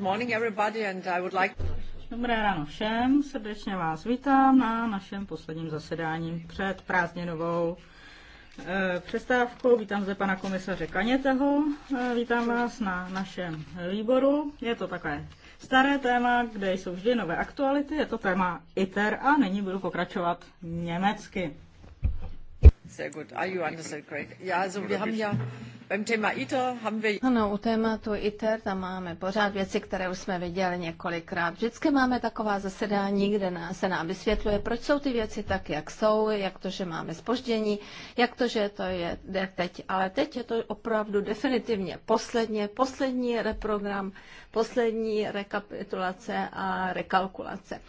morning everybody and I would like... Dobré ráno všem, srdečně vás vítám na našem posledním zasedání před prázdninovou eh, přestávkou. Vítám zde pana komisaře Kaněteho, eh, vítám vás na našem výboru. Je to takové staré téma, kde jsou vždy nové aktuality, je to téma ITER a nyní budu pokračovat německy. Sehr gut. Ah, you understood Ja, also wir haben ja beim Thema ITER haben wir... Ano, u tématu ITER tam máme pořád věci, které už jsme viděli několikrát. Vždycky máme taková zasedání, kde se nám vysvětluje, proč jsou ty věci tak, jak jsou, jak to, že máme spoždění, jak to, že to je teď. Ale teď je to opravdu definitivně posledně, poslední reprogram, poslední rekapitulace a rekalkulace.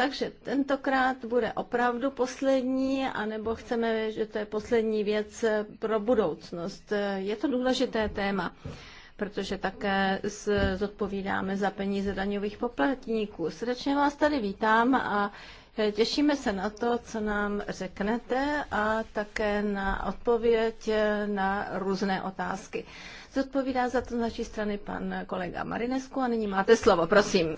Takže tentokrát bude opravdu poslední, anebo chceme, že to je poslední věc pro budoucnost. Je to důležité téma, protože také zodpovídáme za peníze daňových poplatníků. Srdečně vás tady vítám a eh, Těšíme se na to, co nám řeknete a také na odpověď eh, na různé otázky. Zodpovídá za to z naší strany pan kolega Marinesku a nyní máte slovo, prosím.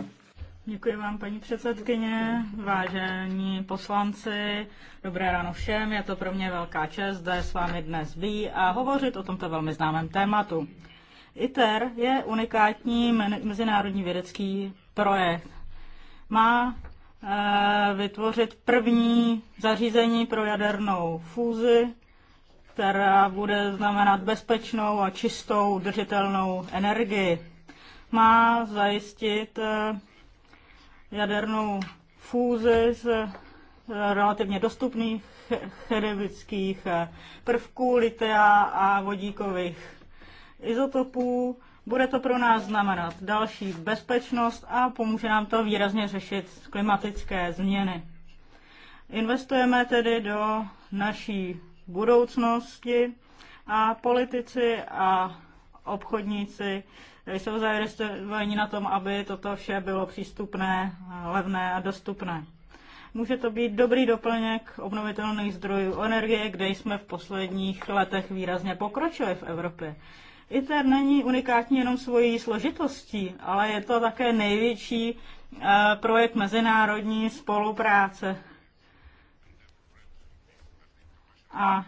Děkuji vám, paní předsedkyně, vážení poslanci, dobré ráno všem. Je to pro mě velká čest zde s vámi dnes být a hovořit o tomto velmi známém tématu. ITER je unikátní mezinárodní vědecký projekt. Má e, vytvořit první zařízení pro jadernou fúzi, která bude znamenat bezpečnou a čistou držitelnou energii. Má zajistit e, jadernou fúzi z eh, relativně dostupných chemických eh, prvků, litea a vodíkových izotopů. Bude to pro nás znamenat další bezpečnost a pomůže nám to výrazně řešit klimatické změny. Investujeme tedy do naší budoucnosti a politici a obchodníci jsou zainvestováni na tom, aby toto vše bylo přístupné, levné a dostupné. Může to být dobrý doplněk obnovitelných zdrojů energie, kde jsme v posledních letech výrazně pokročili v Evropě. ITER není unikátní jenom svojí složitostí, ale je to také největší eh, projekt mezinárodní spolupráce. A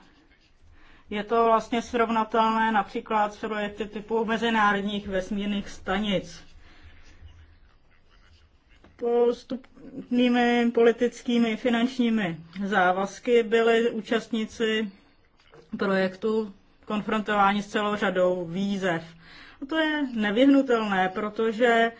je to vlastně srovnatelné například s projekty typu mezinárodních vesmírných stanic. Postupnými politickými finančními závazky byly účastníci projektu konfrontováni s celou řadou výzev. A to je nevyhnutelné, protože eh,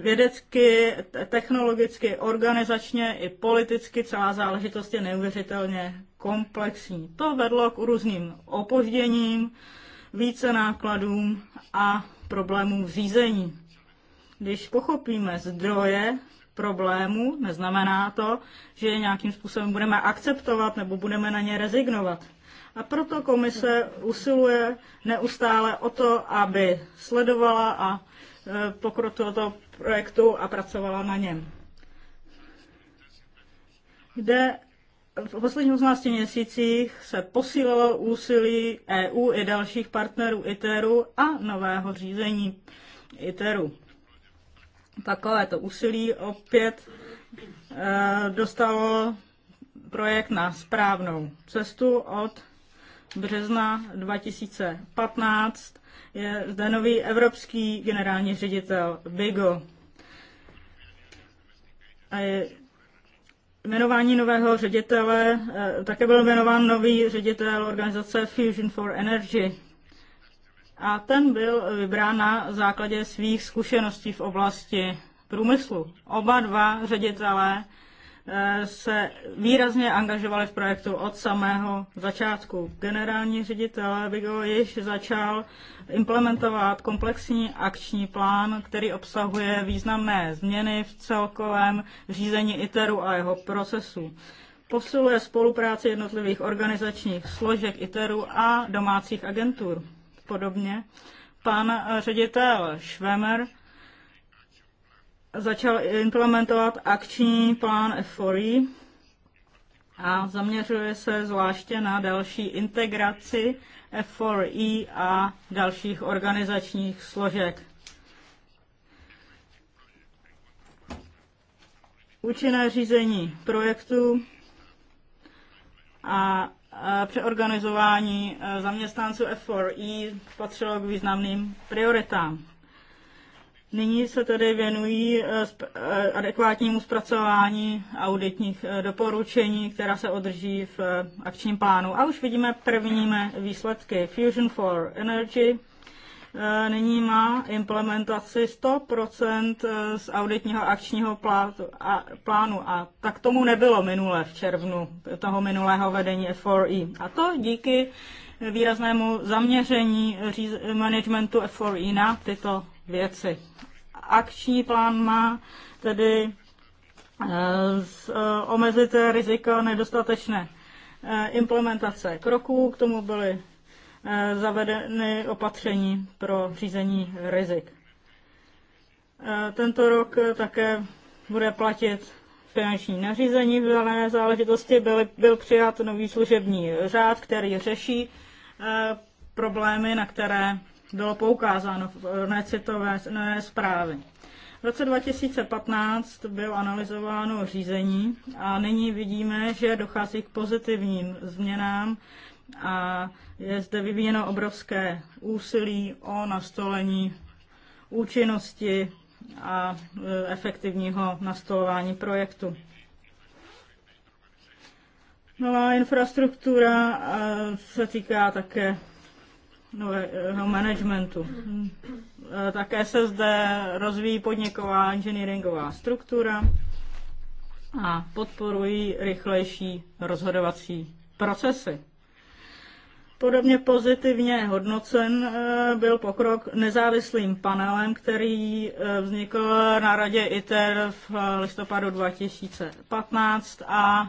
vědecky, technologicky, organizačně i politicky celá záležitost je neuvěřitelně komplexní. To vedlo k různým opožděním, více nákladům a problémům v řízení. Když pochopíme zdroje problému, neznamená to, že je nějakým způsobem budeme akceptovat nebo budeme na ně rezignovat. A proto komise usiluje neustále o to, aby sledovala a e, pokrok tohoto projektu a pracovala na něm. Jde v posledních 18 měsících se posílilo úsilí EU i dalších partnerů ITERu a nového řízení ITERu. Takovéto úsilí opět eh, dostalo projekt na správnou cestu od března 2015 je zde nový evropský generální ředitel Bigo. A je jmenování nového ředitele, eh, také byl jmenován nový ředitel organizace Fusion for Energy. A ten byl vybrán na základě svých zkušeností v oblasti průmyslu. Oba dva ředitelé Eh, se výrazně angažovali v projektu od samého začátku. Generální ředitel Vigo již začal implementovat komplexní akční plán, který obsahuje významné změny v celkovém řízení ITERu a jeho procesu. Posiluje spolupráci jednotlivých organizačních složek ITERu a domácích agentur. Podobně pan ředitel Švemer začal implementovat akční plán F4 e a zaměřuje se zvláště na další integraci F4E a dalších organizačních složek. Účinné řízení projektu a přeorganizování e, zaměstnanců F4E patřilo k významným prioritám. Nyní se tedy věnují eh, eh, adekvátnímu zpracování auditních eh, doporučení, která se održí v akčním plánu. A už vidíme první výsledky. Fusion for Energy nyní má implementaci 100% z auditního akčního plánu. A tak tomu nebylo minule v červnu toho minulého vedení F4E. A to díky výraznému zaměření managementu F4E na tyto věci. Akční plán má tedy eh, eh, omezit rizika nedostatečné eh, implementace kroků, k tomu byly zavedeny opatření pro řízení rizik. Tento rok také bude platit finanční nařízení v dané záležitosti. Byl, byl přijat nový služební řád, který řeší problémy, na které bylo poukázáno v necitové ne, zprávy. V roce 2015 bylo analyzováno řízení a nyní vidíme, že dochází k pozitivním změnám a je zde vyvíjeno obrovské úsilí o nastolení účinnosti a e, efektivního nastolování projektu. Nová infrastruktura e, se týká také nového eh, managementu. Hmm. Eh, také se zde rozvíjí podniková inženýringová struktura a podporují rychlejší rozhodovací procesy. Podobně pozitivně hodnocen eh, byl pokrok nezávislým panelem, který vznikl na radě ITER v listopadu 2015 a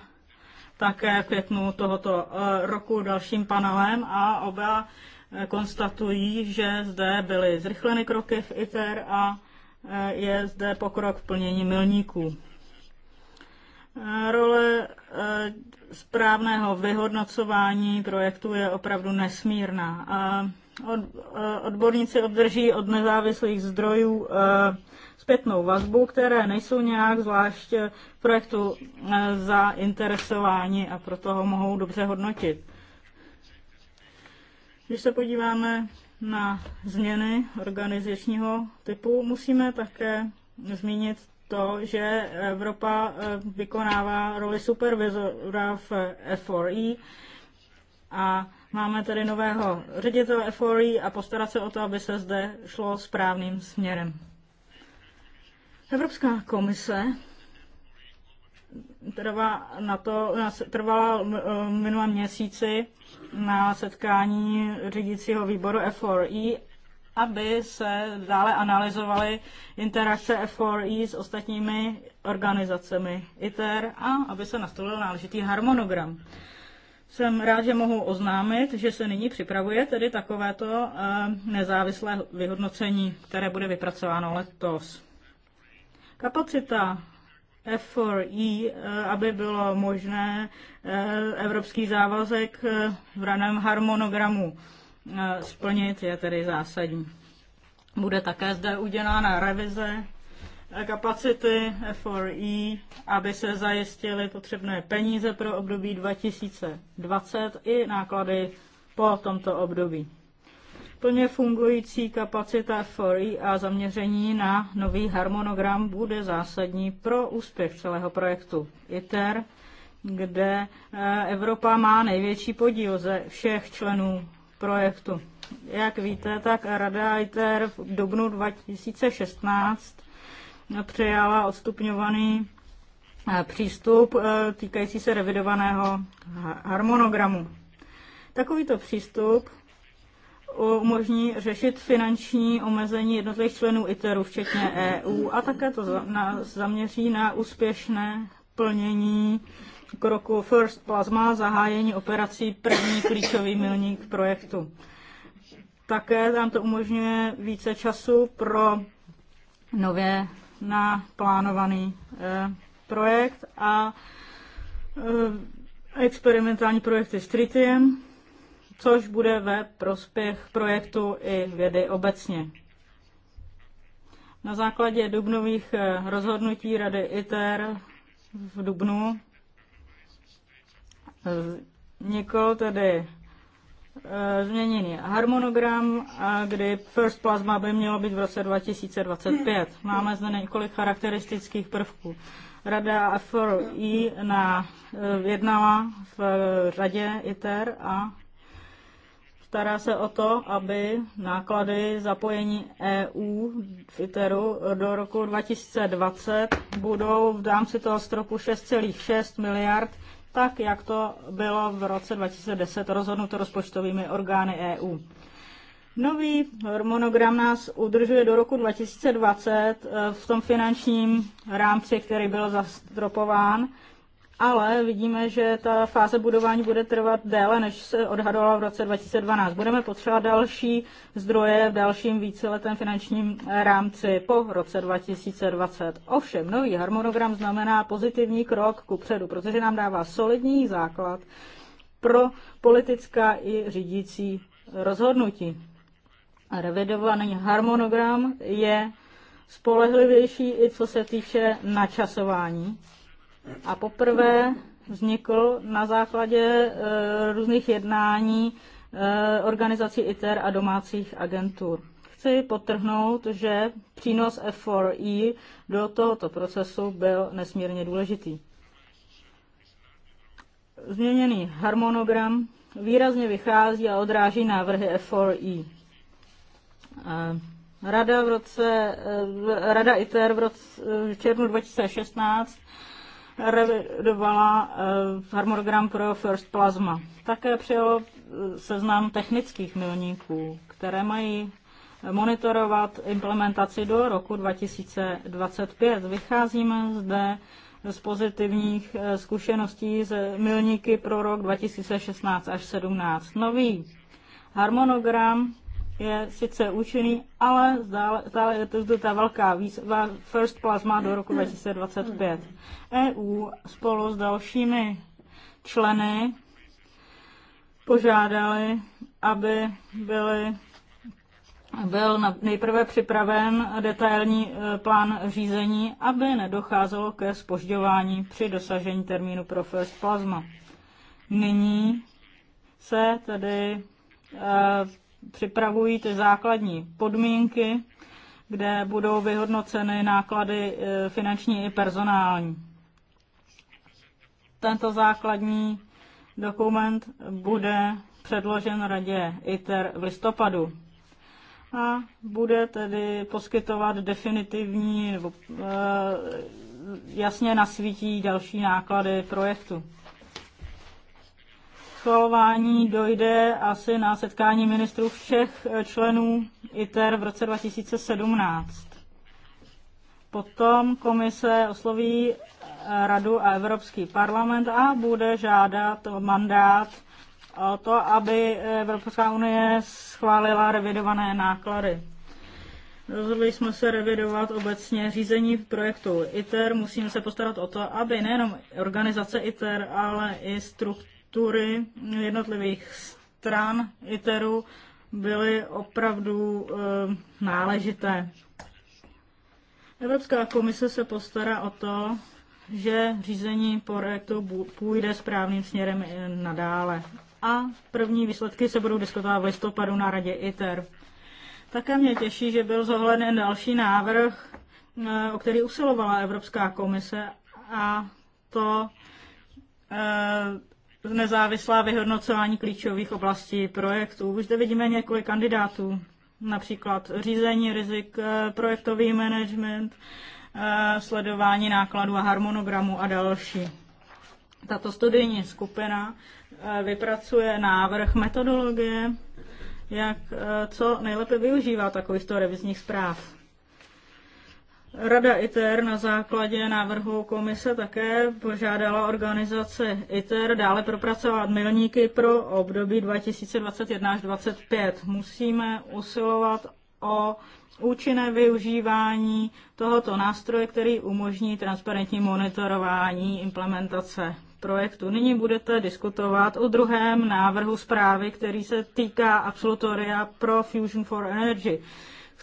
také v květnu tohoto roku dalším panelem a oba konstatují, že zde byly zrychleny kroky v ITER a e, je zde pokrok v plnění milníků. E, role e, správného vyhodnocování projektu je opravdu nesmírná. Odborníci obdrží od nezávislých zdrojů zpětnou vazbu, které nejsou nějak zvlášť projektu zainteresováni a proto ho mohou dobře hodnotit. Když se podíváme na změny organizačního typu, musíme také zmínit to, že Evropa eh, vykonává roli supervizora v F4E a máme tady nového ředitele F4E a postarat se o to, aby se zde šlo správným směrem. Evropská komise trvá na to, trvala eh, minulém měsíci na setkání řídícího výboru F4E, aby se dále analyzovaly interakce F4E s ostatními organizacemi ITER a aby se nastolil náležitý harmonogram. Jsem rád, že mohu oznámit, že se nyní připravuje tedy takovéto eh, nezávislé vyhodnocení, které bude vypracováno letos. Kapacita F4E, eh, aby bylo možné eh, evropský závazek eh, v raném harmonogramu splnit, je tedy zásadní. Bude také zde udělána revize kapacity F4E, aby se zajistily potřebné peníze pro období 2020 i náklady po tomto období. Plně fungující kapacita FORI a zaměření na nový harmonogram bude zásadní pro úspěch celého projektu ITER, kde eh, Evropa má největší podíl ze všech členů projektu. Jak víte, tak Rada ITER v dubnu 2016 přijala odstupňovaný eh, přístup eh, týkající se revidovaného harmonogramu. Takovýto přístup umožní řešit finanční omezení jednotlivých členů ITERu, včetně EU, a také to zaměří na úspěšné plnění kroku First Plasma, zahájení operací první klíčový milník projektu. Také nám to umožňuje více času pro nově na plánovaný eh, projekt a eh, experimentální projekty s tritiem což bude ve prospěch projektu i vědy obecně. Na základě dubnových eh, rozhodnutí Rady ITER v Dubnu eh, vznikl tedy eh, změněný harmonogram, kdy First Plasma by mělo být v roce 2025. Máme zde několik charakteristických prvků. Rada FRI na, jednala v řadě ITER a stará se o to, aby náklady zapojení EU v ITERu do roku 2020 budou v rámci toho stropu 6,6 miliard, tak jak to bylo v roce 2010 rozhodnuto rozpočtovými orgány EU. Nový harmonogram nás udržuje do roku 2020 eh, v tom finančním rámci, který byl zastropován ale vidíme, že ta fáze budování bude trvat déle, než se odhadovala v roce 2012. Budeme potřebovat další zdroje v dalším víceletém finančním rámci po roce 2020. Ovšem, nový harmonogram znamená pozitivní krok ku předu, protože nám dává solidní základ pro politická i řídící rozhodnutí. Revidovaný harmonogram je spolehlivější i co se týče načasování a poprvé vznikl na základě e, různých jednání e, organizací ITER a domácích agentur. Chci potrhnout, že přínos F4E do tohoto procesu byl nesmírně důležitý. Změněný harmonogram výrazně vychází a odráží návrhy F4E. Rada, v roce, e, Rada ITER v, roce, v červnu 2016 revidovala eh, harmonogram pro First Plasma. Také přijalo eh, seznam technických milníků, které mají monitorovat implementaci do roku 2025. Vycházíme zde z pozitivních eh, zkušeností z milníky pro rok 2016 až 17. Nový harmonogram je sice účinný, ale stále, je to zde ta velká výzva First Plasma do roku 2025. EU spolu s dalšími členy požádali, aby byly byl nejprve připraven detailní e, plán řízení, aby nedocházelo ke spožďování při dosažení termínu pro First Plasma. Nyní se tedy e, připravují ty základní podmínky, kde budou vyhodnoceny náklady e, finanční i personální. Tento základní dokument bude předložen radě ITER v listopadu a bude tedy poskytovat definitivní nebo e, jasně nasvítí další náklady projektu schvalování dojde asi na setkání ministrů všech eh, členů ITER v roce 2017. Potom komise osloví eh, Radu a Evropský parlament a bude žádat o mandát o to, aby Evropská unie schválila revidované náklady. Rozhodli jsme se revidovat obecně řízení projektu ITER. Musíme se postarat o to, aby nejenom organizace ITER, ale i struktura struktury jednotlivých stran ITERu byly opravdu e, náležité. Evropská komise se postará o to, že řízení projektu půjde správným směrem nadále. A první výsledky se budou diskutovat v listopadu na radě ITER. Také mě těší, že byl zohledněn další návrh, eh, o který usilovala Evropská komise, a to eh, nezávislá vyhodnocování klíčových oblastí projektů. Už zde vidíme několik kandidátů, například řízení rizik, eh, projektový management, eh, sledování nákladů a harmonogramu a další. Tato studijní skupina eh, vypracuje návrh metodologie, jak co nejlépe využívá takovýchto revizních zpráv. Rada ITER na základě návrhu komise také požádala organizace ITER dále propracovat milníky pro období 2021 až 2025. Musíme usilovat o účinné využívání tohoto nástroje, který umožní transparentní monitorování implementace projektu. Nyní budete diskutovat o druhém návrhu zprávy, který se týká absolutoria pro Fusion for Energy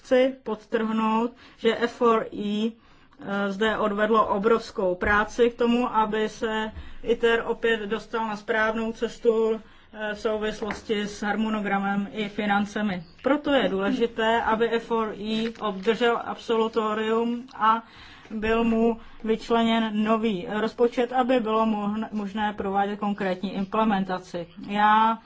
chci podtrhnout, že F4E eh, zde odvedlo obrovskou práci k tomu, aby se ITER opět dostal na správnou cestu eh, v souvislosti s harmonogramem i financemi. Proto je důležité, aby F4E obdržel absolutorium a byl mu vyčleněn nový rozpočet, aby bylo možné provádět konkrétní implementaci. Já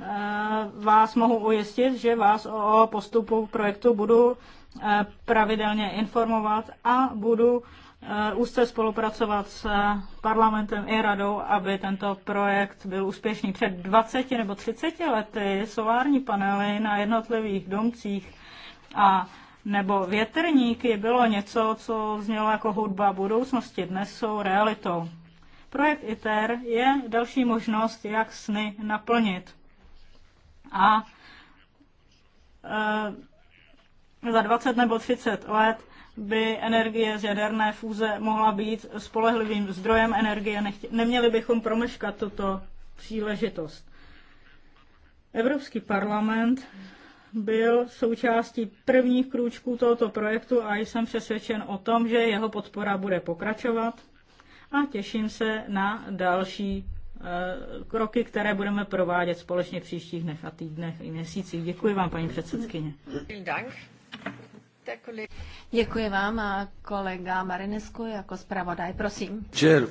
Eh, vás mohu ujistit, že vás o postupu projektu budu eh, pravidelně informovat a budu eh, úzce spolupracovat s parlamentem i radou, aby tento projekt byl úspěšný. Před 20 nebo 30 lety solární panely na jednotlivých domcích a nebo větrníky bylo něco, co znělo jako hudba budoucnosti, dnes jsou realitou. Projekt ITER je další možnost, jak sny naplnit a e, za 20 nebo 30 let by energie z jaderné fúze mohla být spolehlivým zdrojem energie. Neměli bychom promeškat tuto příležitost. Evropský parlament byl součástí prvních krůčků tohoto projektu a jsem přesvědčen o tom, že jeho podpora bude pokračovat a těším se na další Eh, kroky, které budeme provádět společně v příštích dnech a týdnech i měsících. Děkuji vám, paní předsedkyně. Děkuji vám a kolega Marinesku jako zpravodaj, prosím. Čer.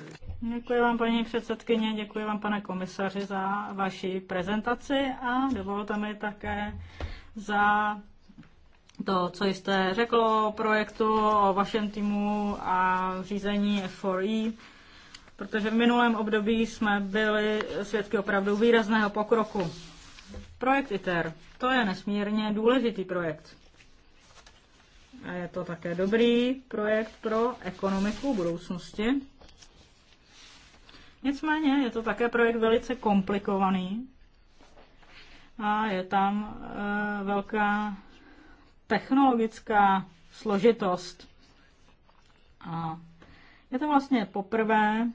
Děkuji vám, paní předsedkyně, děkuji vám, pane komisaři, za vaši prezentaci a dovolte mi také za to, co jste řekl o projektu, o vašem týmu a řízení F4E protože v minulém období jsme byli svědky opravdu výrazného pokroku. Projekt ITER, to je nesmírně důležitý projekt. A je to také dobrý projekt pro ekonomiku budoucnosti. Nicméně je to také projekt velice komplikovaný a je tam e, velká technologická složitost. A je to vlastně poprvé,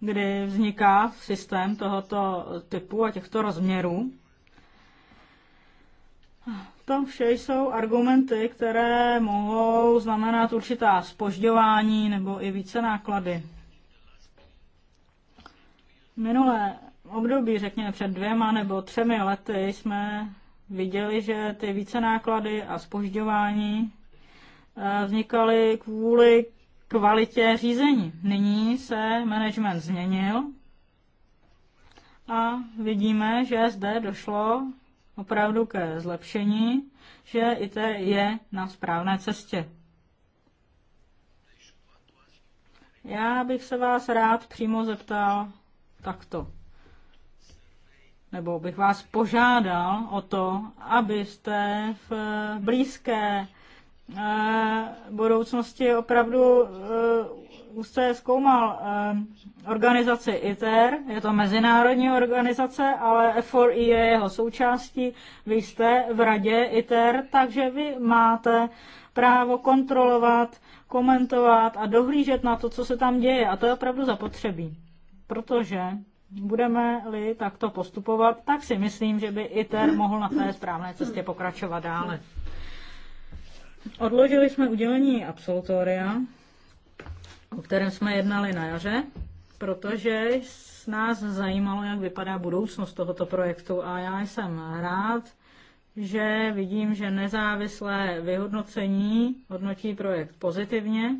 kdy vzniká systém tohoto typu a těchto rozměrů. To vše jsou argumenty, které mohou znamenat určitá spožďování nebo i více náklady. Minulé období, řekněme před dvěma nebo třemi lety, jsme viděli, že ty více náklady a spožďování eh, vznikaly kvůli kvalitě řízení. Nyní se management změnil a vidíme, že zde došlo opravdu ke zlepšení, že IT je na správné cestě. Já bych se vás rád přímo zeptal takto. Nebo bych vás požádal o to, abyste v blízké budoucnosti opravdu eh, se zkoumal eh, organizaci ITER, je to mezinárodní organizace, ale F4E je jeho součástí. Vy jste v radě ITER, takže vy máte právo kontrolovat, komentovat a dohlížet na to, co se tam děje. A to je opravdu zapotřebí, protože budeme-li takto postupovat, tak si myslím, že by ITER mohl na té správné cestě pokračovat dále. Odložili jsme udělení absolutoria, o kterém jsme jednali na jaře, protože nás zajímalo, jak vypadá budoucnost tohoto projektu a já jsem rád, že vidím, že nezávislé vyhodnocení hodnotí projekt pozitivně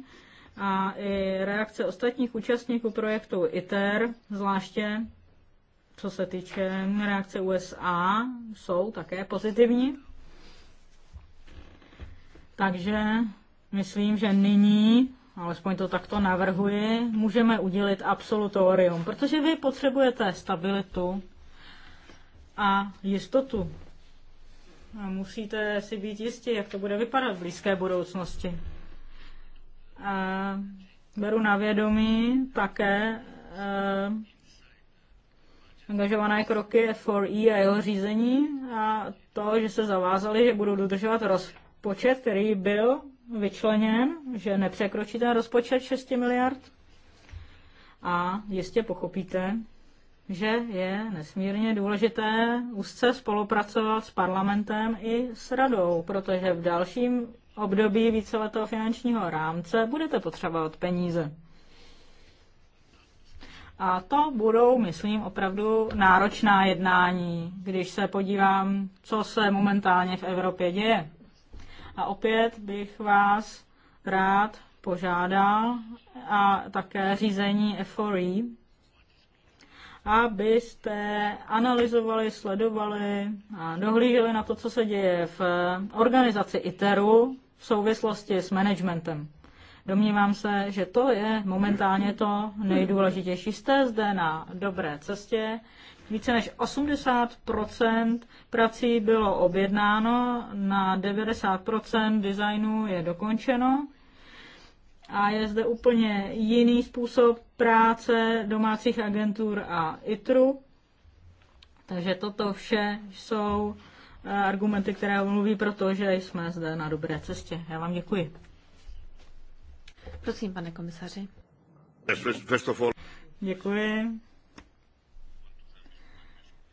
a i reakce ostatních účastníků projektu ITER, zvláště co se týče reakce USA, jsou také pozitivní. Takže myslím, že nyní, alespoň to takto navrhuji, můžeme udělit absolutorium, protože vy potřebujete stabilitu a jistotu. A musíte si být jistí, jak to bude vypadat v blízké budoucnosti. A beru na vědomí také eh, angažované kroky F4E a jeho řízení a to, že se zavázali, že budou dodržovat rozpočet rozpočet, který byl vyčleněn, že nepřekročí ten rozpočet 6 miliard. A jistě pochopíte, že je nesmírně důležité úzce spolupracovat s parlamentem i s radou, protože v dalším období víceletého finančního rámce budete potřebovat peníze. A to budou, myslím, opravdu náročná jednání, když se podívám, co se momentálně v Evropě děje. A opět bych vás rád požádal a také řízení f abyste analyzovali, sledovali a dohlíželi na to, co se děje v organizaci ITERu v souvislosti s managementem. Domnívám se, že to je momentálně to nejdůležitější. Jste zde na dobré cestě více než 80 prací bylo objednáno, na 90 designu je dokončeno a je zde úplně jiný způsob práce domácích agentur a ITRU. Takže toto vše jsou eh, argumenty, které mluví to, že jsme zde na dobré cestě. Já vám děkuji. Prosím, pane komisaři. Děkuji.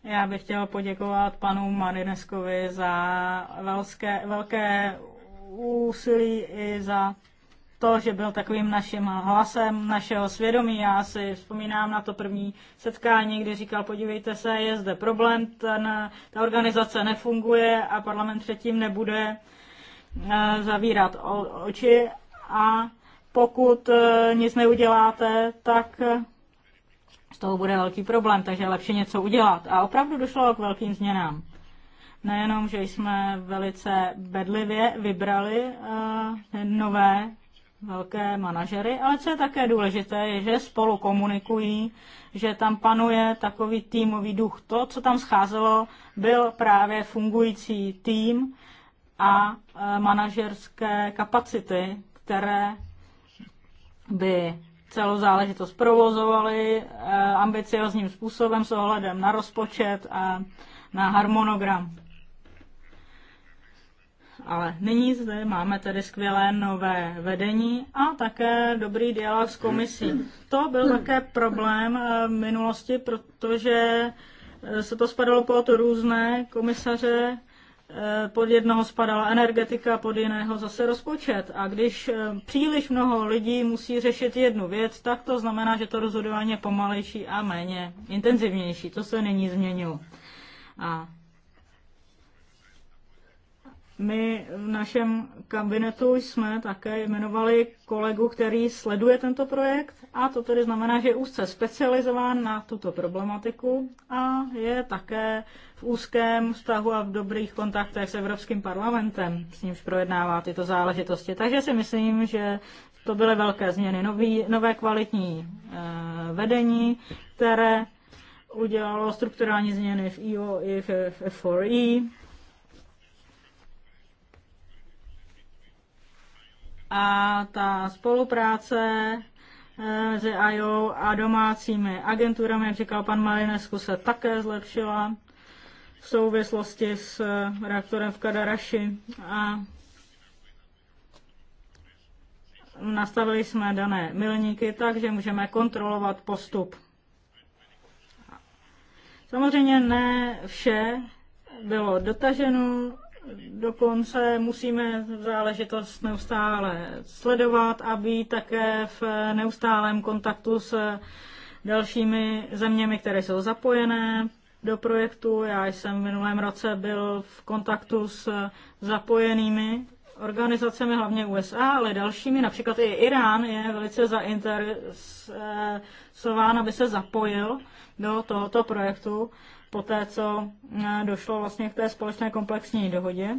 Já bych chtěla poděkovat panu Marineskovi za velké, velké úsilí i za to, že byl takovým naším hlasem našeho svědomí. Já si vzpomínám na to první setkání, kdy říkal, podívejte se, je zde problém, ten, ta organizace nefunguje a parlament předtím nebude eh, zavírat oči a pokud eh, nic neuděláte, tak z toho bude velký problém, takže je lepší něco udělat. A opravdu došlo k velkým změnám. Nejenom, že jsme velice bedlivě vybrali uh, nové velké manažery, ale co je také důležité, je, že spolu komunikují, že tam panuje takový týmový duch. To, co tam scházelo, byl právě fungující tým a eh, manažerské kapacity, které by celou záležitost provozovali eh, ambiciozním způsobem s ohledem na rozpočet a na harmonogram. Ale nyní zde máme tedy skvělé nové vedení a také dobrý dialog s komisí. To byl také problém eh, v minulosti, protože eh, se to spadalo pod různé komisaře, Eh, pod jednoho spadala energetika, pod jiného zase rozpočet. A když eh, příliš mnoho lidí musí řešit jednu věc, tak to znamená, že to rozhodování je pomalejší a méně intenzivnější. To se nyní změnilo. A my v našem kabinetu jsme také jmenovali kolegu, který sleduje tento projekt a to tedy znamená, že je úzce specializován na tuto problematiku a je také v úzkém vztahu a v dobrých kontaktech s Evropským parlamentem, s nímž projednává tyto záležitosti. Takže si myslím, že to byly velké změny, nový, nové kvalitní eh, vedení, které udělalo strukturální změny v EO i v F4E, a ta spolupráce mezi eh, IO a domácími agenturami, jak říkal pan Marinesku, se také zlepšila v souvislosti s eh, reaktorem v Kadaraši a nastavili jsme dané milníky tak, že můžeme kontrolovat postup. Samozřejmě ne vše bylo dotaženo, Dokonce musíme záležitost neustále sledovat a být také v neustálém kontaktu s dalšími zeměmi, které jsou zapojené do projektu. Já jsem v minulém roce byl v kontaktu s zapojenými organizacemi, hlavně USA, ale dalšími, například i Irán je velice zainteresován, aby se zapojil do tohoto projektu poté, co eh, došlo vlastně k té společné komplexní dohodě.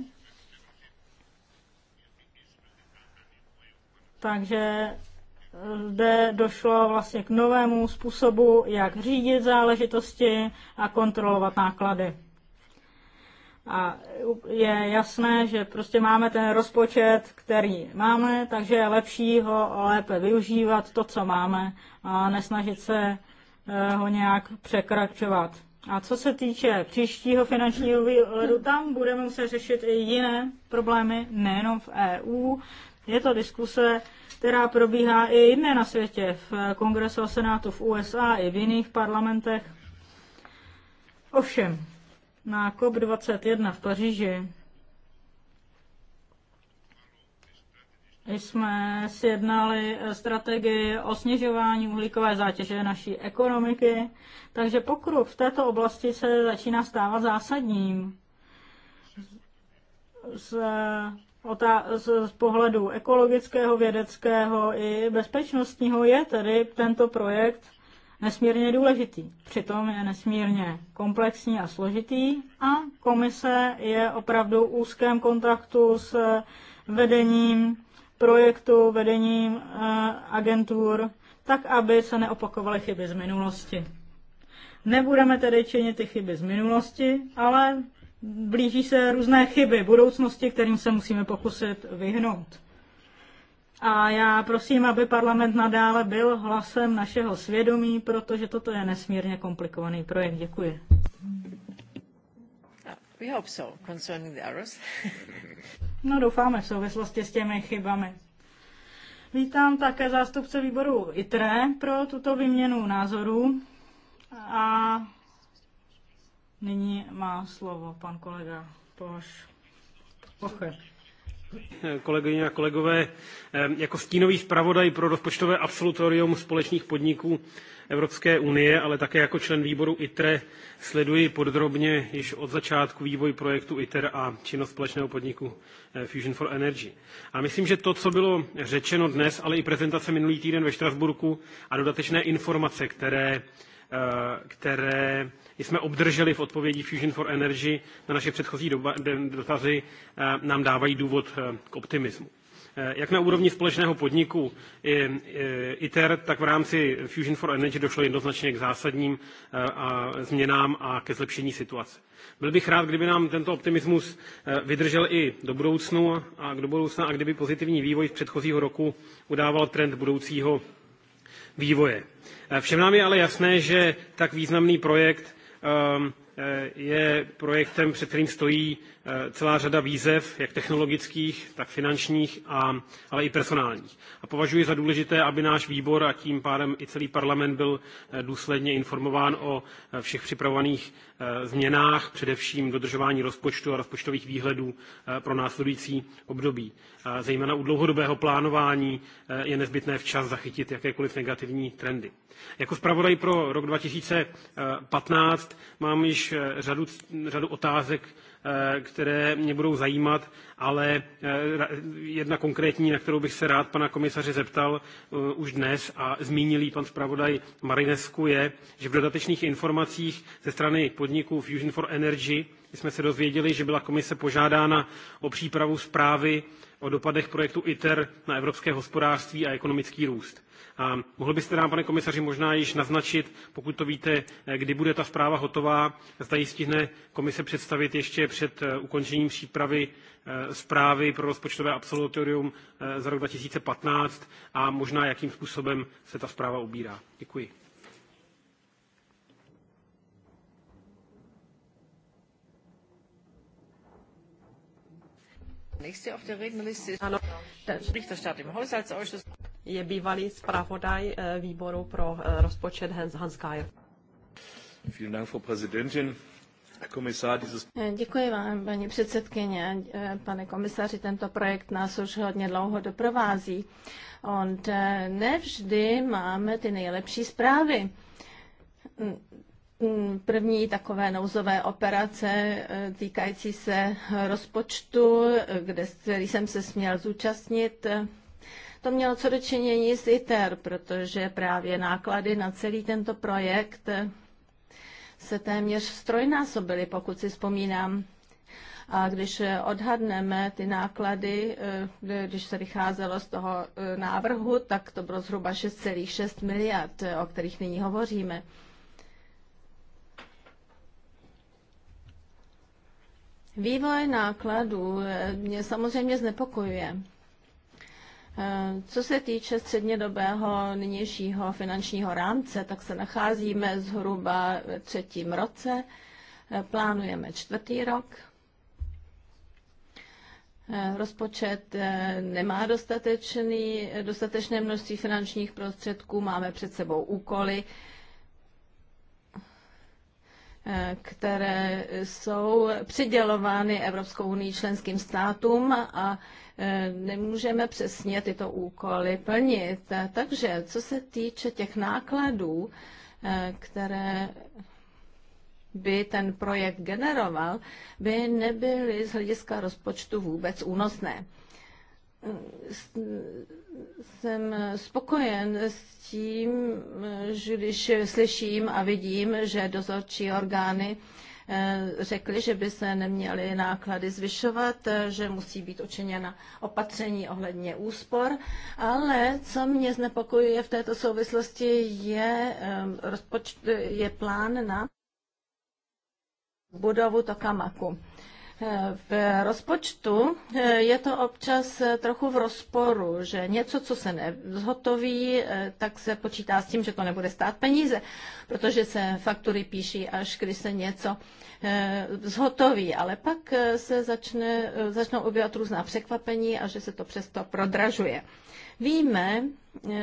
Takže eh, zde došlo vlastně k novému způsobu, jak řídit záležitosti a kontrolovat náklady. A je jasné, že prostě máme ten rozpočet, který máme, takže je lepší ho lépe využívat, to, co máme, a nesnažit se eh, ho nějak překračovat. A co se týče příštího finančního výhledu, tam budeme muset řešit i jiné problémy, nejenom v EU. Je to diskuse, která probíhá i jiné na světě, v Kongresu a Senátu v USA i v jiných parlamentech. Ovšem, na COP21 v Paříži jsme sjednali strategii o snižování uhlíkové zátěže naší ekonomiky, takže pokrok v této oblasti se začíná stávat zásadním. Z, z, z pohledu ekologického, vědeckého i bezpečnostního je tedy tento projekt nesmírně důležitý. Přitom je nesmírně komplexní a složitý a komise je opravdu v úzkém kontaktu s vedením projektu, vedením eh, agentur, tak aby se neopakovaly chyby z minulosti. Nebudeme tedy činit ty chyby z minulosti, ale blíží se různé chyby budoucnosti, kterým se musíme pokusit vyhnout. A já prosím, aby parlament nadále byl hlasem našeho svědomí, protože toto je nesmírně komplikovaný projekt. Děkuji. We hope so, concerning the errors. No doufáme v souvislosti s těmi chybami. Vítám také zástupce výboru ITRE pro tuto výměnu názorů a nyní má slovo pan kolega Poš. Poche. Kolegyně a kolegové, eh, jako stínový zpravodaj pro rozpočtové absolutorium společných podniků Evropské unie, ale také jako člen výboru ITRE sleduji podrobně již od začátku vývoj projektu ITER a činnost společného podniku eh, Fusion for Energy. A myslím, že to, co bylo řečeno dnes, ale i prezentace minulý týden ve Štrasburku a dodatečné informace, které eh, které jsme obdrželi v odpovědi Fusion for Energy na naše předchozí doba, dotazy, eh, nám dávají důvod k optimismu. Eh, jak na úrovni společného podniku ITER, tak v rámci Fusion for Energy došlo jednoznačně k zásadním eh, změnám a ke zlepšení situace. Byl bych rád, kdyby nám tento optimismus eh, vydržel i do budoucnu a do budoucna a kdyby pozitivní vývoj z předchozího roku udával trend budoucího vývoje. Všem nám je ale jasné, že tak významný projekt um, Eh, je projektem, před kterým stojí eh, celá řada výzev, jak technologických, tak finančních, a, ale i personálních. A považuji za důležité, aby náš výbor a tím pádem i celý parlament byl eh, důsledně informován o všech připravovaných Eh, změnách, především dodržování rozpočtu a rozpočtových výhledů eh, pro následující období. Eh, zejména u dlouhodobého plánování je nezbytné včas zachytit jakékoliv negativní trendy. Jako zpravodaj pro rok 2015 mám již řadu, řadu otázek Eh, které mě budou zajímat, ale eh, jedna konkrétní, na kterou bych se rád pana komisaře zeptal eh, už dnes a zmínil ji pan zpravodaj Marinesku, je, že v dodatečných informacích ze strany podniků Fusion for Energy jsme se dozvěděli, že byla komise požádána o přípravu zprávy o dopadech projektu ITER na evropské hospodářství a ekonomický růst. A mohl byste nám, pane komisaři, možná již naznačit, pokud to víte, eh, kdy bude ta zpráva hotová, zda ji stihne komise představit ještě před eh, ukončením přípravy eh, zprávy pro rozpočtové absolutorium za rok 2015 a možná jakým způsobem se ta zpráva ubírá. Děkuji. Ano, je bývalý zpravodaj eh, výboru pro eh, rozpočet Hans, Hans Geyer. Eh, děkuji vám, paní předsedkyně. Pane komisaři, tento projekt nás už hodně dlouho doprovází. On nevždy máme ty nejlepší zprávy První takové nouzové operace eh, týkající se rozpočtu, kde, který jsem se směl zúčastnit, eh, to mělo co dočinění s ITER, protože právě náklady na celý tento projekt eh, se téměř strojnásobily, pokud si vzpomínám. A když odhadneme ty náklady, když se vycházelo z toho návrhu, tak to bylo zhruba 6,6 miliard, o kterých nyní hovoříme. Vývoj nákladů eh, mě samozřejmě znepokojuje. Eh, co se týče střednědobého nynějšího finančního rámce, tak se nacházíme zhruba v třetím roce, eh, plánujeme čtvrtý rok. Rozpočet nemá dostatečný, dostatečné množství finančních prostředků, máme před sebou úkoly, které jsou přidělovány Evropskou unii členským státům a e, nemůžeme přesně tyto úkoly plnit. Takže co se týče těch nákladů, e, které by ten projekt generoval, by nebyly z hlediska rozpočtu vůbec únosné jsem spokojen s tím, že když slyším a vidím, že dozorčí orgány eh, řekly, že by se neměly náklady zvyšovat, eh, že musí být učiněna opatření ohledně úspor. Ale co mě znepokojuje v této souvislosti je, eh, je plán na budovu Tokamaku. V rozpočtu eh, je to občas eh, trochu v rozporu, že něco, co se nezhotoví, eh, tak se počítá s tím, že to nebude stát peníze, protože se faktury píší, až když se něco zhotoví. Ale pak se začne, začnou objevat různá překvapení a že se to přesto prodražuje. Víme,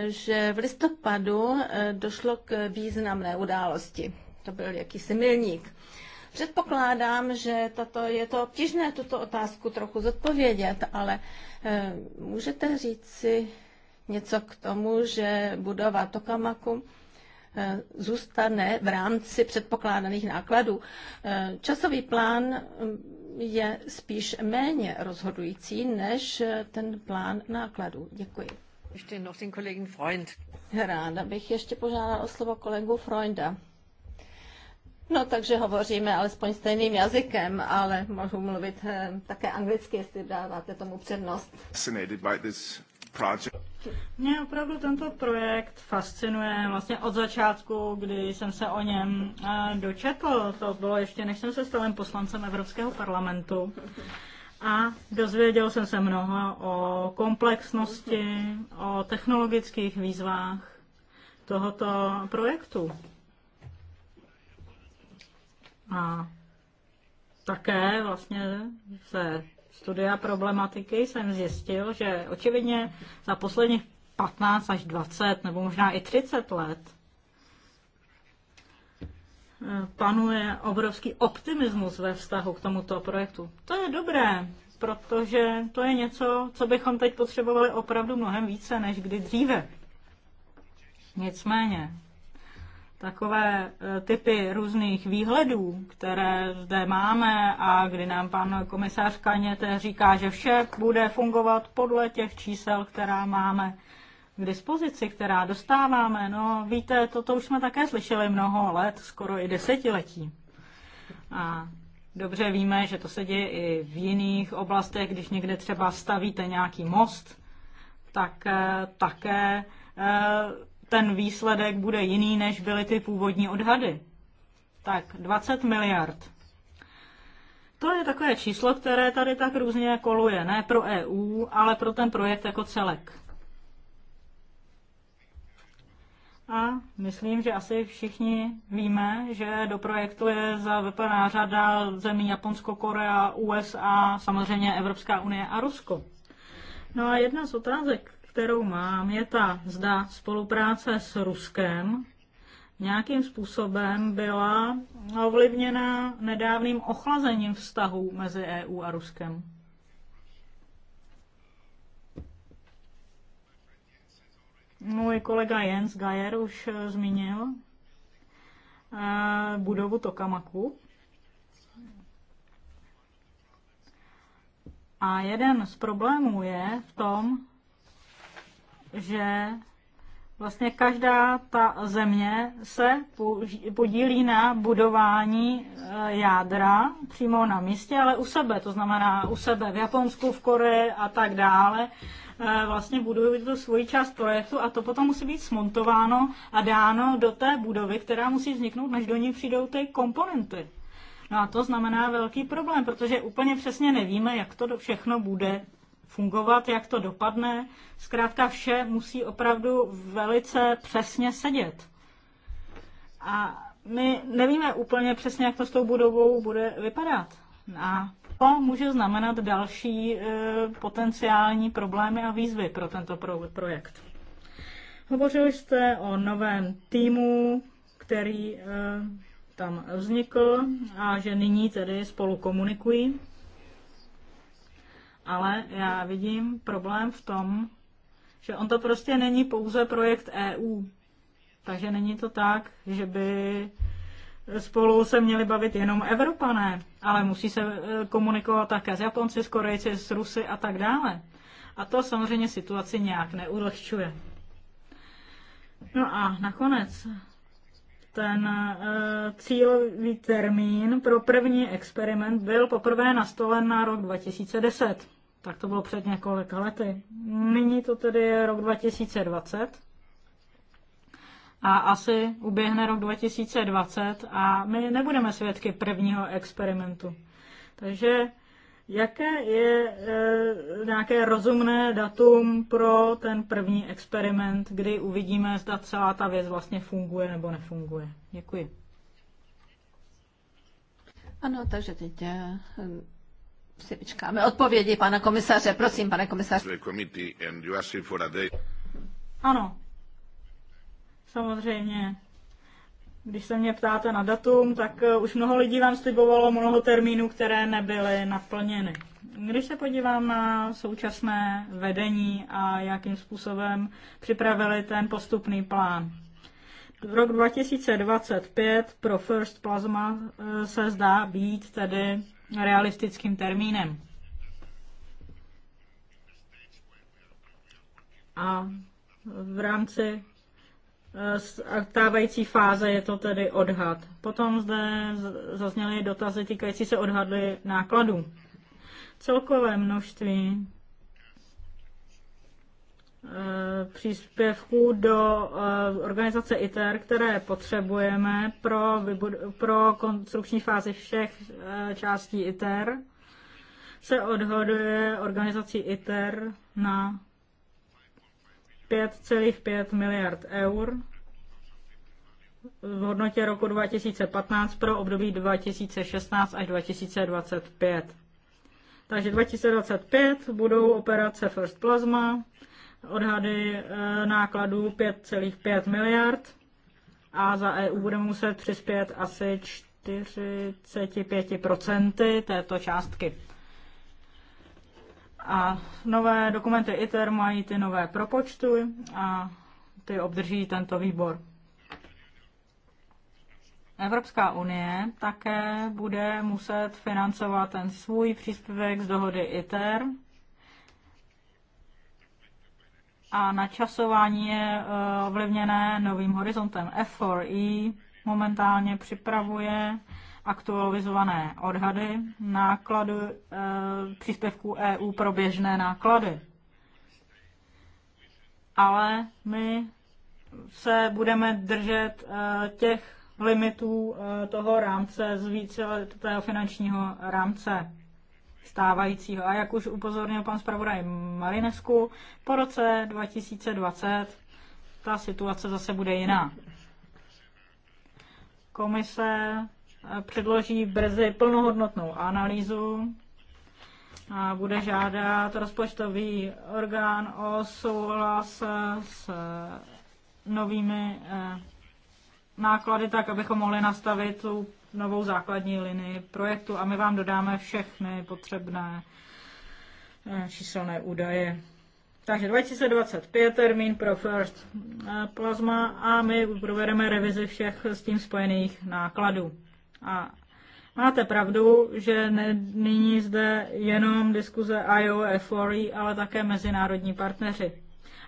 že v listopadu došlo k významné události. To byl jakýsi milník Předpokládám, že tato, je to obtížné tuto otázku trochu zodpovědět, ale eh, můžete říct si něco k tomu, že budova Tokamaku eh, zůstane v rámci předpokládaných nákladů. Eh, časový plán mm, je spíš méně rozhodující než ten plán nákladů. Děkuji. Ještě noch ten Kollegen Freund. Ráda bych ještě požádala o slovo kolegu Freunda. No takže hovoříme alespoň stejným jazykem, ale mohu mluvit eh, také anglicky, jestli dáváte tomu přednost. Mě opravdu tento projekt fascinuje vlastně od začátku, kdy jsem se o něm eh, dočetl. To bylo ještě, než jsem se stal poslancem Evropského parlamentu. A dozvěděl jsem se mnoho o komplexnosti, o technologických výzvách tohoto projektu. A také vlastně se studia problematiky jsem zjistil, že očividně za posledních 15 až 20 nebo možná i 30 let eh, panuje obrovský optimismus ve vztahu k tomuto projektu. To je dobré, protože to je něco, co bychom teď potřebovali opravdu mnohem více než kdy dříve. Nicméně, takové eh, typy různých výhledů, které zde máme a kdy nám pan komisář Kaněte říká, že vše bude fungovat podle těch čísel, která máme k dispozici, která dostáváme. No víte, toto už jsme také slyšeli mnoho let, skoro i desetiletí. A dobře víme, že to se děje i v jiných oblastech, když někde třeba stavíte nějaký most, tak eh, také eh, ten výsledek bude jiný, než byly ty původní odhady. Tak, 20 miliard. To je takové číslo, které tady tak různě koluje, ne pro EU, ale pro ten projekt jako celek. A myslím, že asi všichni víme, že do projektu je zavepaná řada zemí Japonsko, Korea, USA, samozřejmě Evropská unie a Rusko. No a jedna z otázek, kterou mám, je ta, zda spolupráce s Ruskem nějakým způsobem byla ovlivněna nedávným ochlazením vztahů mezi EU a Ruskem. Můj kolega Jens Gajer už eh, zmínil eh, budovu Tokamaku. A jeden z problémů je v tom, že vlastně každá ta země se podílí na budování eh, jádra přímo na místě, ale u sebe, to znamená u sebe v Japonsku, v Koreji a tak dále. Eh, vlastně budují tu svoji část projektu a to potom musí být smontováno a dáno do té budovy, která musí vzniknout, než do ní přijdou ty komponenty. No a to znamená velký problém, protože úplně přesně nevíme, jak to všechno bude fungovat, jak to dopadne. Zkrátka vše musí opravdu velice přesně sedět. A my nevíme úplně přesně, jak to s tou budovou bude vypadat. A to může znamenat další e, potenciální problémy a výzvy pro tento projekt. Hovořili jste o novém týmu, který e, tam vznikl a že nyní tedy spolu komunikují ale já vidím problém v tom, že on to prostě není pouze projekt EU. Takže není to tak, že by spolu se měli bavit jenom Evropané, ale musí se e, komunikovat také s Japonci, s Korejci, s Rusy a tak dále. A to samozřejmě situaci nějak neulehčuje. No a nakonec ten uh, cílový termín pro první experiment byl poprvé nastolen na rok 2010 tak to bylo před několika lety. Nyní to tedy je rok 2020 a asi uběhne rok 2020 a my nebudeme svědky prvního experimentu. Takže jaké je e, nějaké rozumné datum pro ten první experiment, kdy uvidíme, zda celá ta věc vlastně funguje nebo nefunguje? Děkuji. Ano, takže teď e, si vyčkáme odpovědi pana komisaře. Prosím, pane komisaře. Ano. Samozřejmě. Když se mě ptáte na datum, tak eh, už mnoho lidí vám slibovalo mnoho termínů, které nebyly naplněny. Když se podívám na současné vedení a jakým způsobem připravili ten postupný plán. V rok 2025 pro First Plasma eh, se zdá být tedy realistickým termínem. A v rámci eh, stávající fáze je to tedy odhad. Potom zde zazněly dotazy týkající se odhadly nákladů. Celkové množství Eh, příspěvků do eh, organizace ITER, které potřebujeme pro, pro konstrukční fázi všech eh, částí ITER, se odhoduje organizací ITER na 5,5 miliard eur v hodnotě roku 2015 pro období 2016 až 2025. Takže 2025 budou operace First Plasma, odhady e, nákladů 5,5 miliard a za EU bude muset přispět asi 45% této částky. A nové dokumenty ITER mají ty nové propočty a ty obdrží tento výbor. Evropská unie také bude muset financovat ten svůj příspěvek z dohody ITER a načasování je eh, ovlivněné novým horizontem. F4E momentálně připravuje aktualizované odhady nákladu eh, e, příspěvků EU pro běžné náklady. Ale my se budeme držet e, těch limitů e, toho rámce z víceletého finančního rámce stávajícího. A jak už upozornil pan zpravodaj Marinesku, po roce 2020 ta situace zase bude jiná. Komise eh, předloží brzy plnohodnotnou analýzu a bude žádat rozpočtový orgán o souhlas eh, s eh, novými náklady tak, abychom mohli nastavit tu novou základní linii projektu a my vám dodáme všechny potřebné eh, číselné údaje. Takže 2025 termín pro First eh, Plasma a my provedeme revizi všech s tím spojených nákladů. A máte pravdu, že není zde jenom diskuze IOF, ale také mezinárodní partneři.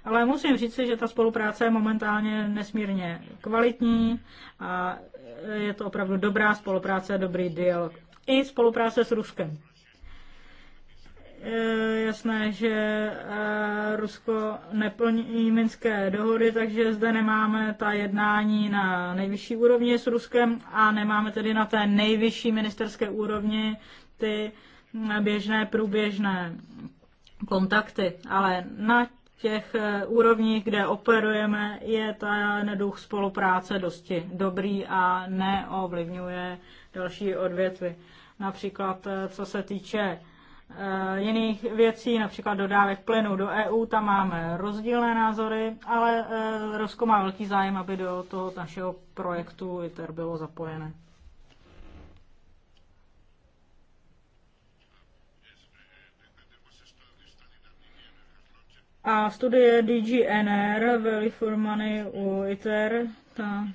Ale musím říci, že ta spolupráce je momentálně nesmírně kvalitní a je to opravdu dobrá spolupráce, dobrý dialog. I spolupráce s Ruskem. Je jasné, že e, Rusko neplní minské dohody, takže zde nemáme ta jednání na nejvyšší úrovni s Ruskem a nemáme tedy na té nejvyšší ministerské úrovni ty běžné průběžné kontakty. Ale na těch eh, úrovních, kde operujeme, je ta duch spolupráce dosti dobrý a neovlivňuje další odvětvy. Například eh, co se týče eh, jiných věcí, například dodávek plynu do EU, tam máme rozdílné názory, ale Rusko má velký zájem, aby do toho našeho projektu ITER bylo zapojené. A studie DGNR, byly for u ITER, ta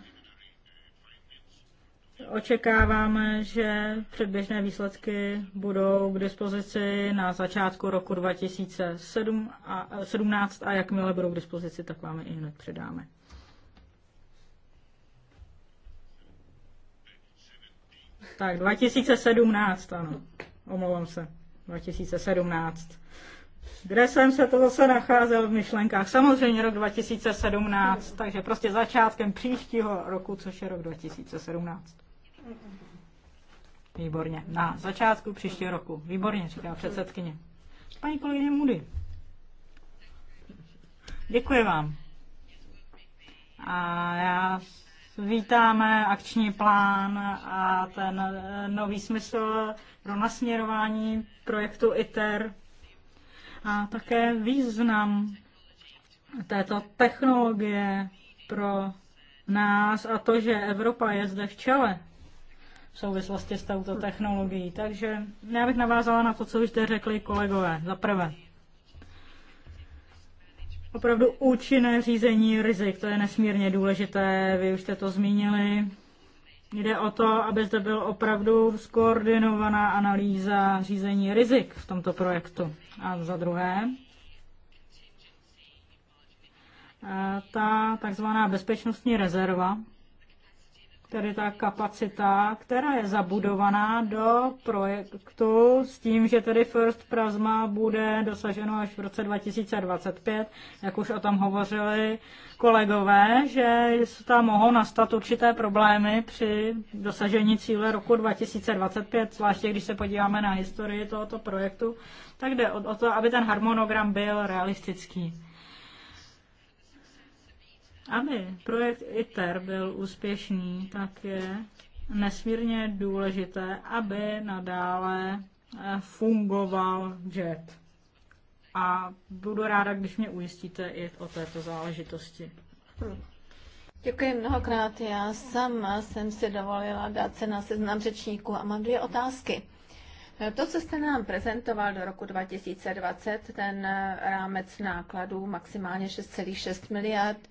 očekáváme, že předběžné výsledky budou k dispozici na začátku roku 2017 a jakmile budou k dispozici, tak vám je i hned předáme. Tak 2017, ano. Omlouvám se. 2017 kde jsem se to zase nacházel v myšlenkách? Samozřejmě rok 2017, takže prostě začátkem příštího roku, což je rok 2017. Výborně. Na začátku příštího roku. Výborně, říká předsedkyně. Paní kolegyně Mudy. Děkuji vám. A já vítáme akční plán a ten nový smysl pro nasměrování projektu ITER a také význam této technologie pro nás a to, že Evropa je zde v čele v souvislosti s touto technologií. Takže já bych navázala na to, co už zde řekli kolegové. Za prvé, opravdu účinné řízení rizik, to je nesmírně důležité, vy už jste to zmínili. Jde o to, aby zde byl opravdu skoordinovaná analýza řízení rizik v tomto projektu. A za druhé, eh, ta takzvaná bezpečnostní rezerva, tedy ta kapacita, která je zabudovaná do projektu s tím, že tedy First Prasma bude dosaženo až v roce 2025, jak už o tom hovořili kolegové, že tam mohou nastat určité problémy při dosažení cíle roku 2025, zvláště když se podíváme na historii tohoto projektu, tak jde o to, aby ten harmonogram byl realistický. Aby projekt ITER byl úspěšný, tak je nesmírně důležité, aby nadále eh, fungoval JET. A budu ráda, když mě ujistíte i o této záležitosti. Děkuji mnohokrát. Já sama jsem si dovolila dát se na seznam řečníků a mám dvě otázky. To, co jste nám prezentoval do roku 2020, ten eh, rámec nákladů maximálně 6,6 miliard,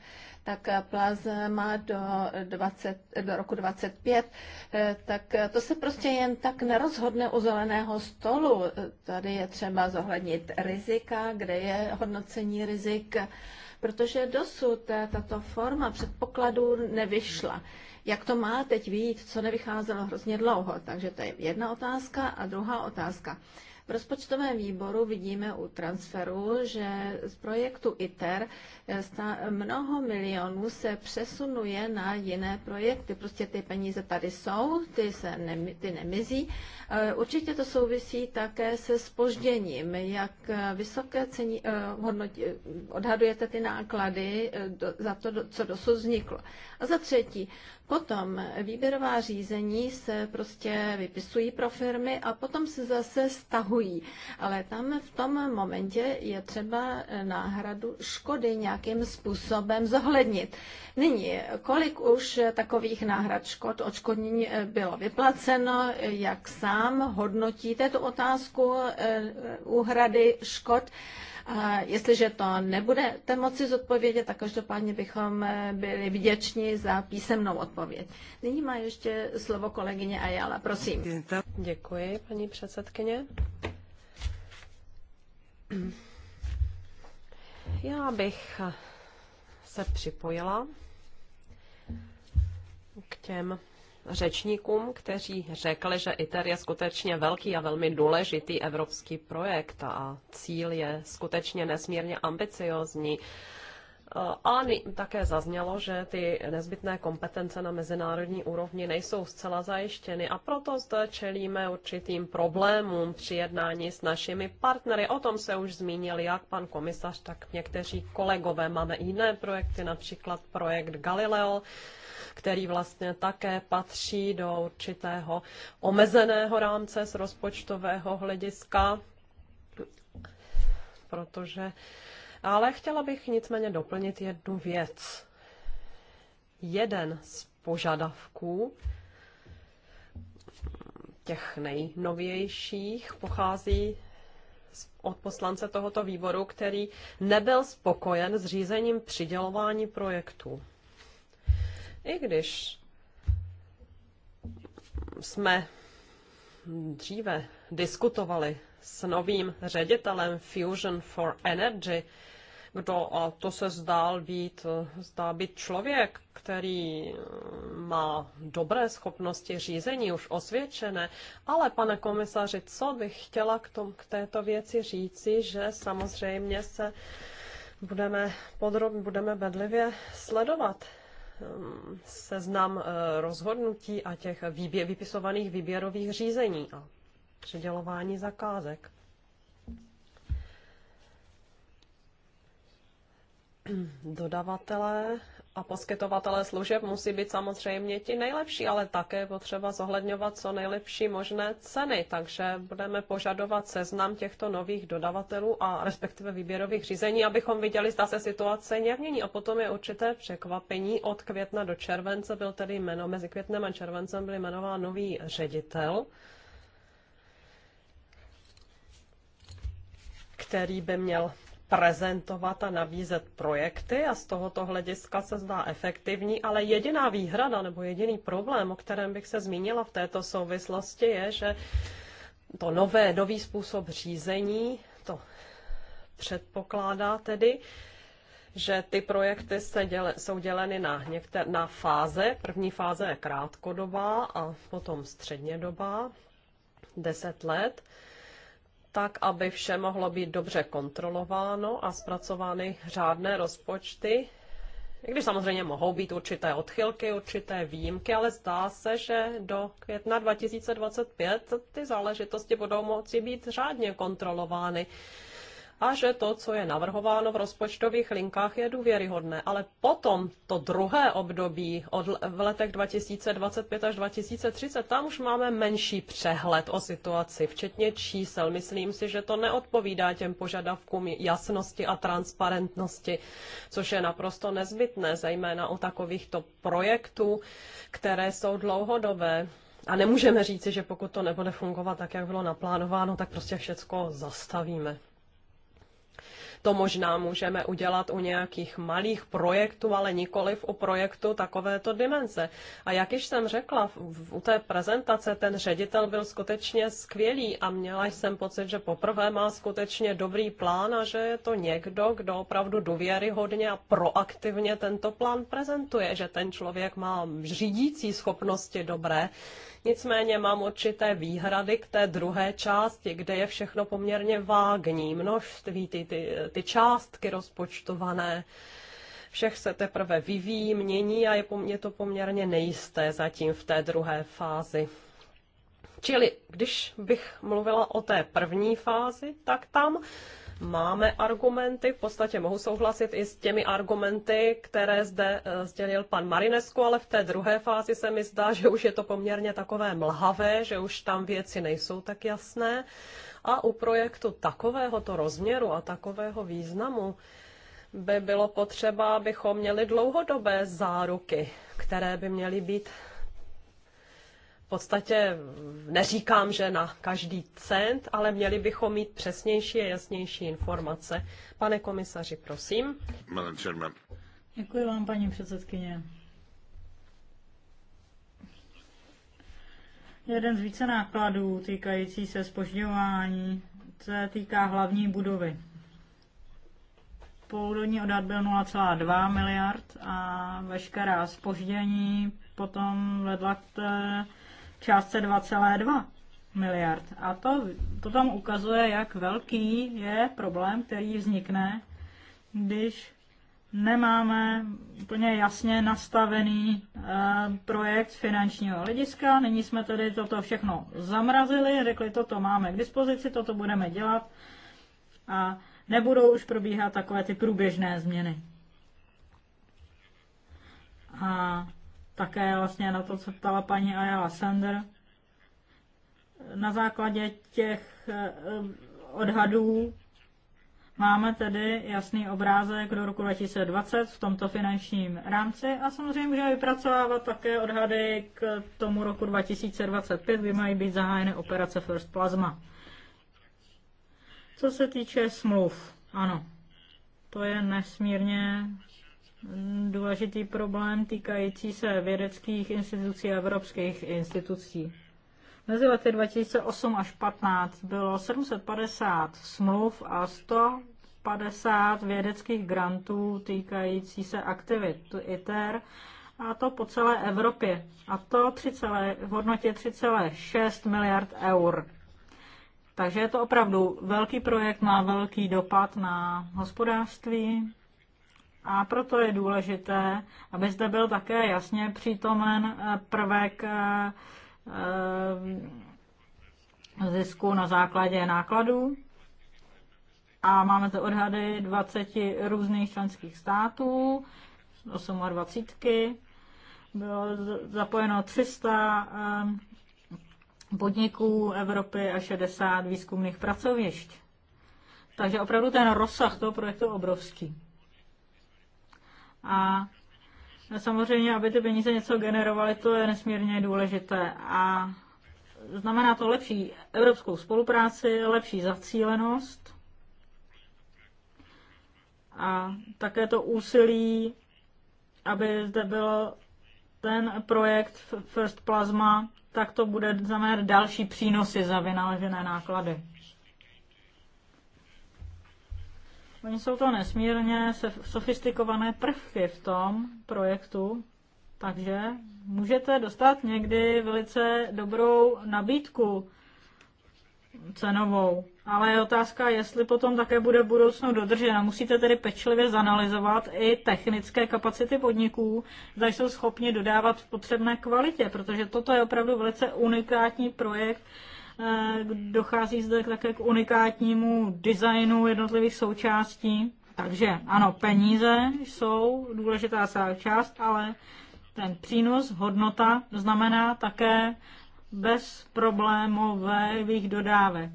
tak plazma do, 20, do roku 25, eh, tak to se prostě jen tak nerozhodne u zeleného stolu. Tady je třeba zohlednit rizika, kde je hodnocení rizik, protože dosud tato forma předpokladů nevyšla. Jak to má teď výjít, co nevycházelo hrozně dlouho? Takže to je jedna otázka. A druhá otázka. V rozpočtovém výboru vidíme u transferu, že z projektu ITER eh, mnoho milionů se přesunuje na jiné projekty. Prostě ty peníze tady jsou, ty, se ne, ty nemizí. Eh, určitě to souvisí také se spožděním. Jak eh, vysoké cení, hodnotí, odhadujete ty náklady za to, co dosud vzniklo? A za třetí, Potom výběrová řízení se prostě vypisují pro firmy a potom se zase stahují. Ale tam v tom momentě je třeba náhradu škody nějakým způsobem zohlednit. Nyní, kolik už takových náhrad škod, odškodnění eh, bylo vyplaceno, jak sám hodnotíte tu otázku eh, úhrady škod? jestliže to nebudete moci zodpovědět, tak každopádně bychom eh, byli vděční za písemnou odpověď. Nyní má ještě slovo kolegyně Ajala, prosím. Děkuji, paní předsedkyně. Já bych se připojila k těm řečníkům, kteří řekli, že ITER je skutečně velký a velmi důležitý evropský projekt a cíl je skutečně nesmírně ambiciozní. A také zaznělo, že ty nezbytné kompetence na mezinárodní úrovni nejsou zcela zajištěny a proto zde čelíme určitým problémům při jednání s našimi partnery. O tom se už zmínil jak pan komisař, tak někteří kolegové. Máme jiné projekty, například projekt Galileo, který vlastně také patří do určitého omezeného rámce z rozpočtového hlediska, protože ale chtěla bych nicméně doplnit jednu věc. Jeden z požadavků těch nejnovějších pochází od poslance tohoto výboru, který nebyl spokojen s řízením přidělování projektů. I když jsme dříve diskutovali s novým ředitelem Fusion for Energy, kdo, a to se zdál být, zdá být člověk, který má dobré schopnosti řízení, už osvědčené, ale pane komisaři, co bych chtěla k, tom, k této věci říci, že samozřejmě se budeme, podrob, budeme bedlivě sledovat seznam eh, rozhodnutí a těch výbě- vypisovaných výběrových řízení a předělování zakázek. Dodavatelé a poskytovatelé služeb musí být samozřejmě ti nejlepší, ale také potřeba zohledňovat co nejlepší možné ceny. Takže budeme požadovat seznam těchto nových dodavatelů a respektive výběrových řízení, abychom viděli, zda se situace nějak mění. A potom je určité překvapení. Od května do července byl tedy jméno, mezi květnem a červencem byl jmenován nový ředitel. který by měl prezentovat a nabízet projekty a z tohoto hlediska se zdá efektivní, ale jediná výhrada nebo jediný problém, o kterém bych se zmínila v této souvislosti, je, že to nové, nový způsob řízení, to předpokládá tedy, že ty projekty se děle, jsou děleny na, některé, na fáze. První fáze je krátkodobá a potom střednědobá, 10 let tak, aby vše mohlo být dobře kontrolováno a zpracovány řádné rozpočty. I když samozřejmě mohou být určité odchylky, určité výjimky, ale zdá se, že do května 2025 ty záležitosti budou moci být řádně kontrolovány a že to, co je navrhováno v rozpočtových linkách, je důvěryhodné. Ale potom to druhé období od, v letech 2025 až 2030, tam už máme menší přehled o situaci, včetně čísel. Myslím si, že to neodpovídá těm požadavkům jasnosti a transparentnosti, což je naprosto nezbytné, zejména u takovýchto projektů, které jsou dlouhodobé. A nemůžeme říci, že pokud to nebude fungovat tak, jak bylo naplánováno, tak prostě všecko zastavíme. To možná můžeme udělat u nějakých malých projektů, ale nikoliv u projektu takovéto dimenze. A jak již jsem řekla, u té prezentace ten ředitel byl skutečně skvělý a měla jsem pocit, že poprvé má skutečně dobrý plán a že je to někdo, kdo opravdu důvěryhodně a proaktivně tento plán prezentuje, že ten člověk má řídící schopnosti dobré, Nicméně mám určité výhrady k té druhé části, kde je všechno poměrně vágní. Množství ty, ty, ty částky rozpočtované, všech se teprve vyvíjí, mění a je, je to poměrně nejisté zatím v té druhé fázi. Čili když bych mluvila o té první fázi, tak tam máme argumenty, v podstatě mohu souhlasit i s těmi argumenty, které zde eh, sdělil pan Marinesku, ale v té druhé fázi se mi zdá, že už je to poměrně takové mlhavé, že už tam věci nejsou tak jasné. A u projektu takovéhoto rozměru a takového významu by bylo potřeba, abychom měli dlouhodobé záruky, které by měly být v podstatě neříkám, že na každý cent, ale měli bychom mít přesnější a jasnější informace. Pane komisaři, prosím. Děkuji vám, paní předsedkyně. Jeden z více nákladů týkající se spožďování se týká hlavní budovy. Původní odhad byl 0,2 miliard a veškerá spoždění potom vedla k částce 2,2 miliard. A to, to tam ukazuje, jak velký je problém, který vznikne, když nemáme úplně jasně nastavený e, projekt finančního hlediska. Nyní jsme tedy toto všechno zamrazili, řekli, toto máme k dispozici, toto budeme dělat a nebudou už probíhat takové ty průběžné změny. A také vlastně na to, co ptala paní Ayala Sander. Na základě těch eh, odhadů máme tedy jasný obrázek do roku 2020 v tomto finančním rámci a samozřejmě můžeme vypracovávat také odhady k tomu roku 2025, kdy mají být zahájeny operace First Plasma. Co se týče smluv, ano, to je nesmírně důležitý problém týkající se vědeckých institucí a evropských institucí. Mezi lety 2008 až 2015 bylo 750 smluv a 150 vědeckých grantů týkající se aktivit ITER a to po celé Evropě. A to 3, v hodnotě 3,6 miliard eur. Takže je to opravdu velký projekt, má velký dopad na hospodářství, a proto je důležité, aby zde byl také jasně přítomen eh, prvek eh, eh, zisku na základě nákladů. A máme zde odhady 20 různých členských států, 28. Bylo zapojeno 300 podniků Evropy a 60 výzkumných pracovišť. Takže opravdu ten rozsah toho projektu je obrovský. A samozřejmě, aby ty peníze něco generovaly, to je nesmírně důležité. A znamená to lepší evropskou spolupráci, lepší zacílenost a také to úsilí, aby zde byl ten projekt First Plasma, tak to bude znamenat další přínosy za vynaložené náklady. Oni jsou to nesmírně sofistikované prvky v tom projektu, takže můžete dostat někdy velice dobrou nabídku cenovou. Ale je otázka, jestli potom také bude v budoucnu dodržena. Musíte tedy pečlivě zanalizovat i technické kapacity podniků, zda jsou schopni dodávat v potřebné kvalitě, protože toto je opravdu velice unikátní projekt, Eh, dochází zde také k unikátnímu designu jednotlivých součástí. Takže ano, peníze jsou důležitá část, ale ten přínos, hodnota znamená také jejich dodávek.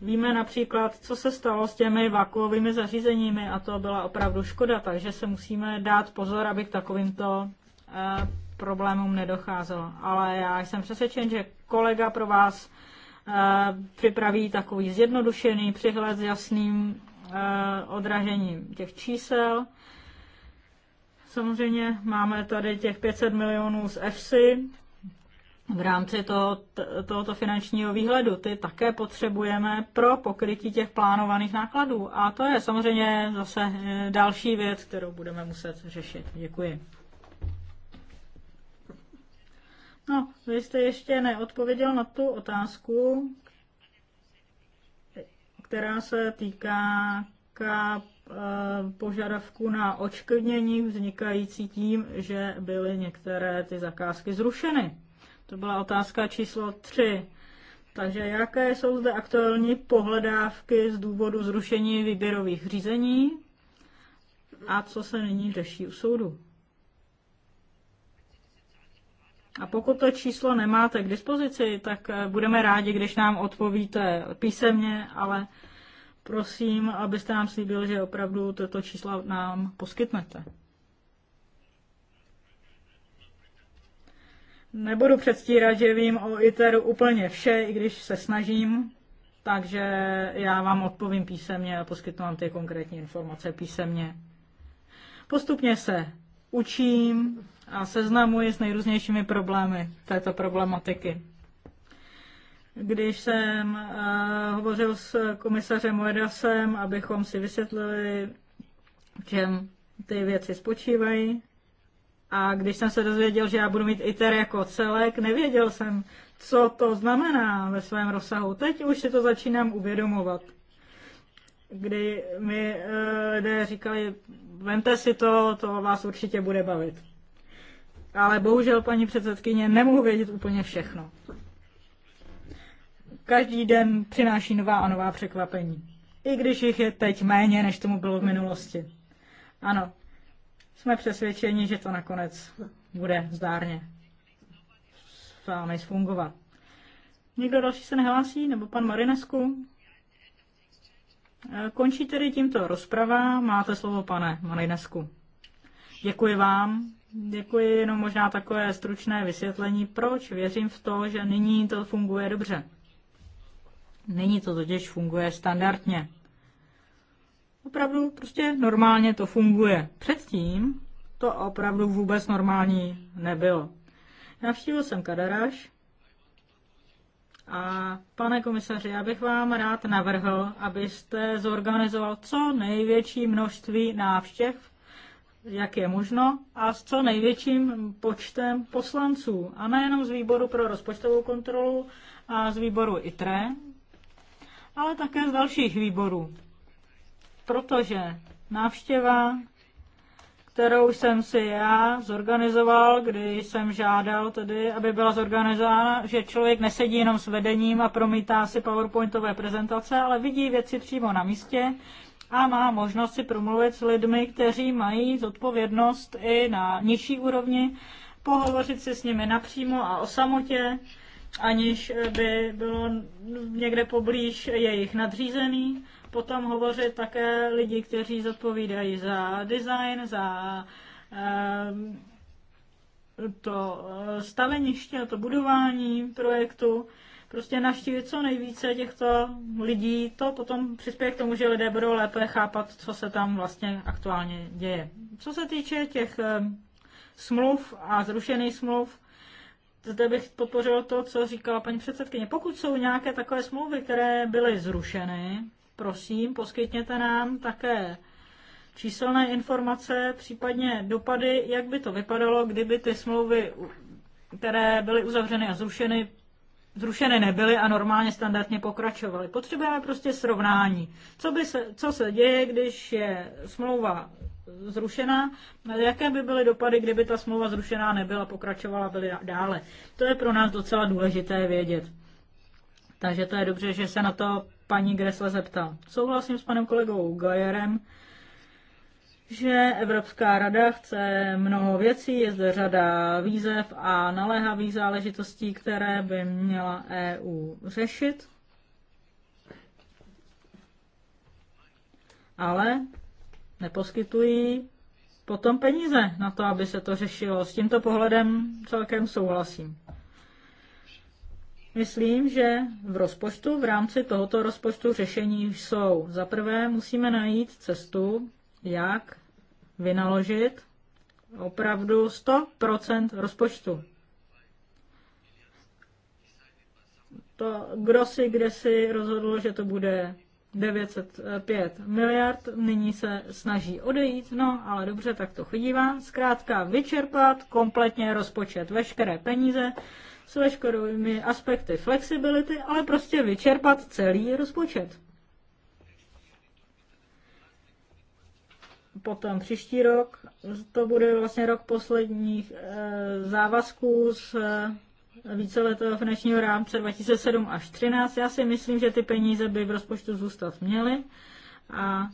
Víme například, co se stalo s těmi vakuovými zařízeními a to byla opravdu škoda, takže se musíme dát pozor, aby k takovýmto eh, problémům nedocházelo. Ale já jsem přesvědčen, že kolega pro vás připraví takový zjednodušený přehled s jasným e, odražením těch čísel. Samozřejmě máme tady těch 500 milionů z EFSI v rámci toho, tohoto finančního výhledu. Ty také potřebujeme pro pokrytí těch plánovaných nákladů. A to je samozřejmě zase e, další věc, kterou budeme muset řešit. Děkuji. No, vy jste ještě neodpověděl na tu otázku, která se týká k, e, požadavku na očkodnění vznikající tím, že byly některé ty zakázky zrušeny. To byla otázka číslo 3. Takže jaké jsou zde aktuální pohledávky z důvodu zrušení výběrových řízení a co se nyní řeší u soudu? A pokud to číslo nemáte k dispozici, tak eh, budeme rádi, když nám odpovíte písemně, ale prosím, abyste nám slíbil, že opravdu toto číslo nám poskytnete. Nebudu předstírat, že vím o ITERu úplně vše, i když se snažím, takže já vám odpovím písemně a poskytnu vám ty konkrétní informace písemně. Postupně se učím, a seznamuji s nejrůznějšími problémy této problematiky. Když jsem uh, hovořil s komisařem Moedasem, abychom si vysvětlili, v čem ty věci spočívají, a když jsem se dozvěděl, že já budu mít ITER jako celek, nevěděl jsem, co to znamená ve svém rozsahu. Teď už si to začínám uvědomovat. Kdy mi eh, lidé říkali, vente si to, to vás určitě bude bavit ale bohužel, paní předsedkyně, nemohu vědět úplně všechno. Každý den přináší nová a nová překvapení. I když jich je teď méně, než tomu bylo v minulosti. Ano, jsme přesvědčeni, že to nakonec bude zdárně s vámi fungovat. Někdo další se nehlásí? Nebo pan Marinesku? E, končí tedy tímto rozprava. Máte slovo, pane Marinesku. Děkuji vám. Děkuji, jenom možná takové stručné vysvětlení, proč věřím v to, že nyní to funguje dobře. Nyní to totiž funguje standardně. Opravdu prostě normálně to funguje. Předtím to opravdu vůbec normální nebylo. Navštívil jsem Kadaraš a pane komisaři, já bych vám rád navrhl, abyste zorganizoval co největší množství návštěv jak je možno, a s co největším počtem poslanců. A nejenom z výboru pro rozpočtovou kontrolu a z výboru ITRE, ale také z dalších výborů. Protože návštěva, kterou jsem si já zorganizoval, když jsem žádal tedy, aby byla zorganizována, že člověk nesedí jenom s vedením a promítá si PowerPointové prezentace, ale vidí věci přímo na místě, a má možnost si promluvit s lidmi, kteří mají zodpovědnost i na nižší úrovni, pohovořit si s nimi napřímo a o samotě, aniž by bylo někde poblíž jejich nadřízený. Potom hovořit také lidi, kteří zodpovídají za design, za ehm, to eh, staveniště, to budování projektu prostě navštívit co nejvíce těchto lidí, to potom přispěje k tomu, že lidé budou lépe chápat, co se tam vlastně aktuálně děje. Co se týče těch eh, smluv a zrušených smluv, zde bych podpořil to, co říkala paní předsedkyně. Pokud jsou nějaké takové smlouvy, které byly zrušeny, prosím, poskytněte nám také číselné informace, případně dopady, jak by to vypadalo, kdyby ty smlouvy, které byly uzavřeny a zrušeny, zrušeny nebyly a normálně standardně pokračovaly. Potřebujeme prostě srovnání. Co, by se, co se děje, když je smlouva zrušena, jaké by byly dopady, kdyby ta smlouva zrušená nebyla, pokračovala byly dále. To je pro nás docela důležité vědět. Takže to je dobře, že se na to paní Gresle zeptal. Souhlasím s panem kolegou Gajerem, že Evropská rada chce mnoho věcí, je zde řada výzev a naléhavých záležitostí, které by měla EU řešit. Ale neposkytují potom peníze na to, aby se to řešilo. S tímto pohledem celkem souhlasím. Myslím, že v rozpočtu, v rámci tohoto rozpočtu řešení jsou. Za prvé musíme najít cestu, jak vynaložit opravdu 100% rozpočtu. To, kdo si kde si rozhodl, že to bude 905 miliard, nyní se snaží odejít, no ale dobře, tak to chodívá. Zkrátka vyčerpat kompletně rozpočet, veškeré peníze s veškerými aspekty flexibility, ale prostě vyčerpat celý rozpočet. potom příští rok, to bude vlastně rok posledních eh, závazků z eh, víceletého finančního rámce 2007 až 2013. Já si myslím, že ty peníze by v rozpočtu zůstat měly a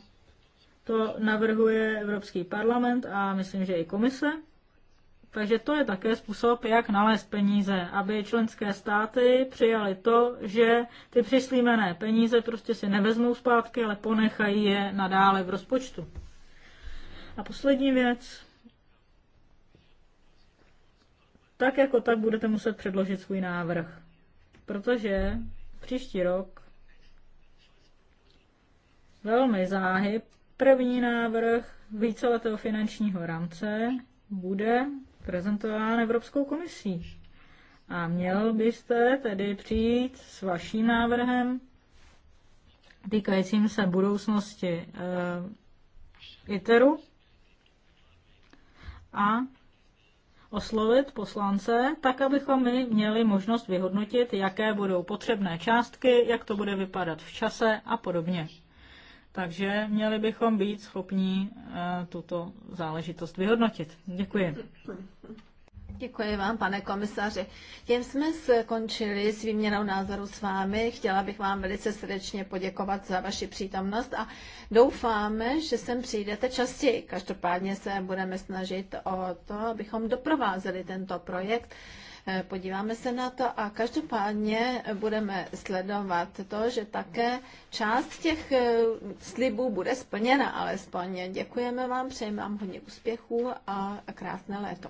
to navrhuje Evropský parlament a myslím, že i komise. Takže to je také způsob, jak nalézt peníze, aby členské státy přijali to, že ty přislíbené peníze prostě si nevezmou zpátky, ale ponechají je nadále v rozpočtu. A poslední věc. Tak jako tak budete muset předložit svůj návrh, protože příští rok velmi záhy první návrh víceletého finančního rámce bude prezentován Evropskou komisí. A měl byste tedy přijít s vaším návrhem týkajícím se budoucnosti e, ITERu a oslovit poslance, tak abychom my měli možnost vyhodnotit, jaké budou potřebné částky, jak to bude vypadat v čase a podobně. Takže měli bychom být schopni eh, tuto záležitost vyhodnotit. Děkuji. Děkuji vám, pane komisaři. Tím jsme skončili s výměnou názoru s vámi. Chtěla bych vám velice srdečně poděkovat za vaši přítomnost a doufáme, že sem přijdete častěji. Každopádně se budeme snažit o to, abychom doprovázeli tento projekt. Eh, podíváme se na to a každopádně budeme sledovat to, že také část těch eh, slibů bude splněna alespoň. Děkujeme vám, přejeme vám hodně úspěchů a krásné léto.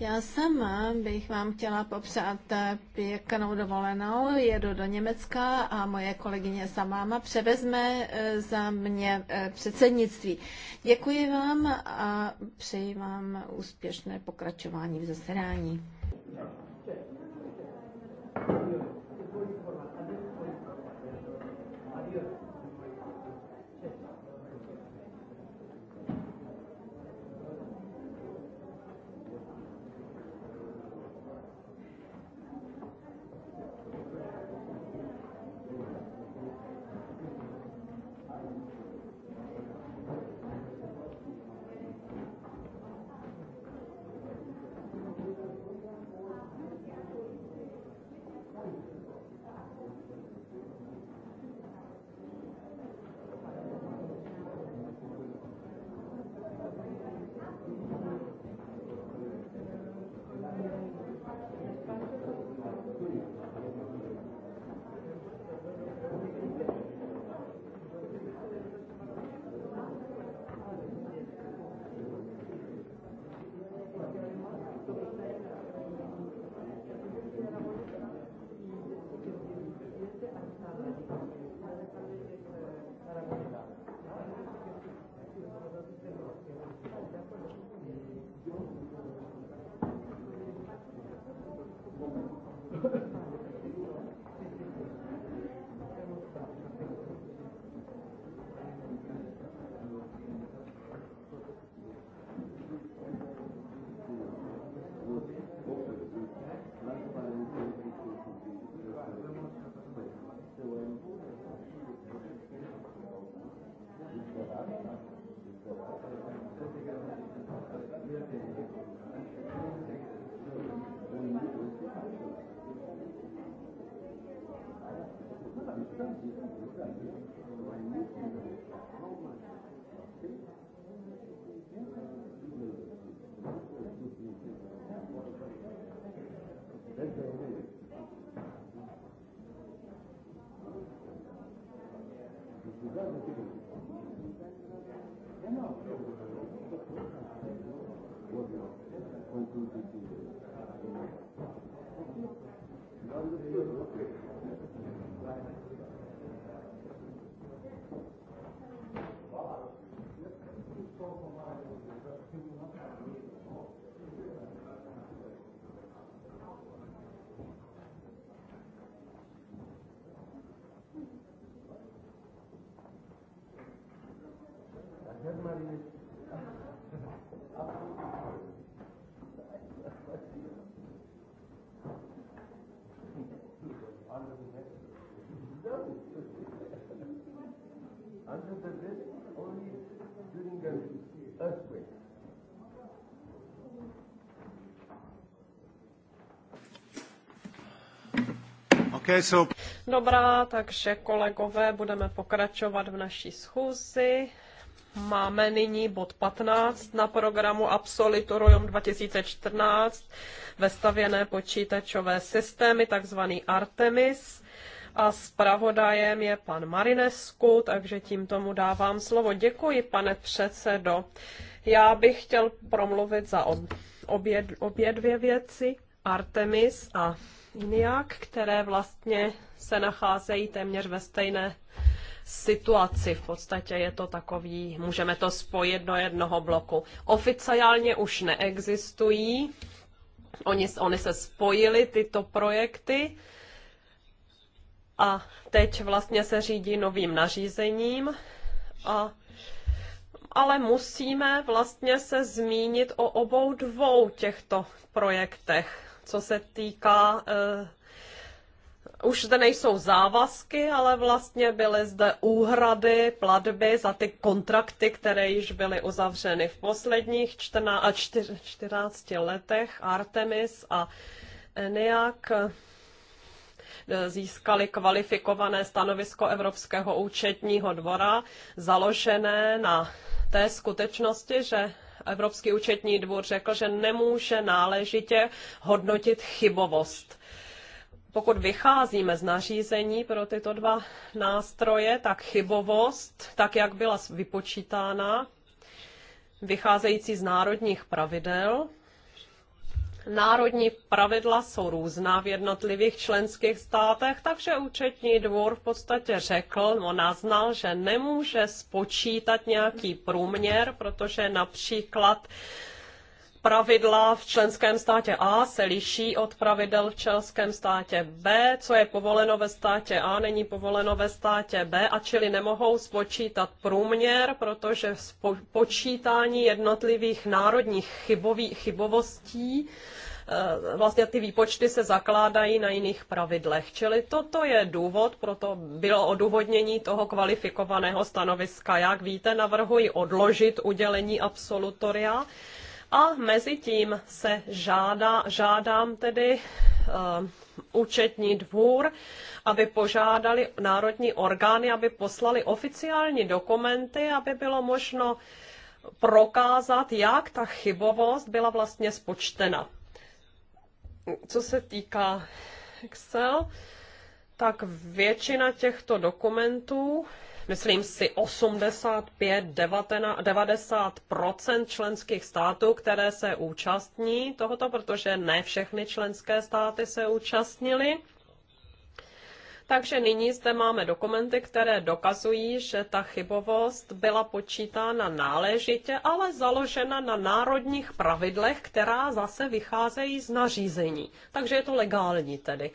Já sama bych vám chtěla popřát pěknou dovolenou. Jedu do Německa a moje kolegyně Samáma převezme eh, za mě eh, předsednictví. Děkuji vám a přeji vám úspěšné pokračování v zasedání. Dobrá, takže kolegové, budeme pokračovat v naší schůzi. Máme nyní bod 15 na programu Absolitorium 2014 vestavěné počítačové systémy, takzvaný Artemis. A zpravodajem je pan Marinesku, takže tím tomu dávám slovo. Děkuji, pane předsedo. Já bych chtěl promluvit za obě, obě dvě věci, Artemis a INIAC, které vlastně se nacházejí téměř ve stejné situaci. V podstatě je to takový, můžeme to spojit do jednoho bloku. Oficiálně už neexistují, oni, oni se spojili tyto projekty a teď vlastně se řídí novým nařízením a ale musíme vlastně se zmínit o obou dvou těchto projektech co se týká eh, už zde nejsou závazky, ale vlastně byly zde úhrady, platby za ty kontrakty, které již byly uzavřeny v posledních 14, 14 letech. Artemis a Eniak eh, získali kvalifikované stanovisko Evropského účetního dvora, založené na té skutečnosti, že Evropský účetní dvůr řekl, že nemůže náležitě hodnotit chybovost pokud vycházíme z nařízení pro tyto dva nástroje, tak chybovost, tak jak byla vypočítána, vycházející z národních pravidel, národní pravidla jsou různá v jednotlivých členských státech, takže účetní dvor v podstatě řekl, no naznal, že nemůže spočítat nějaký průměr, protože například pravidla v členském státě A se liší od pravidel v členském státě B, co je povoleno ve státě A, není povoleno ve státě B, a čili nemohou spočítat průměr, protože počítání jednotlivých národních chybovostí eh, vlastně ty výpočty se zakládají na jiných pravidlech. Čili toto je důvod, proto bylo odůvodnění toho kvalifikovaného stanoviska. Jak víte, navrhuji odložit udělení absolutoria a mezi tím se žádá, žádám tedy uh, účetní dvůr, aby požádali národní orgány, aby poslali oficiální dokumenty, aby bylo možno prokázat, jak ta chybovost byla vlastně spočtena. Co se týká Excel, tak většina těchto dokumentů myslím si, 85, 90, členských států, které se účastní tohoto, protože ne všechny členské státy se účastnily. Takže nyní zde máme dokumenty, které dokazují, že ta chybovost byla počítána náležitě, ale založena na národních pravidlech, která zase vycházejí z nařízení. Takže je to legální tedy.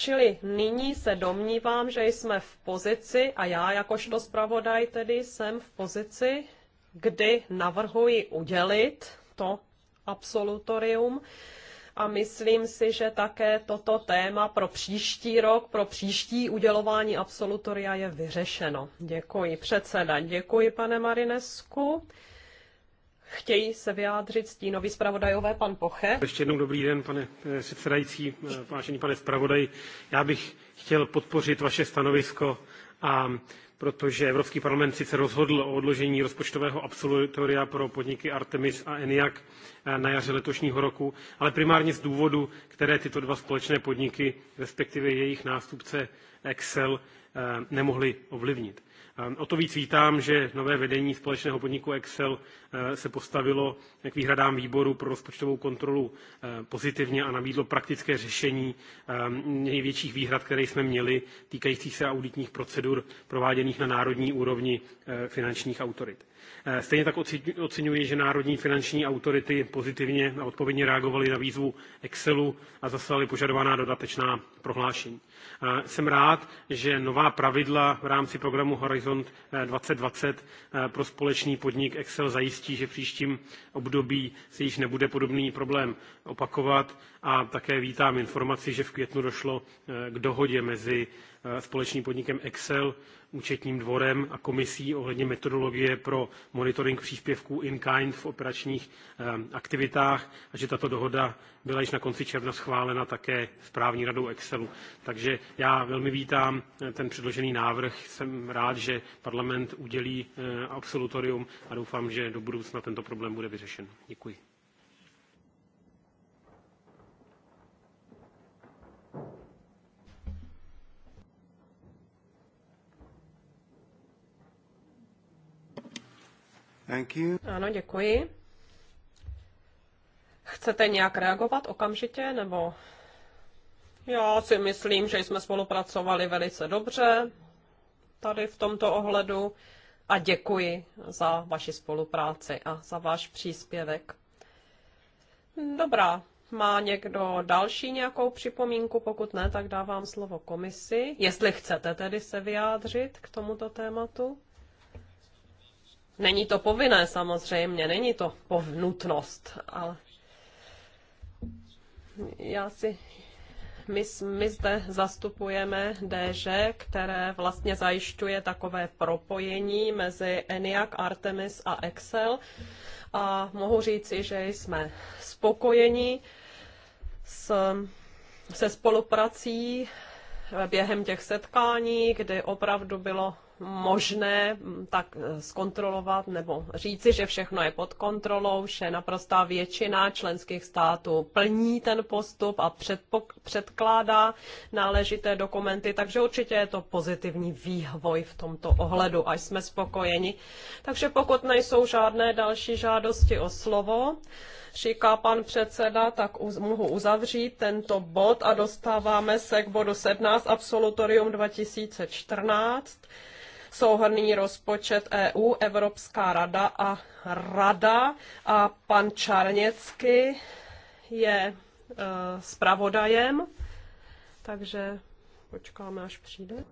Čili nyní se domnívám, že jsme v pozici, a já jakožto zpravodaj tedy jsem v pozici, kdy navrhuji udělit to absolutorium a myslím si, že také toto téma pro příští rok, pro příští udělování absolutoria je vyřešeno. Děkuji předseda, děkuji pane Marinesku. Chtějí se vyjádřit stínoví zpravodajové pan Poche. Ještě jednou dobrý den, pane eh, předsedající, eh, vážený pane zpravodaj. Já bych chtěl podpořit vaše stanovisko a protože Evropský parlament sice rozhodl o odložení rozpočtového absolutoria pro podniky Artemis a ENIAC eh, na jaře letošního roku, ale primárně z důvodu, které tyto dva společné podniky, respektive jejich nástupce Excel, nemohly ovlivnit. Ehm, o to víc vítám, že nové vedení společného podniku Excel ehm, se postavilo k výhradám výboru pro rozpočtovou kontrolu ehm, pozitivně a nabídlo praktické řešení největších výhrad, které jsme měli, týkajících se auditních procedur prováděných na národní úrovni finančních autorit. Eh, stejně tak oceňuji, že národní finanční autority pozitivně a odpovědně reagovaly na výzvu Excelu a zaslali požadovaná dodatečná prohlášení. Eh, jsem rád, že nová pravidla v rámci programu Horizont 2020 eh, pro společný podnik Excel zajistí, že v příštím období se již nebude podobný problém opakovat a také vítám informaci, že v květnu došlo k dohodě mezi Eh, společným podnikem Excel, účetním dvorem a komisí ohledně metodologie pro monitoring příspěvků in-kind v operačních eh, aktivitách a že tato dohoda byla již na konci června schválena také správní radou Excelu. Takže já velmi vítám eh, ten předložený návrh. Jsem rád, že parlament udělí absolutorium a doufám, že do budoucna tento problém bude vyřešen. Děkuji. Thank you. Ano, děkuji. Chcete nějak reagovat okamžitě, nebo? Já si myslím, že jsme spolupracovali velice dobře tady v tomto ohledu a děkuji za vaši spolupráci a za váš příspěvek. Dobrá, má někdo další nějakou připomínku? Pokud ne, tak dávám slovo komisi, jestli chcete tedy se vyjádřit k tomuto tématu. Není to povinné samozřejmě, není to povnutnost, ale já si my, my zde zastupujeme DŽ, které vlastně zajišťuje takové propojení mezi ENIAC, Artemis a Excel. A mohu říci, že jsme spokojeni s, se spoluprací během těch setkání, kdy opravdu bylo možné mm, tak eh, zkontrolovat nebo říci, že všechno je pod kontrolou, že naprostá většina členských států plní ten postup a předkládá náležité dokumenty, takže určitě je to pozitivní vývoj v tomto ohledu a jsme spokojeni. Takže pokud nejsou žádné další žádosti o slovo, říká pan předseda, tak uz, mohu uzavřít tento bod a dostáváme se k bodu 17, absolutorium 2014 souhrný rozpočet EU, Evropská rada a rada. A pan Čarněcky je e, zpravodajem, takže počkáme, až přijde.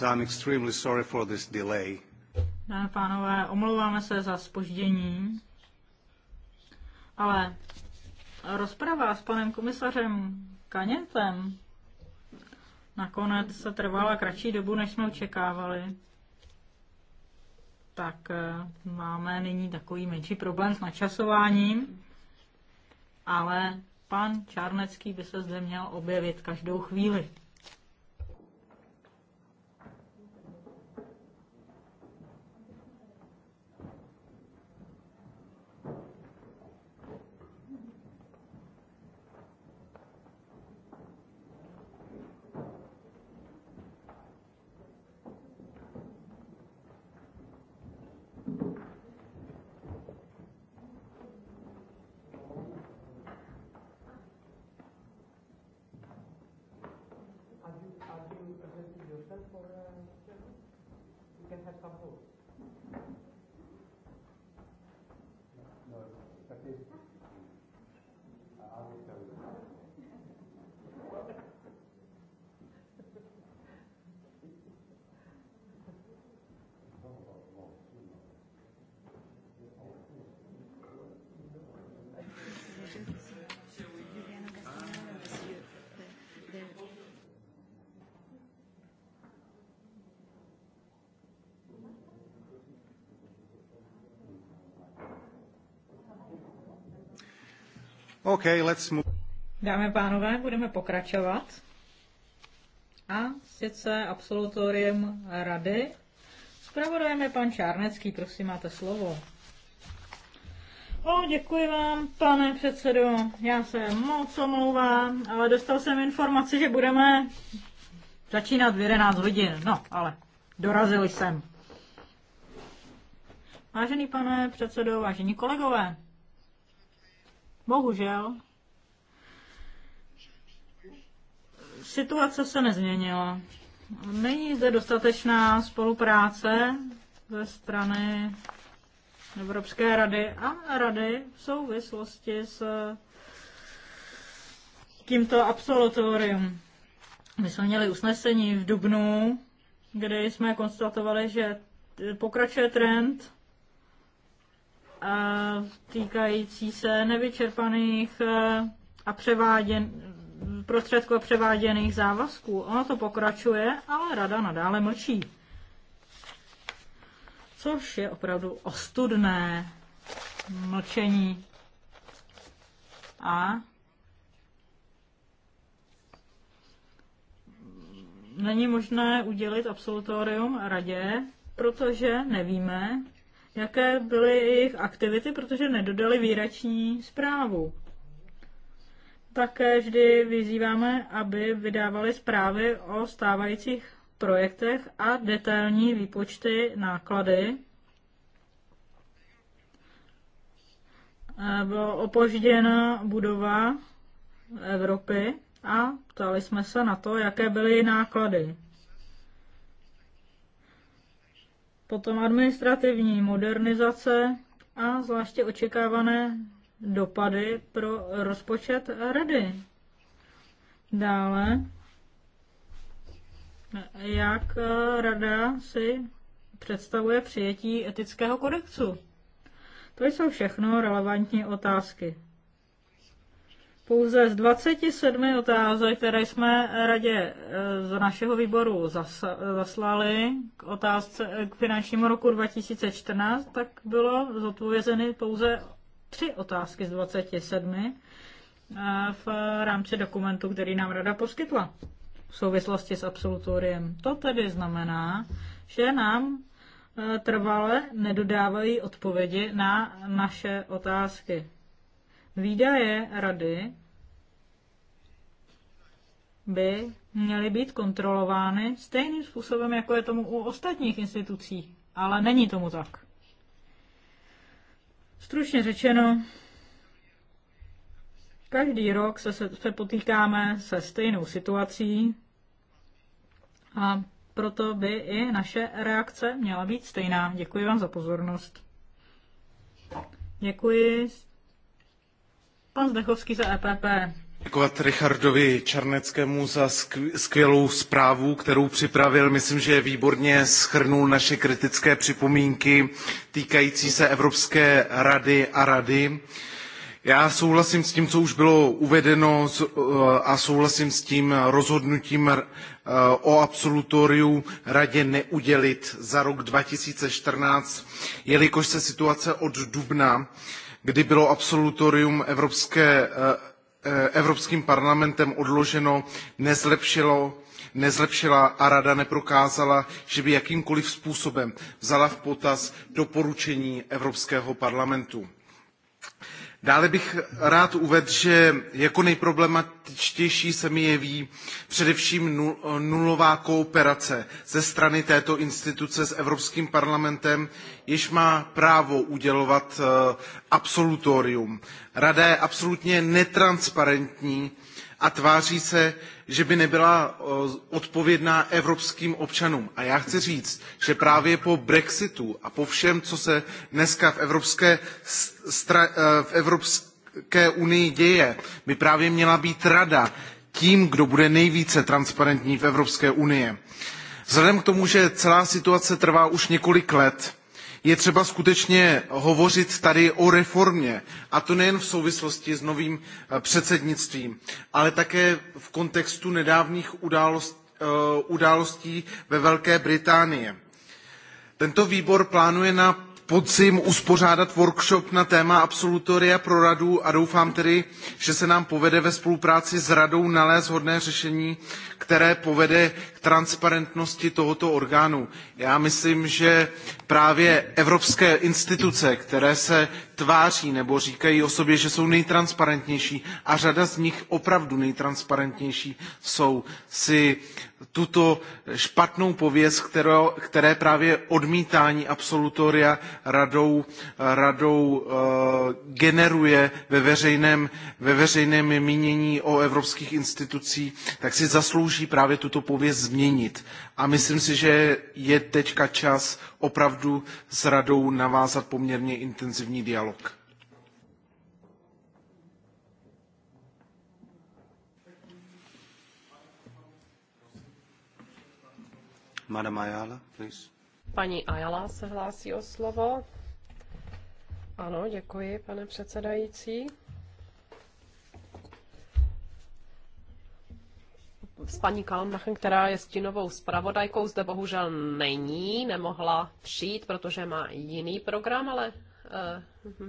Dámy a pánové, omlouváme se za spoždění, ale rozprava s panem komisařem Kanětem nakonec se trvala kratší dobu, než jsme očekávali. Tak eh, máme nyní takový menší problém s načasováním, ale pan Čárnecký by se zde měl objevit každou chvíli. Okay, let's move. Dámy a pánové, budeme pokračovat. A sice absolutorium rady. zpravodajeme pan Čárnecký, prosím, máte slovo. O, děkuji vám, pane předsedo. Já se moc omlouvám, ale dostal jsem informaci, že budeme začínat v 11 hodin. No, ale dorazili jsem. Vážený pane předsedo, vážení kolegové, Bohužel, situace se nezměnila. Není zde dostatečná spolupráce ze strany Evropské rady a rady v souvislosti s tímto absolutorium. My jsme měli usnesení v Dubnu, kde jsme konstatovali, že pokračuje trend týkající se nevyčerpaných eh, a převáděn, prostředků a převáděných závazků. Ono to pokračuje, ale rada nadále mlčí. Což je opravdu ostudné mlčení. A není možné udělit absolutorium radě, protože nevíme, jaké byly jejich aktivity, protože nedodali výrační zprávu. Také vždy vyzýváme, aby vydávali zprávy o stávajících projektech a detailní výpočty náklady. Eh, Byla opožděna budova Evropy a ptali jsme se na to, jaké byly náklady. Potom administrativní modernizace a zvláště očekávané dopady pro rozpočet rady. Dále, jak rada si představuje přijetí etického kodexu. To jsou všechno relevantní otázky. Pouze z 27 otázek, které jsme radě eh, z našeho výboru zaslali k otázce eh, k finančnímu roku 2014, tak bylo zodpovězeny pouze tři otázky z 27 eh, v rámci dokumentu, který nám rada poskytla v souvislosti s absolutoriem. To tedy znamená, že nám trvale nedodávají odpovědi na naše otázky. Výdaje rady by měly být kontrolovány stejným způsobem, jako je tomu u ostatních institucí, ale není tomu tak. Stručně řečeno, každý rok se, se potýkáme se stejnou situací a proto by i naše reakce měla být stejná. Děkuji vám za pozornost. Děkuji Pan Zdechovský za EPP. Děkovat Richardovi Čarneckému za skvělou zprávu, kterou připravil. Myslím, že výborně schrnul naše kritické připomínky týkající se Evropské rady a rady. Já souhlasím s tím, co už bylo uvedeno eh, a souhlasím s tím rozhodnutím eh, o absolutoriu radě neudělit za rok 2014, jelikož se situace od dubna kdy bylo absolutorium Evropské, eh, eh, Evropským parlamentem odloženo, nezlepšilo nezlepšila a rada neprokázala, že by jakýmkoliv způsobem vzala v potaz doporučení Evropského parlamentu. Dále bych rád uvedl, že jako nejproblematičtější se mi jeví především nulová kooperace ze strany této instituce s Evropským parlamentem, jež má právo udělovat eh, absolutorium. Rada je absolutně netransparentní a tváří se, že by nebyla odpovědná evropským občanům. A já chci říct, že právě po Brexitu a po všem, co se dneska v Evropské, stra, e, v Evropské unii děje, by právě měla být rada tím, kdo bude nejvíce transparentní v Evropské unii. Vzhledem k tomu, že celá situace trvá už několik let, je třeba skutečně hovořit tady o reformě, a to nejen v souvislosti s novým eh, předsednictvím, ale také v kontextu nedávných eh, událostí ve Velké Británii. Tento výbor plánuje na podzim uspořádat workshop na téma absolutoria pro radu a doufám tedy, že se nám povede ve spolupráci s radou nalézt hodné řešení, které povede transparentnosti tohoto orgánu. Já myslím, že právě evropské instituce, které se tváří nebo říkají o sobě, že jsou nejtransparentnější a řada z nich opravdu nejtransparentnější jsou, si tuto špatnou pověst, kterou, které právě odmítání absolutoria radou, radou e, generuje ve veřejném, ve veřejném mínění o evropských institucích, tak si zaslouží právě tuto pověst změnit změnit. A myslím si, že je teďka čas opravdu s radou navázat poměrně intenzivní dialog. Madam Ayala, please. Paní Ayala se hlásí o slovo. Ano, děkuji, pane předsedající. s paní Kalmachem, která je stínovou zpravodajkou, zde bohužel není, nemohla přijít, protože má jiný program, ale uh,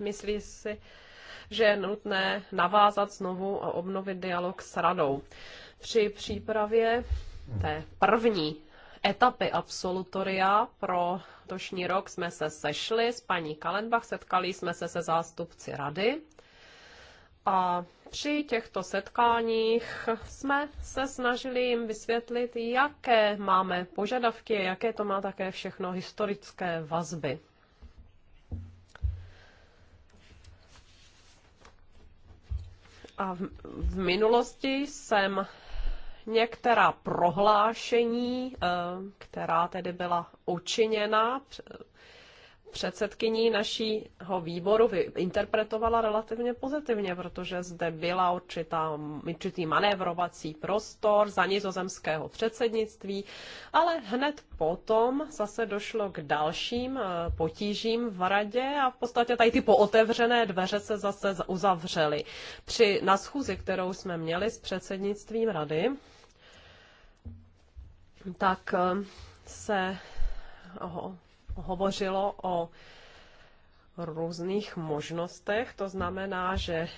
myslí si, že je nutné navázat znovu a obnovit dialog s radou. Při přípravě té první etapy absolutoria pro tošní rok jsme se sešli s paní Kalenbach, setkali jsme se se zástupci rady a při těchto setkáních jsme se snažili jim vysvětlit, jaké máme požadavky, jaké to má také všechno historické vazby. A v, v minulosti jsem některá prohlášení, eh, která tedy byla učiněna předsedkyní našího výboru interpretovala relativně pozitivně, protože zde byla určitá, určitý manévrovací prostor za nizozemského předsednictví, ale hned potom zase došlo k dalším eh, potížím v radě a v podstatě tady ty pootevřené dveře se zase uzavřely. Při naschůzi, kterou jsme měli s předsednictvím rady, tak eh, se oho, hovořilo o různých možnostech. To znamená, že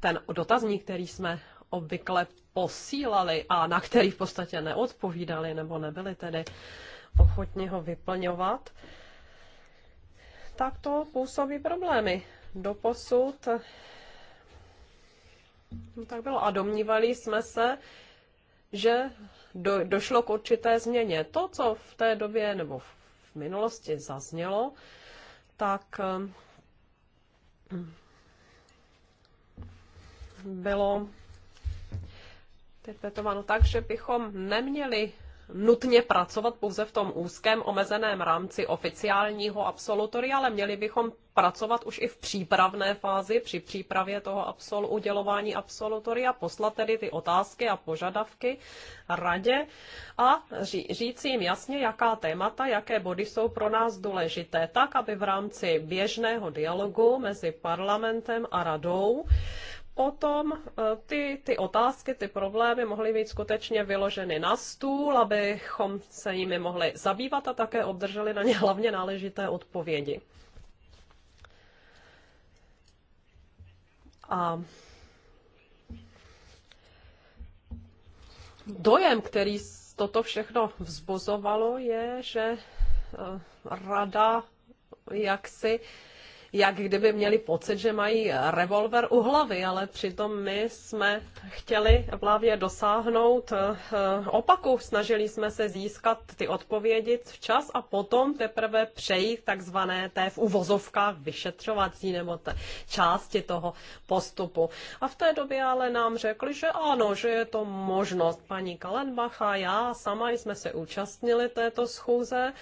ten dotazník, který jsme obvykle posílali a na který v podstatě neodpovídali nebo nebyli tedy ochotni ho vyplňovat, tak to působí problémy. Doposud no tak bylo. A domnívali jsme se, že do, došlo k určité změně. To, co v té době, nebo v minulosti zaznělo, tak eh, bylo interpretováno tak, že bychom neměli nutně pracovat pouze v tom úzkém omezeném rámci oficiálního absolutoria, ale měli bychom pracovat už i v přípravné fázi při přípravě toho absol, udělování absolutoria, poslat tedy ty otázky a požadavky radě a ří, říct jim jasně, jaká témata, jaké body jsou pro nás důležité, tak, aby v rámci běžného dialogu mezi parlamentem a radou potom eh, ty, ty otázky, ty problémy mohly být skutečně vyloženy na stůl, abychom se jimi mohli zabývat a také obdrželi na ně hlavně náležité odpovědi. A dojem, který toto všechno vzbuzovalo, je, že eh, rada jaksi uh, jak kdyby měli pocit, že mají revolver u hlavy, ale přitom my jsme chtěli právě dosáhnout eh, opaku. Snažili jsme se získat ty odpovědi včas a potom teprve přejít takzvané té v uvozovkách vyšetřovací nebo té části toho postupu. A v té době ale nám řekli, že ano, že je to možnost. Paní Kalenbach a já sama jsme se účastnili této schůze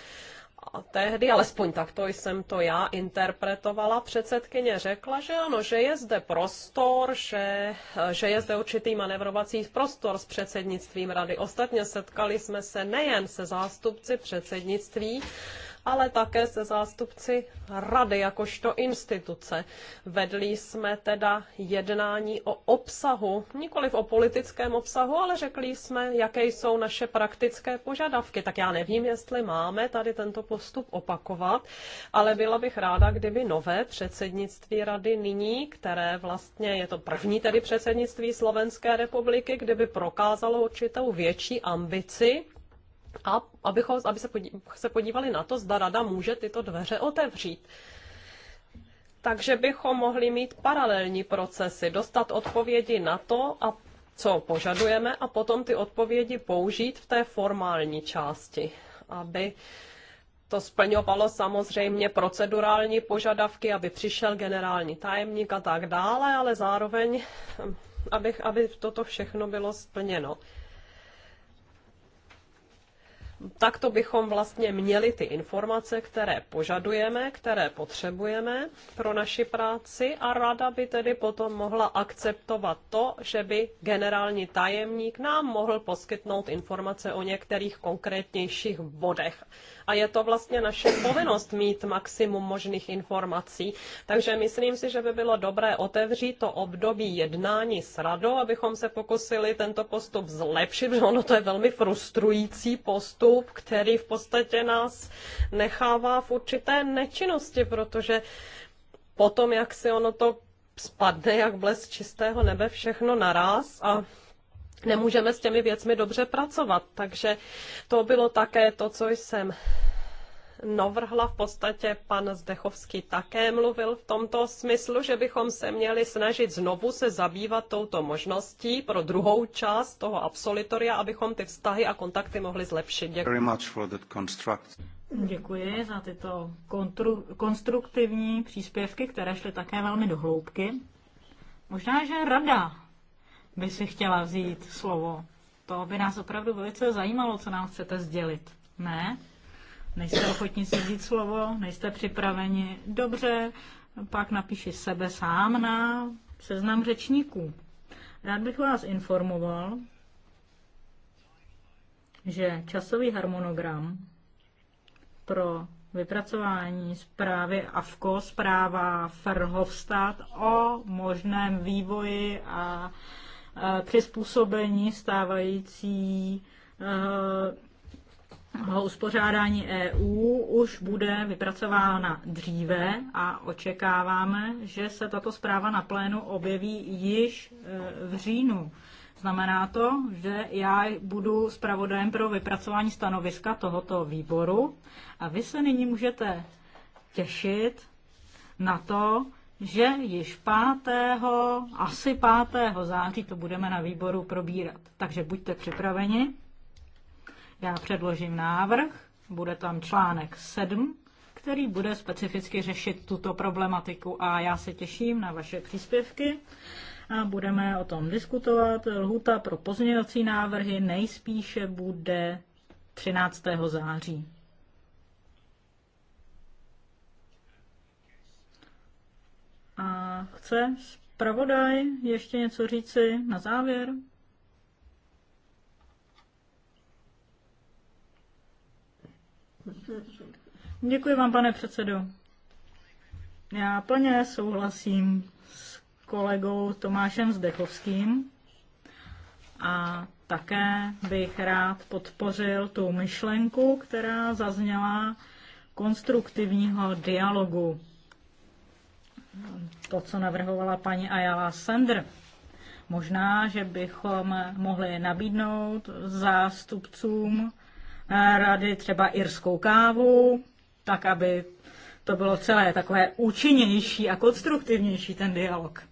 tehdy, alespoň takto jsem to já interpretovala, předsedkyně řekla, že ano, že je zde prostor, že, že je zde určitý manevrovací prostor s předsednictvím rady. Ostatně setkali jsme se nejen se zástupci předsednictví, ale také se zástupci rady jakožto instituce. Vedli jsme teda jednání o obsahu, nikoliv o politickém obsahu, ale řekli jsme, jaké jsou naše praktické požadavky. Tak já nevím, jestli máme tady tento postup opakovat, ale byla bych ráda, kdyby nové předsednictví rady nyní, které vlastně je to první tedy předsednictví Slovenské republiky, kdyby prokázalo určitou větší ambici a abychom, aby se, podí, se podívali na to, zda rada může tyto dveře otevřít. Takže bychom mohli mít paralelní procesy, dostat odpovědi na to, a co požadujeme, a potom ty odpovědi použít v té formální části, aby to splňovalo samozřejmě procedurální požadavky, aby přišel generální tajemník a tak dále, ale zároveň, aby, aby toto všechno bylo splněno takto bychom vlastně měli ty informace, které požadujeme, které potřebujeme pro naši práci a rada by tedy potom mohla akceptovat to, že by generální tajemník nám mohl poskytnout informace o některých konkrétnějších bodech. A je to vlastně naše povinnost mít maximum možných informací. Takže myslím si, že by bylo dobré otevřít to období jednání s radou, abychom se pokusili tento postup zlepšit, protože ono to je velmi frustrující postup postup, který v podstatě nás nechává v určité nečinnosti, protože potom, jak si ono to spadne jak blesk čistého nebe všechno naraz a nemůžeme s těmi věcmi dobře pracovat. Takže to bylo také to, co jsem navrhla v podstatě pan Zdechovský také mluvil v tomto smyslu, že bychom se měli snažit znovu se zabývat touto možností pro druhou část toho absolutoria, abychom ty vztahy a kontakty mohli zlepšit. Děkuji. Děkuji za tyto kontru, konstruktivní příspěvky, které šly také velmi do hloubky. Možná, že rada by si chtěla vzít slovo. To by nás opravdu velice zajímalo, co nám chcete sdělit. Ne? Nejste ochotní si vzít slovo, nejste připraveni. Dobře, pak napíši sebe sám na seznam řečníků. Rád bych vás informoval, že časový harmonogram pro vypracování zprávy AFKO, zpráva Ferhofstadt o možném vývoji a e, přizpůsobení stávající e, uspořádání EU už bude vypracována dříve a očekáváme, že se tato zpráva na plénu objeví již e, v říjnu. Znamená to, že já budu zpravodajem pro vypracování stanoviska tohoto výboru a vy se nyní můžete těšit na to, že již 5. asi 5. září to budeme na výboru probírat. Takže buďte připraveni. Já předložím návrh, bude tam článek 7, který bude specificky řešit tuto problematiku a já se těším na vaše příspěvky a budeme o tom diskutovat. Lhuta pro pozměňovací návrhy nejspíše bude 13. září. A chce zpravodaj ještě něco říci na závěr? Děkuji vám, pane předsedo. Já plně souhlasím s kolegou Tomášem Zdechovským a také bych rád podpořil tu myšlenku, která zazněla konstruktivního dialogu. To, co navrhovala paní Ayala Sender. Možná, že bychom mohli nabídnout zástupcům rady, třeba irskou kávu, tak aby to bylo celé takové účinnější a konstruktivnější ten dialog.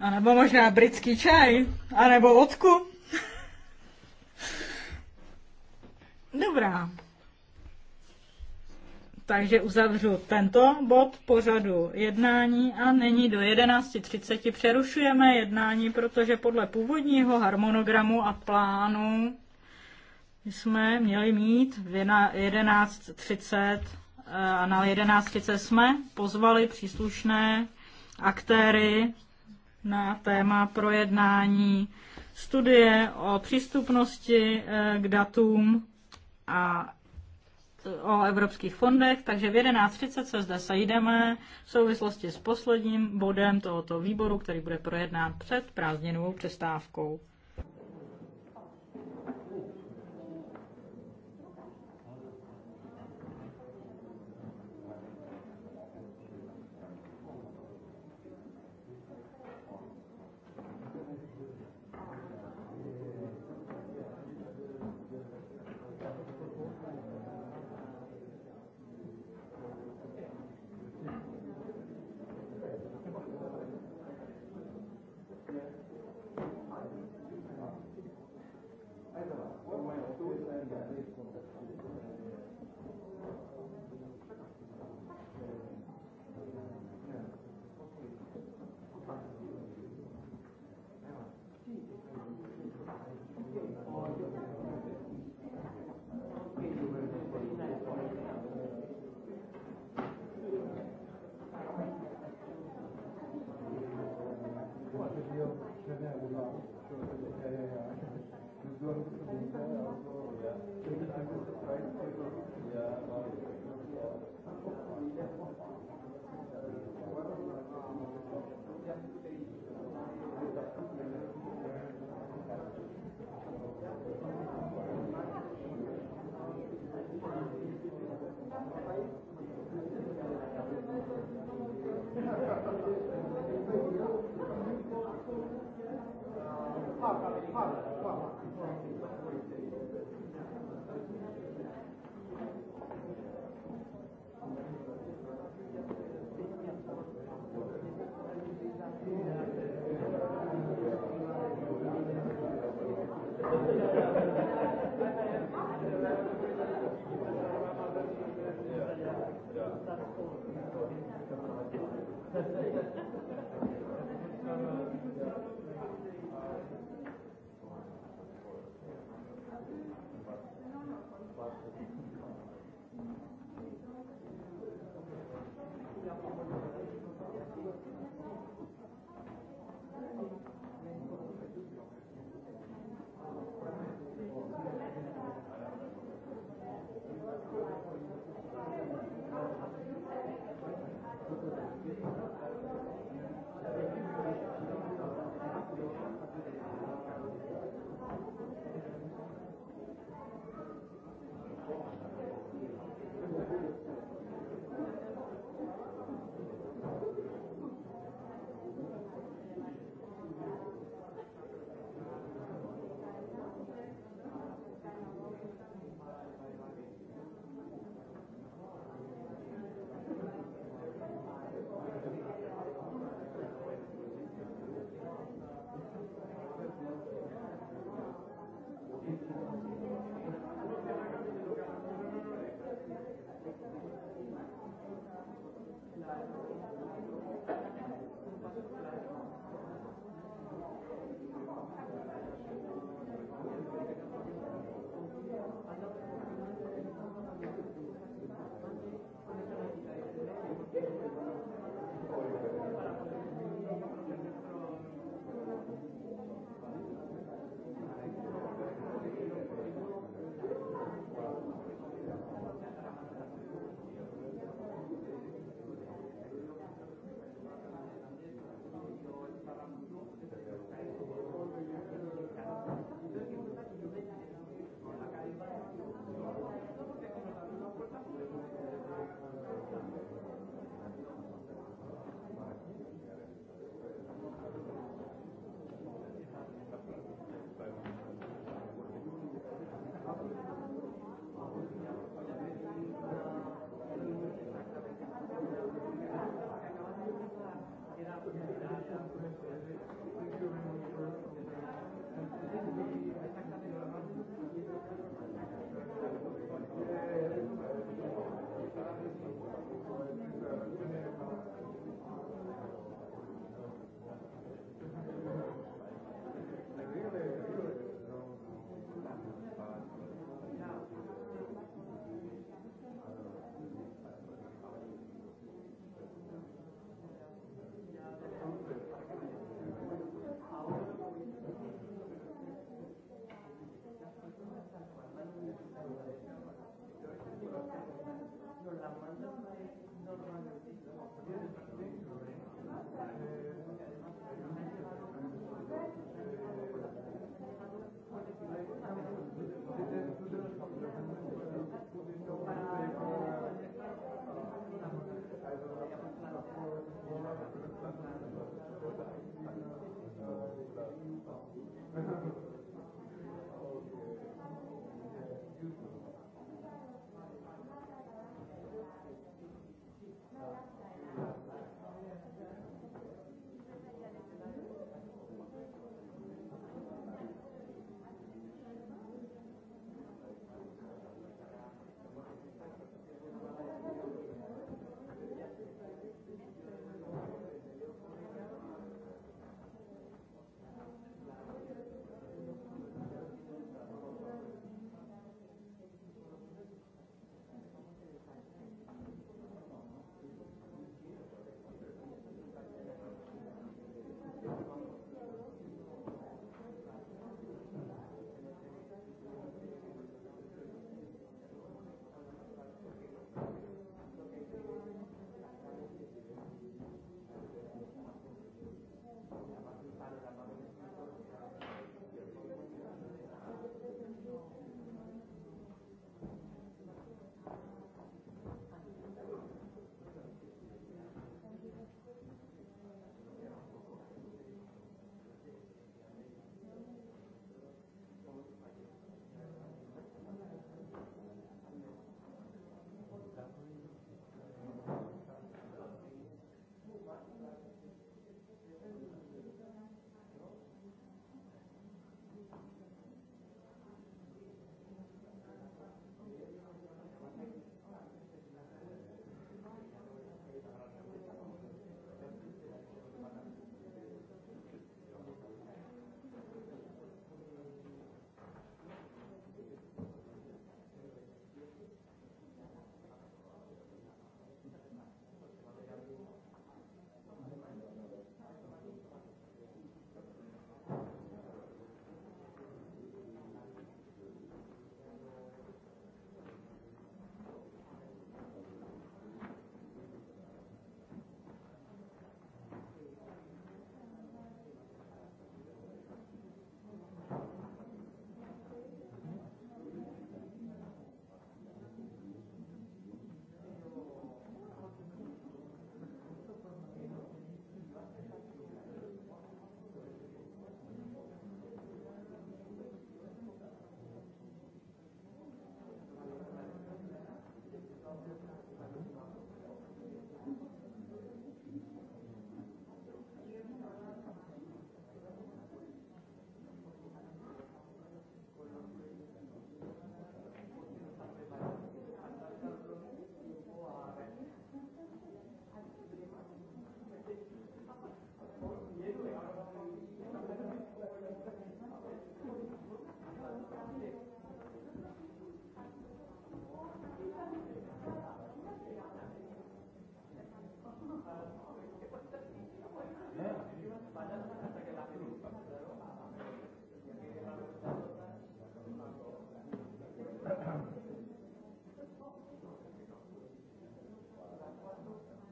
A nebo možná britský čaj, anebo vodku. Dobrá. Takže uzavřu tento bod pořadu jednání a nyní do 11.30 přerušujeme jednání, protože podle původního harmonogramu a plánu jsme měli mít v 11.30 eh, a na 11.30 jsme pozvali příslušné aktéry na téma projednání studie o přístupnosti eh, k datům a o evropských fondech, takže v 11.30 se zde sejdeme v souvislosti s posledním bodem tohoto výboru, který bude projednán před prázdninovou přestávkou.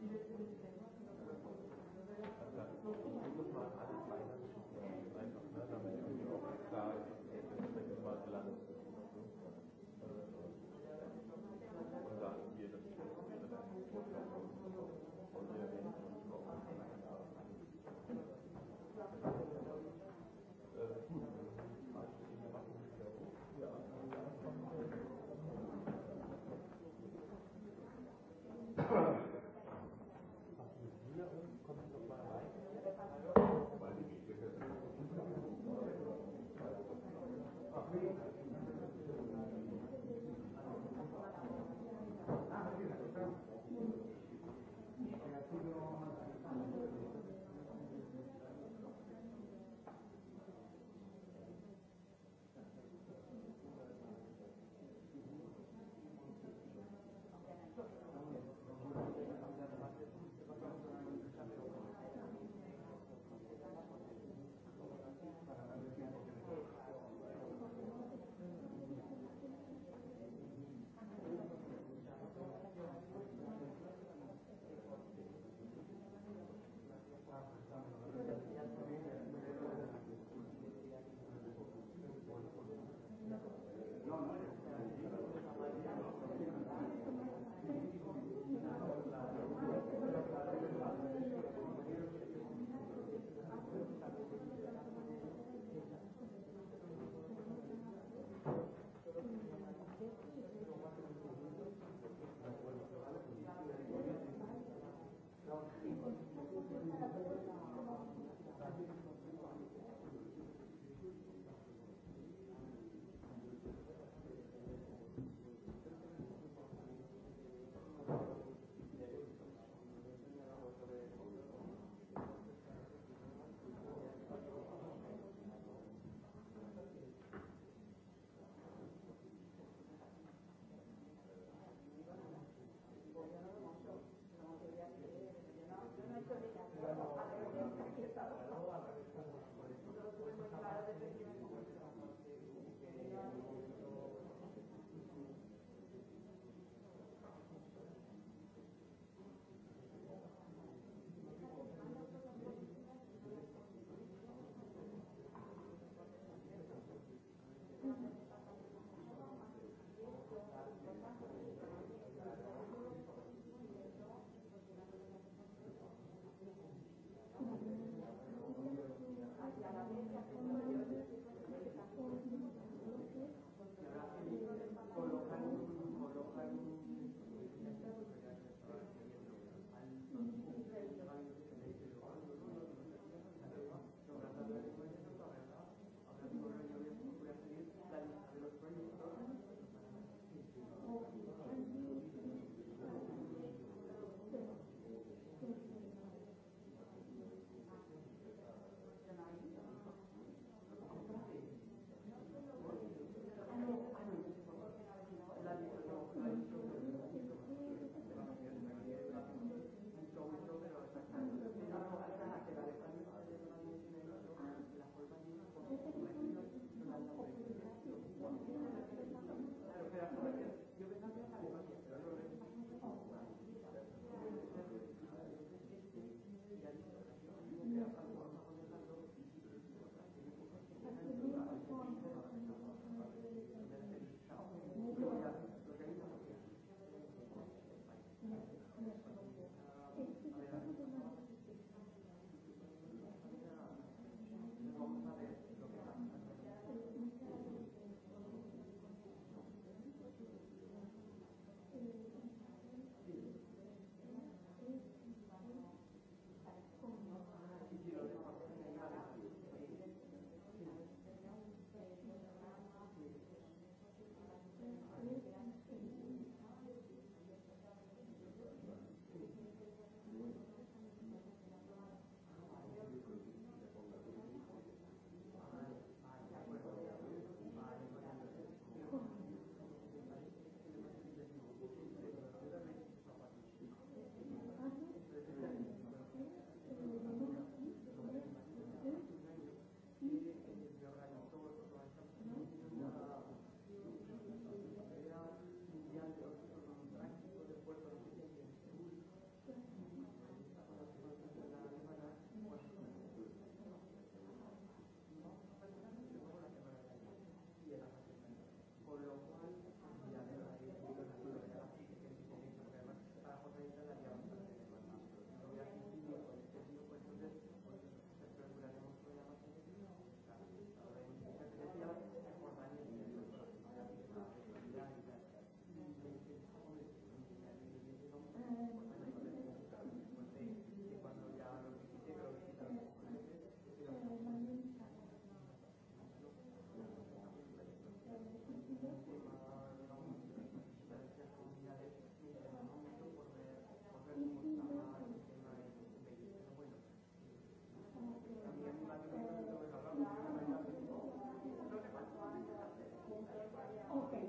Thank you.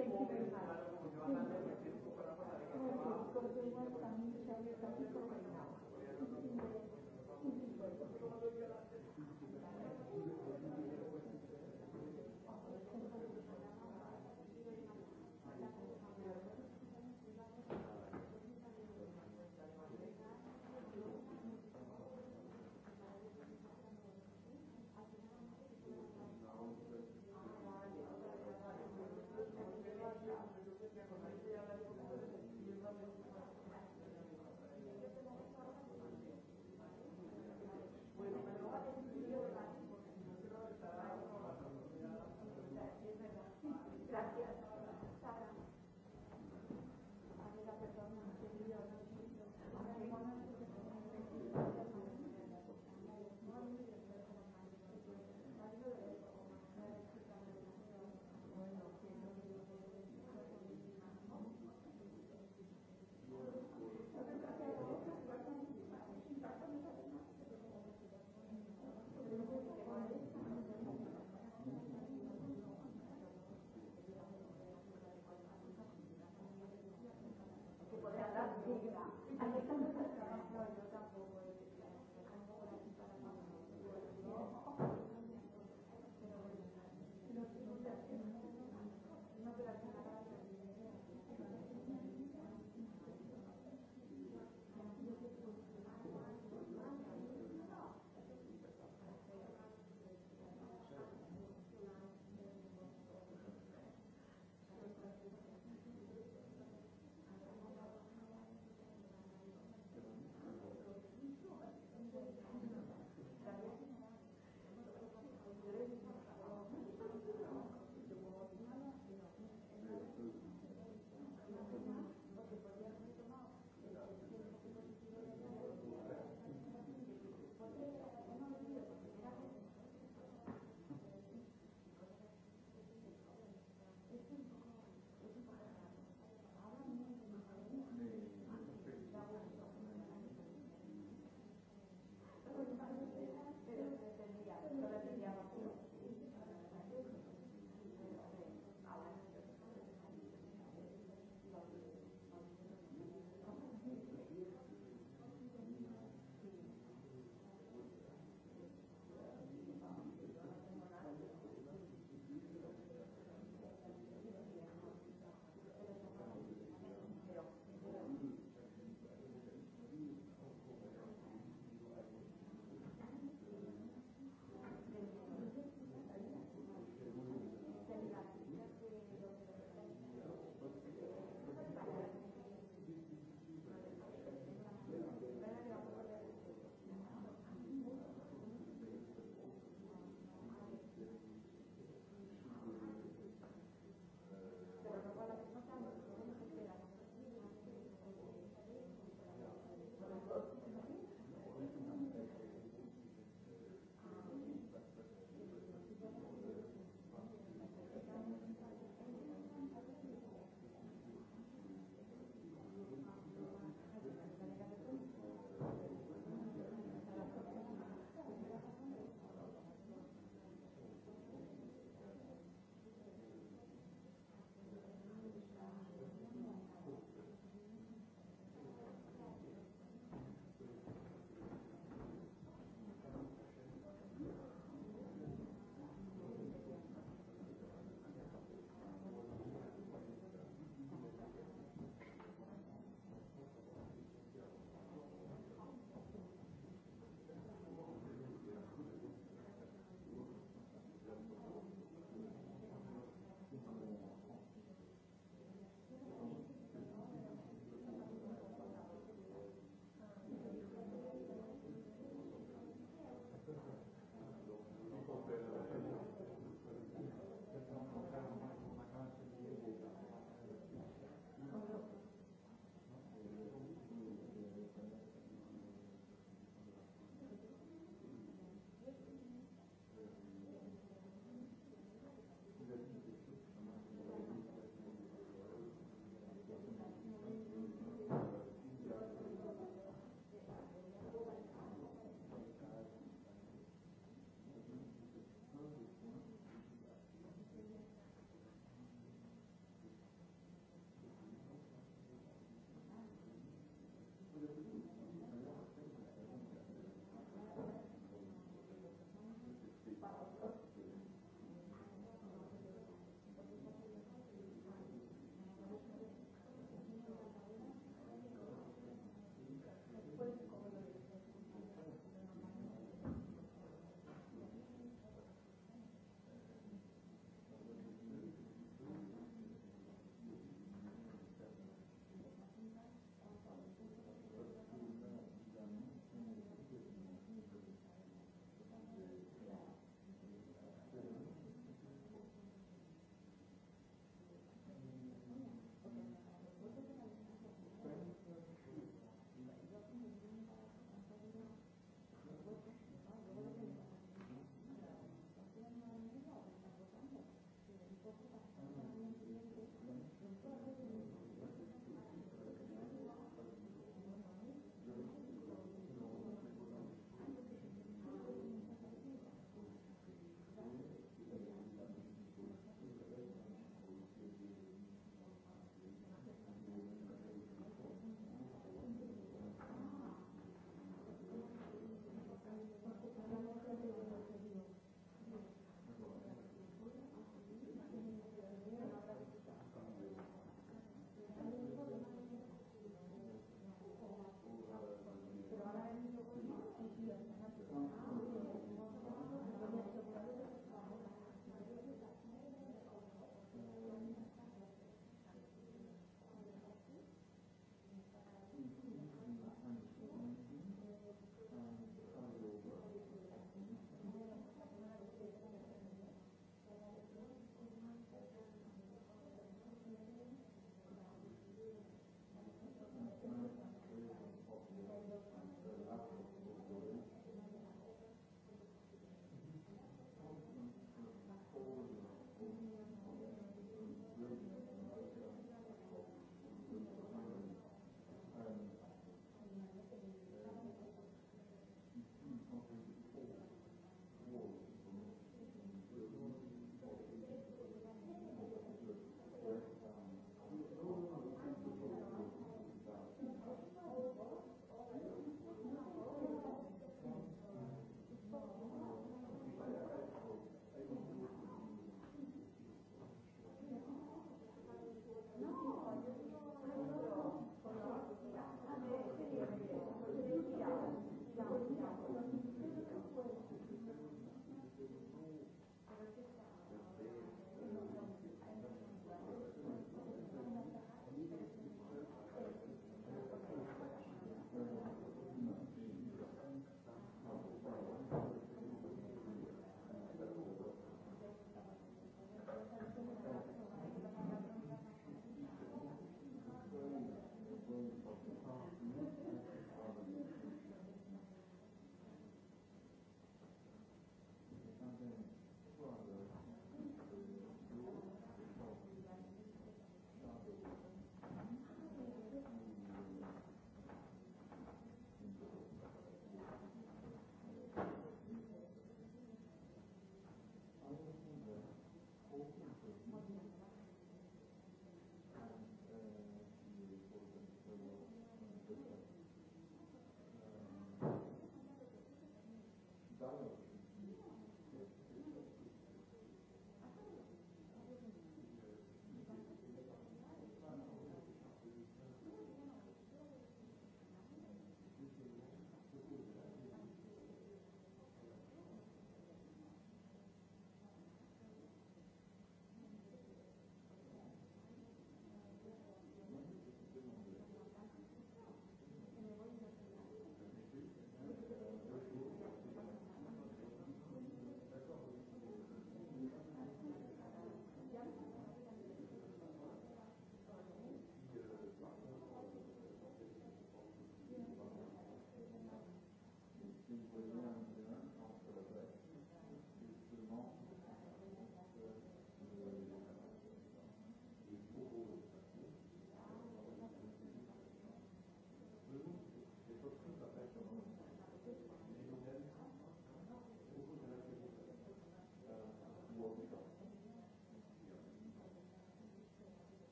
Thank you.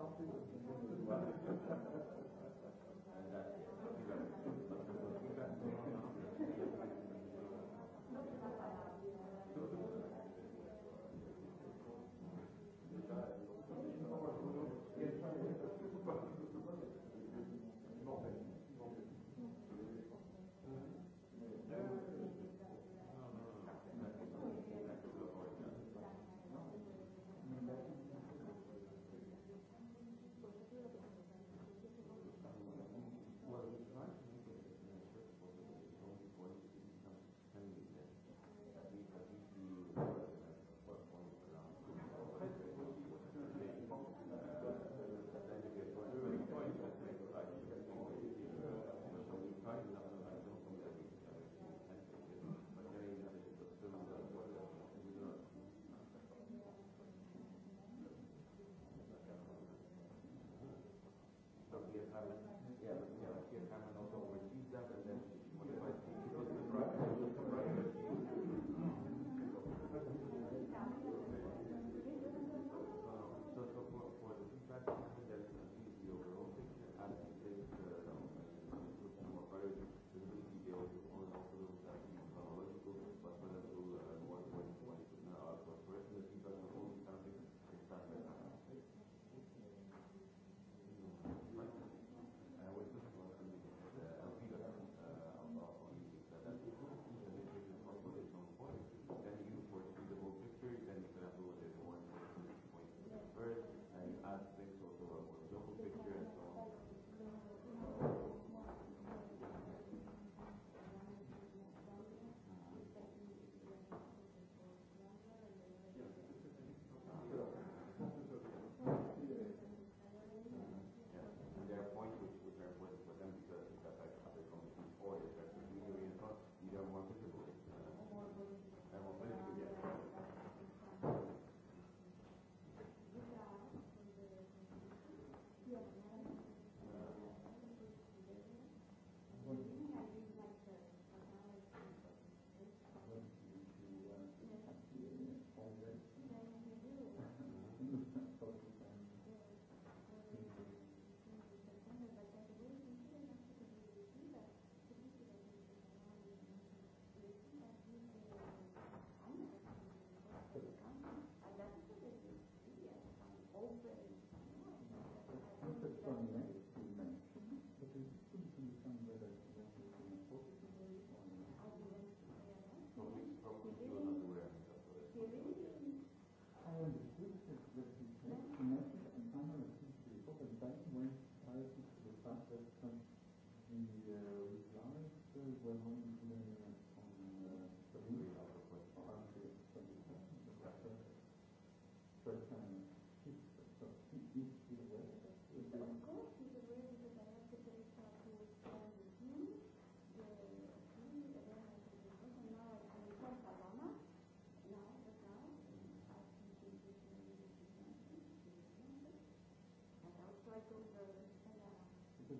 something that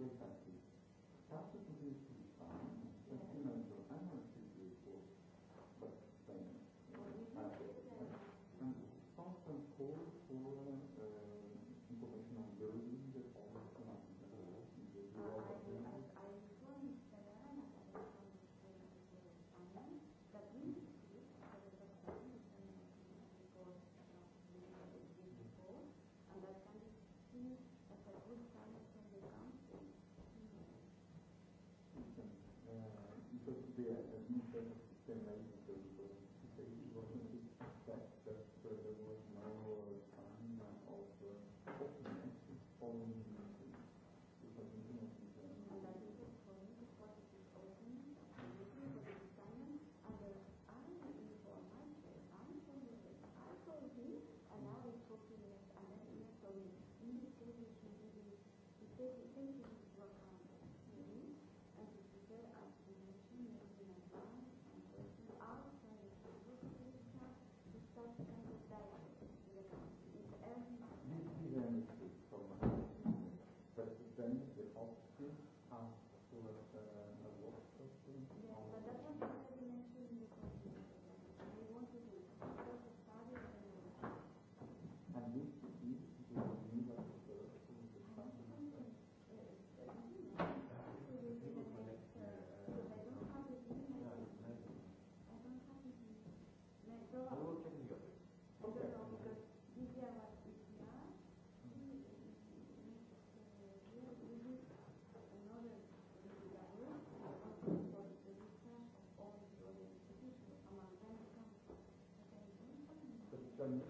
Děkuji. Yeah. um,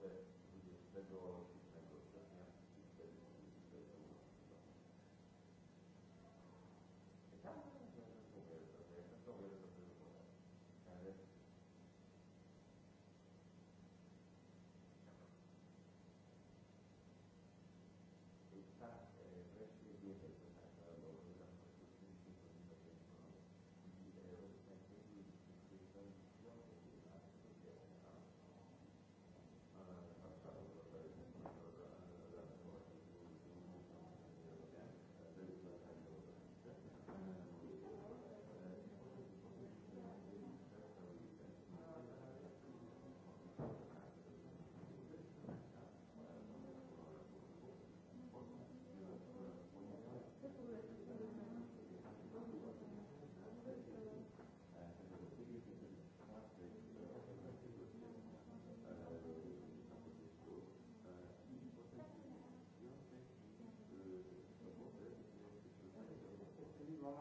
poté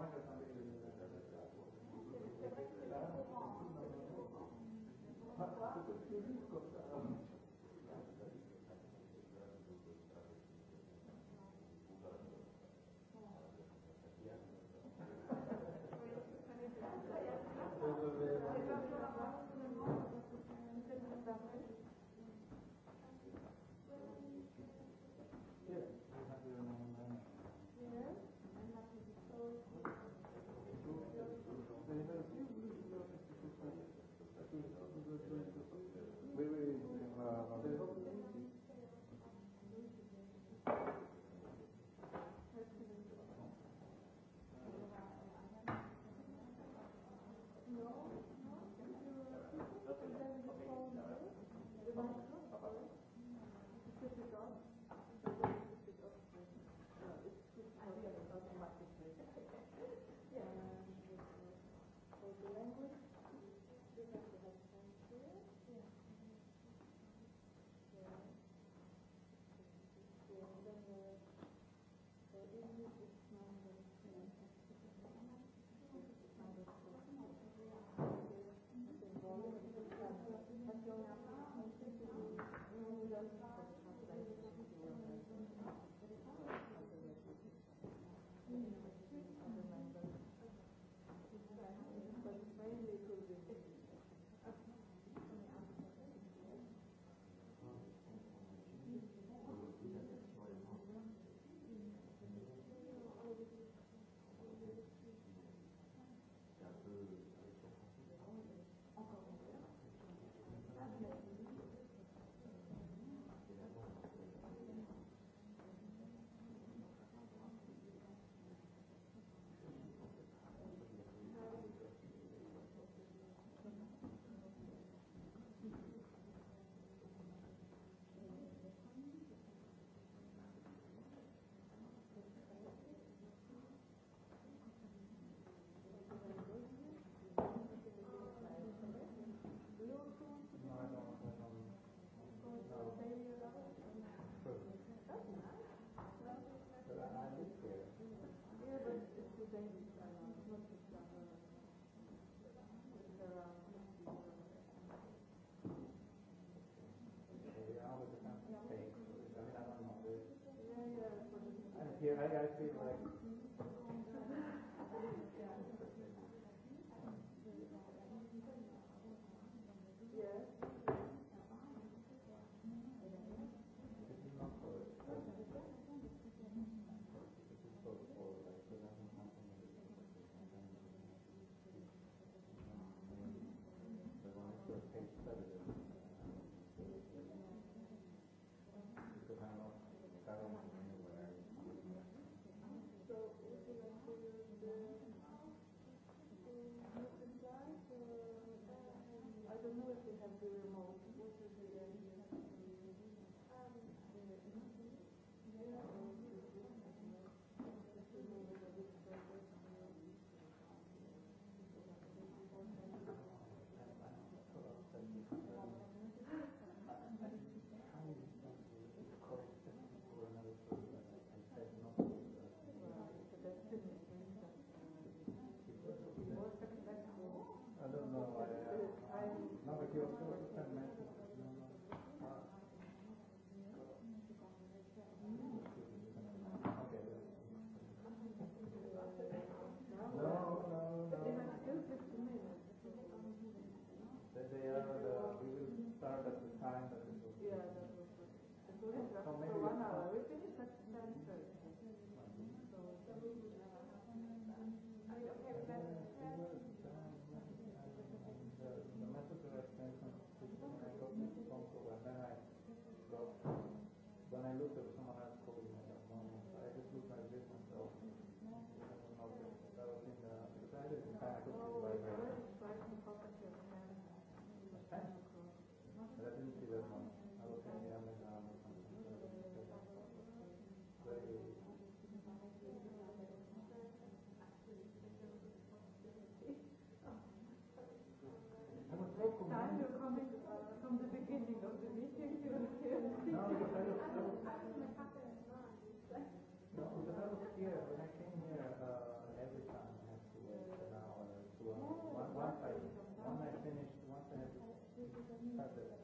Máte tam. hloubku Wednesday. Amen. Amen. Finished once and perfect.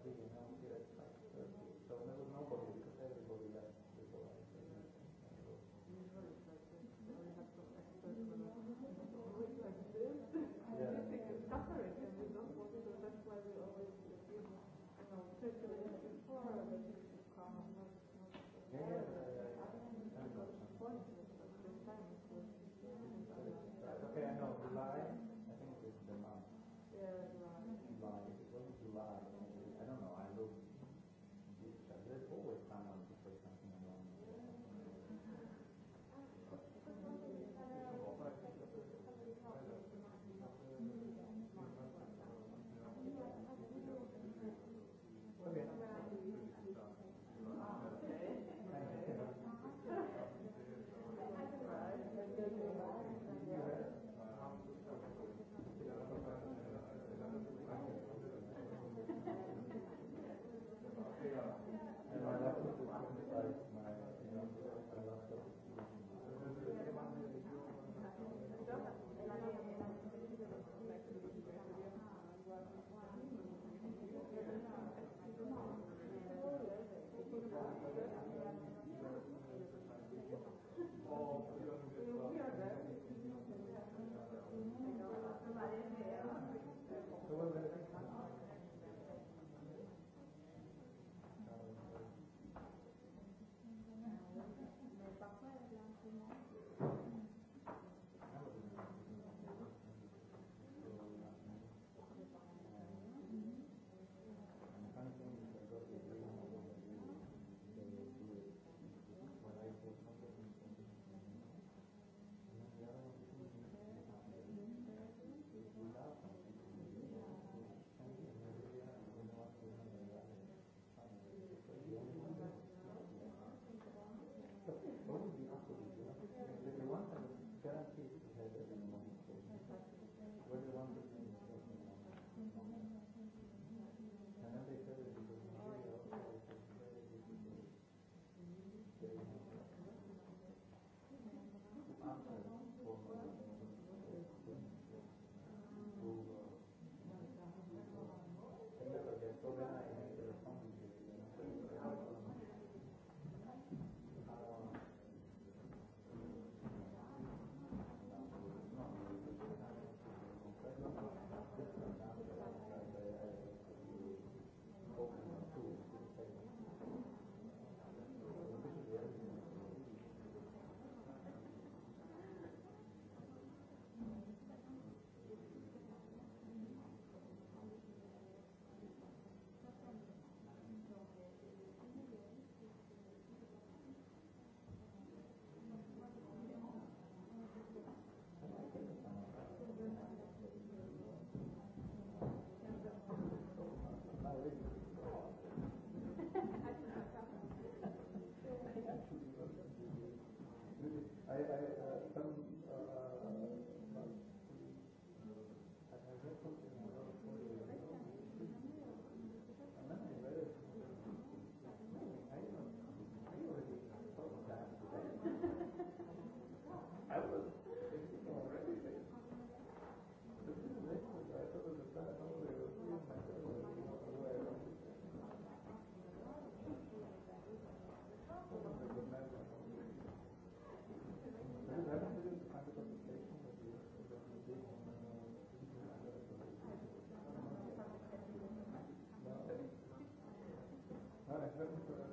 Thank you.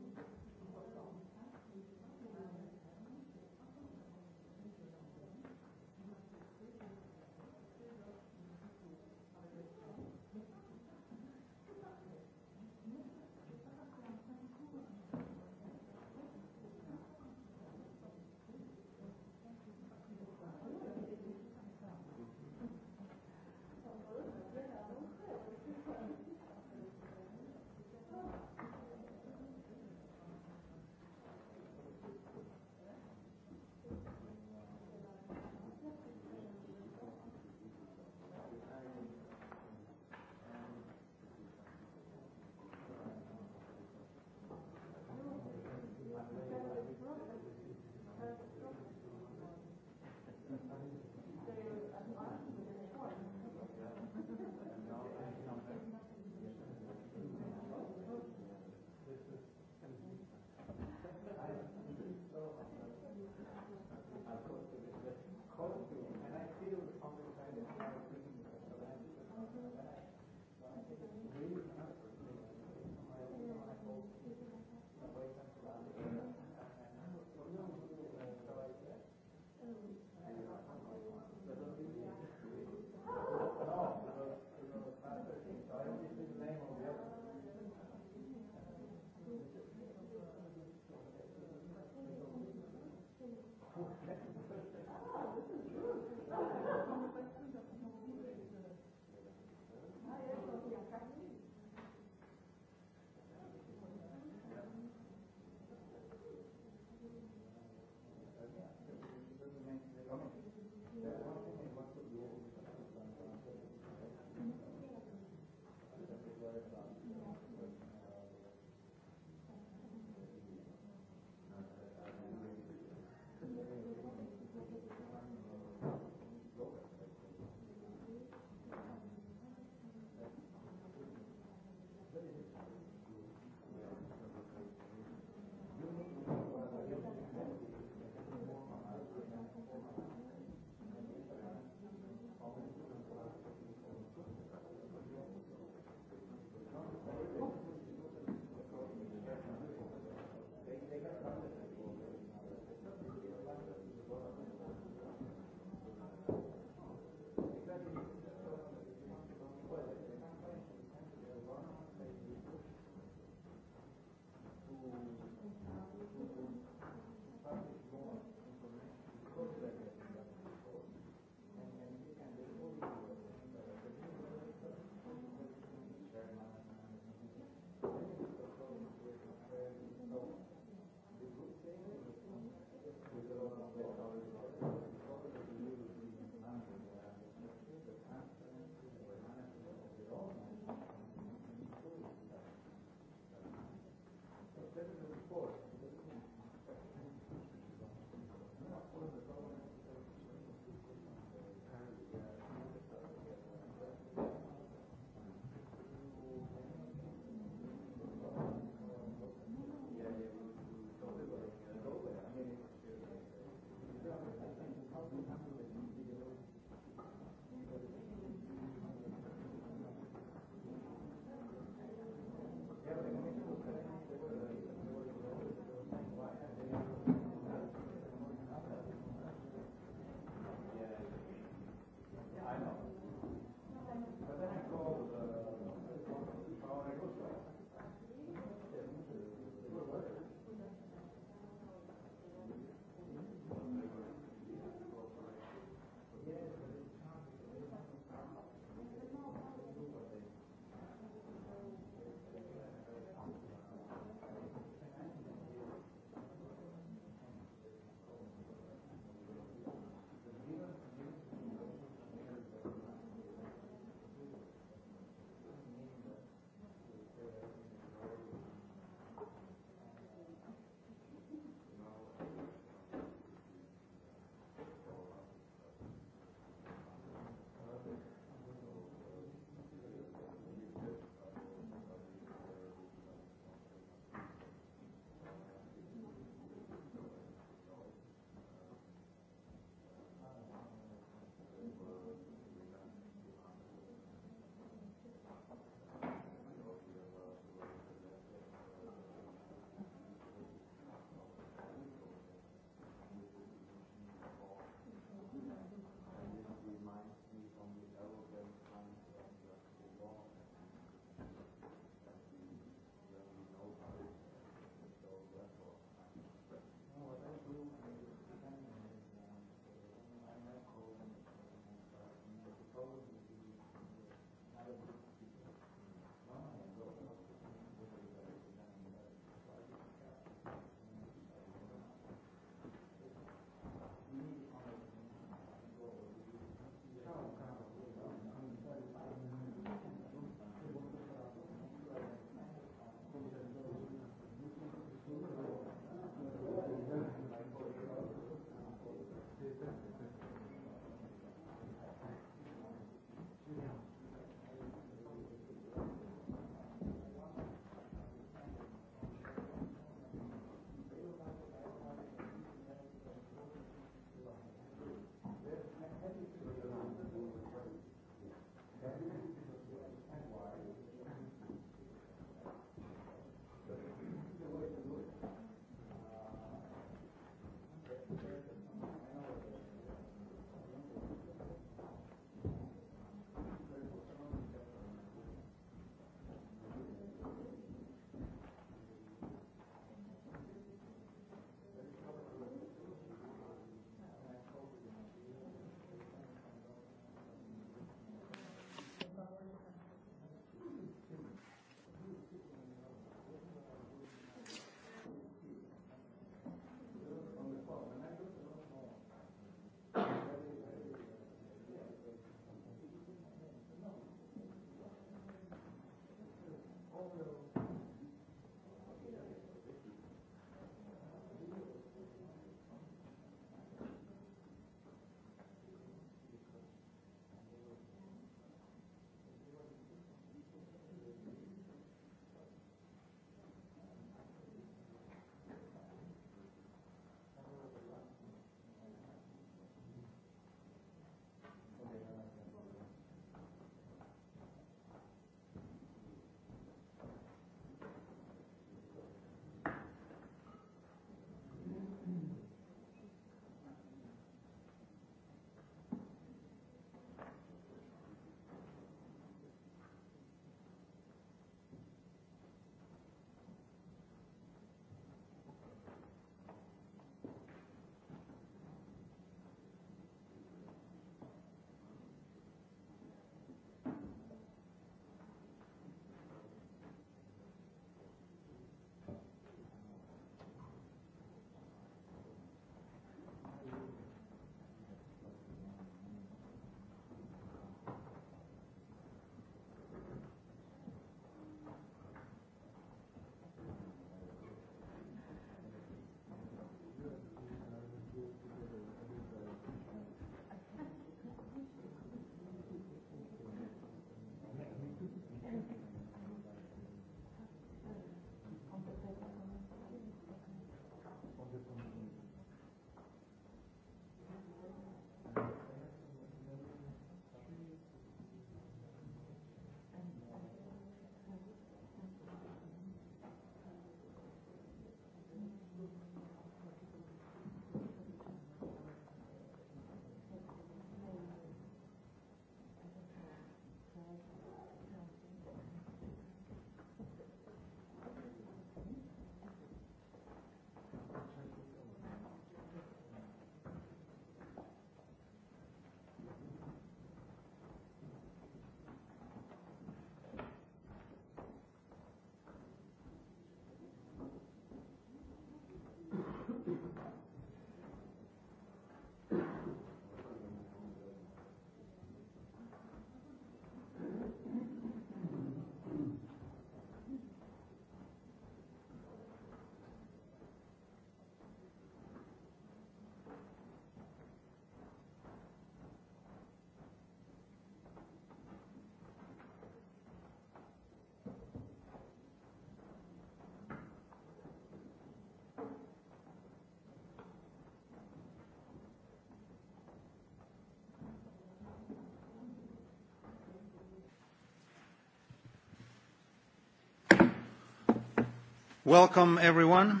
Welcome everyone.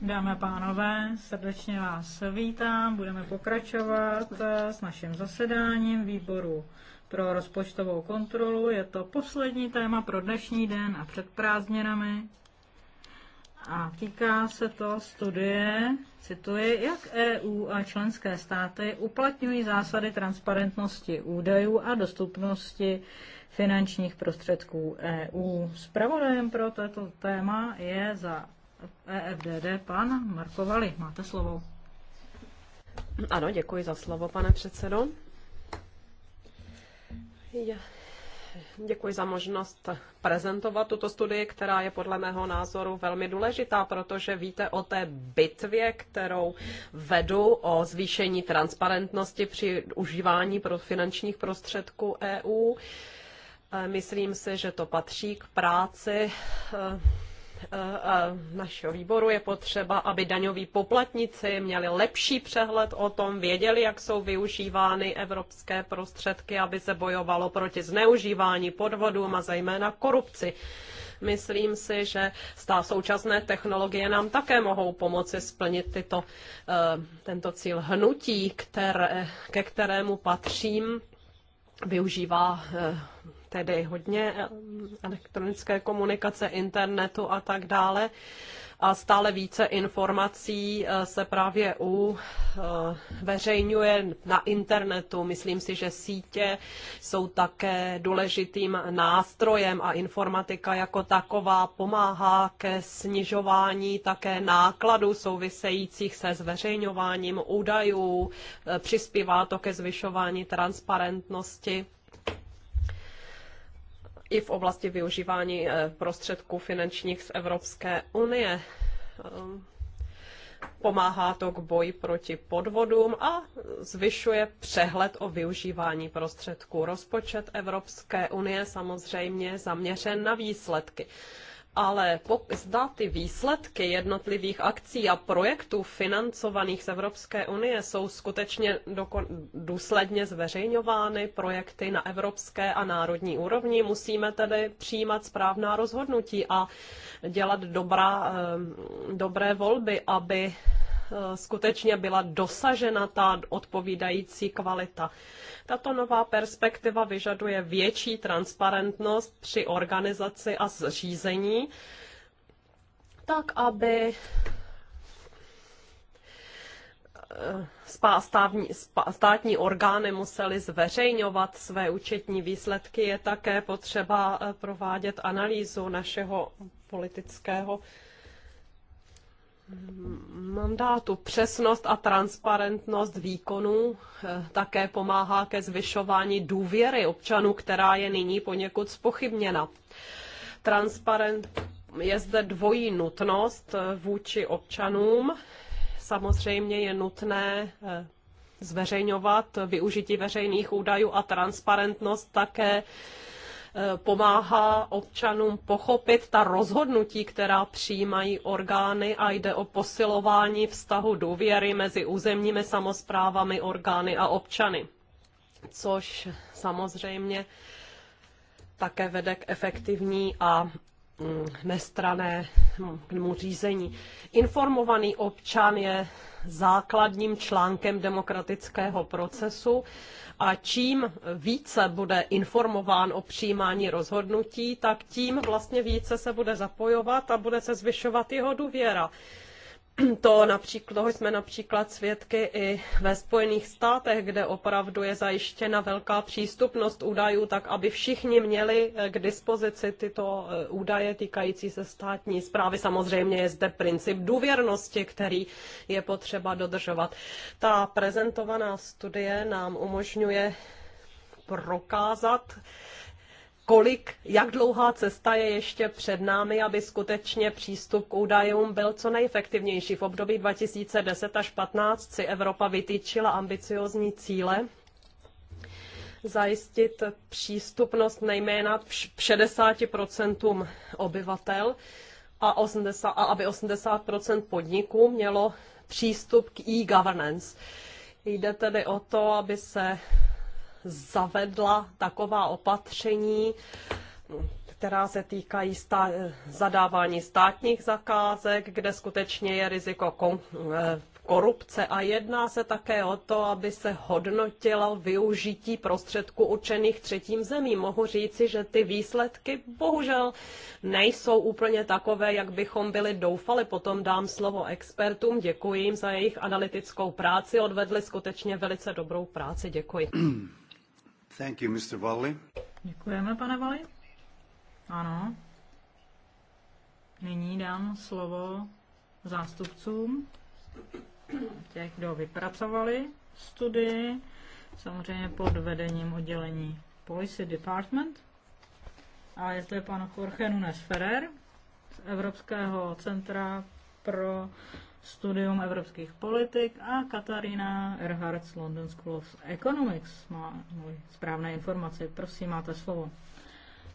Dámy a pánové, srdečně vás vítám. Budeme pokračovat eh, s naším zasedáním výboru pro rozpočtovou kontrolu. Je to poslední téma pro dnešní den a před prázdninami a týká se to studie, cituji, jak EU a členské státy uplatňují zásady transparentnosti údajů a dostupnosti finančních prostředků EU. Spravodajem pro toto téma je za EFDD pan Vali. Máte slovo. Ano, děkuji za slovo, pane předsedo. Já, Děkuji za možnost prezentovat tuto studii, která je podle mého názoru velmi důležitá, protože víte o té bitvě, kterou vedu o zvýšení transparentnosti při užívání pro finančních prostředků EU. E, myslím si, že to patří k práci e, Eh, našeho výboru je potřeba, aby daňoví poplatníci měli lepší přehled o tom, věděli, jak jsou využívány evropské prostředky, aby se bojovalo proti zneužívání, podvodům a zejména korupci. Myslím si, že stá současné technologie nám také mohou pomoci splnit tyto, eh, tento cíl hnutí, které, ke kterému patřím, využívá eh, tedy hodně eh, elektronické komunikace, internetu a tak dále. A stále více informací eh, se právě u eh, veřejňuje na internetu. Myslím si, že sítě jsou také důležitým nástrojem a informatika jako taková pomáhá ke snižování také nákladů souvisejících se zveřejňováním údajů, přispívá to ke zvyšování transparentnosti i v oblasti využívání eh, prostředků finančních z Evropské unie. Ehm, pomáhá to k boji proti podvodům a zvyšuje přehled o využívání prostředků. Rozpočet Evropské unie samozřejmě zaměřen na výsledky ale zda ty výsledky jednotlivých akcí a projektů financovaných z Evropské unie jsou skutečně důsledně zveřejňovány projekty na evropské a národní úrovni, musíme tedy přijímat správná rozhodnutí a dělat dobrá, eh, dobré volby, aby Eh, skutečně byla dosažena ta odpovídající kvalita. Tato nová perspektiva vyžaduje větší transparentnost při organizaci a zřízení, tak aby eh, státní orgány musely zveřejňovat své účetní výsledky, je také potřeba eh, provádět analýzu našeho politického mandátu. Mm, přesnost a transparentnost výkonu eh, také pomáhá ke zvyšování důvěry občanů, která je nyní poněkud spochybněna. Transparent je zde dvojí nutnost eh, vůči občanům. Samozřejmě je nutné eh, zveřejňovat využití veřejných údajů a transparentnost také Eh, pomáhá občanům pochopit ta rozhodnutí, která přijímají orgány a jde o posilování vztahu důvěry mezi územními samozprávami, orgány a občany. Což samozřejmě také vede k efektivní a mm, nestranému řízení. Informovaný občan je základním článkem demokratického procesu a čím více bude informován o přijímání rozhodnutí, tak tím vlastně více se bude zapojovat a bude se zvyšovat jeho důvěra. To například, toho jsme například svědky i ve Spojených státech, kde opravdu je zajištěna velká přístupnost údajů, tak aby všichni měli eh, k dispozici tyto eh, údaje týkající se státní zprávy. Samozřejmě je zde princip důvěrnosti, který je potřeba dodržovat. Ta prezentovaná studie nám umožňuje prokázat, kolik, jak dlouhá cesta je ještě před námi, aby skutečně přístup k údajům byl co nejefektivnější. V období 2010 až 2015 si Evropa vytýčila ambiciozní cíle zajistit přístupnost nejména 60% obyvatel a, 80, a aby 80% podniků mělo přístup k e-governance. Jde tedy o to, aby se zavedla taková opatření, která se týkají stá- zadávání státních zakázek, kde skutečně je riziko kon- eh, korupce a jedná se také o to, aby se hodnotilo využití prostředků určených třetím zemím. Mohu říci, že ty výsledky bohužel nejsou úplně takové, jak bychom byli doufali. Potom dám slovo expertům, děkuji jim za jejich analytickou práci, odvedli skutečně velice dobrou práci, děkuji. Thank you, Mr. Valli. Děkujeme, pane Valli. Ano. Nyní dám slovo zástupcům těch, kdo vypracovali studii, samozřejmě pod vedením oddělení Policy Department. A je zde pan Jorge Nunes Ferrer z Evropského centra pro studium evropských politik a Katarína Erhardt z London School of Economics má můj správné informace. Prosím, máte slovo.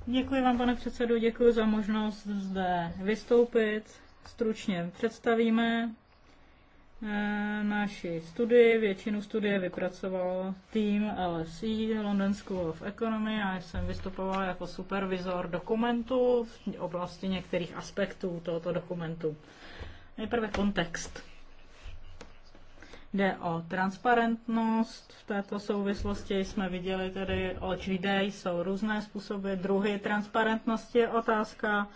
Děkuji vám, pane předsedu, děkuji za možnost zde vystoupit. Stručně představíme eh, naši studii. Většinu studie vypracoval tým LSE, London School of Economy, a jsem vystupoval jako supervizor dokumentu v oblasti některých aspektů tohoto dokumentu. Nejprve kontext. Jde o transparentnost. V této souvislosti jsme viděli tedy, oč jde, jsou různé způsoby. Druhy transparentnosti je otázka,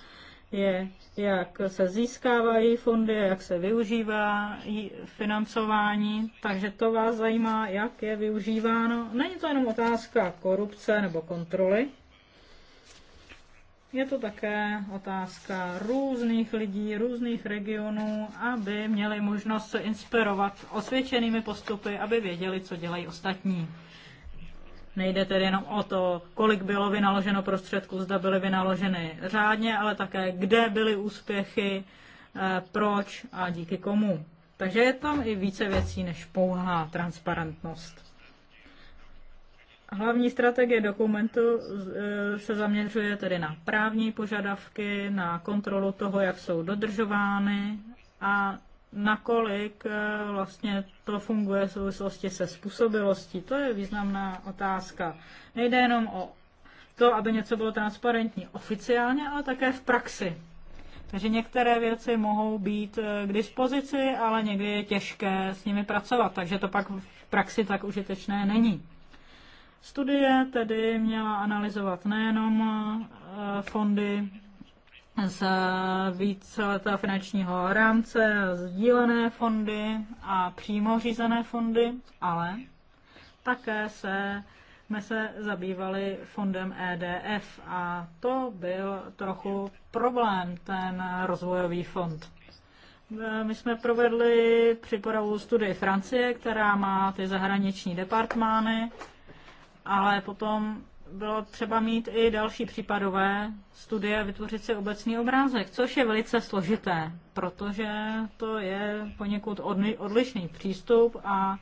je, jak se získávají fondy, jak se využívá financování. Takže to vás zajímá, jak je využíváno. Není to jenom otázka korupce nebo kontroly, je to také otázka různých lidí, různých regionů, aby měli možnost se inspirovat osvědčenými postupy, aby věděli, co dělají ostatní. Nejde tedy jenom o to, kolik bylo vynaloženo prostředků, zda byly vynaloženy řádně, ale také kde byly úspěchy, eh, proč a díky komu. Takže je tam i více věcí než pouhá transparentnost. Hlavní strategie dokumentu eh, se zaměřuje tedy na právní požadavky, na kontrolu toho, jak jsou dodržovány a nakolik eh, vlastně to funguje v souvislosti se způsobilostí. To je významná otázka. Nejde jenom o to, aby něco bylo transparentní oficiálně, ale také v praxi. Takže některé věci mohou být eh, k dispozici, ale někdy je těžké s nimi pracovat, takže to pak v praxi tak užitečné není. Studie tedy měla analyzovat nejenom eh, fondy z víceletého finančního rámce, sdílené fondy a přímo řízené fondy, ale také se, jsme se zabývali fondem EDF a to byl trochu problém, ten rozvojový fond. Eh, my jsme provedli připravu studii Francie, která má ty zahraniční departmány ale potom bylo třeba mít i další případové studie, vytvořit si obecný obrázek, což je velice složité, protože to je poněkud odlišný přístup a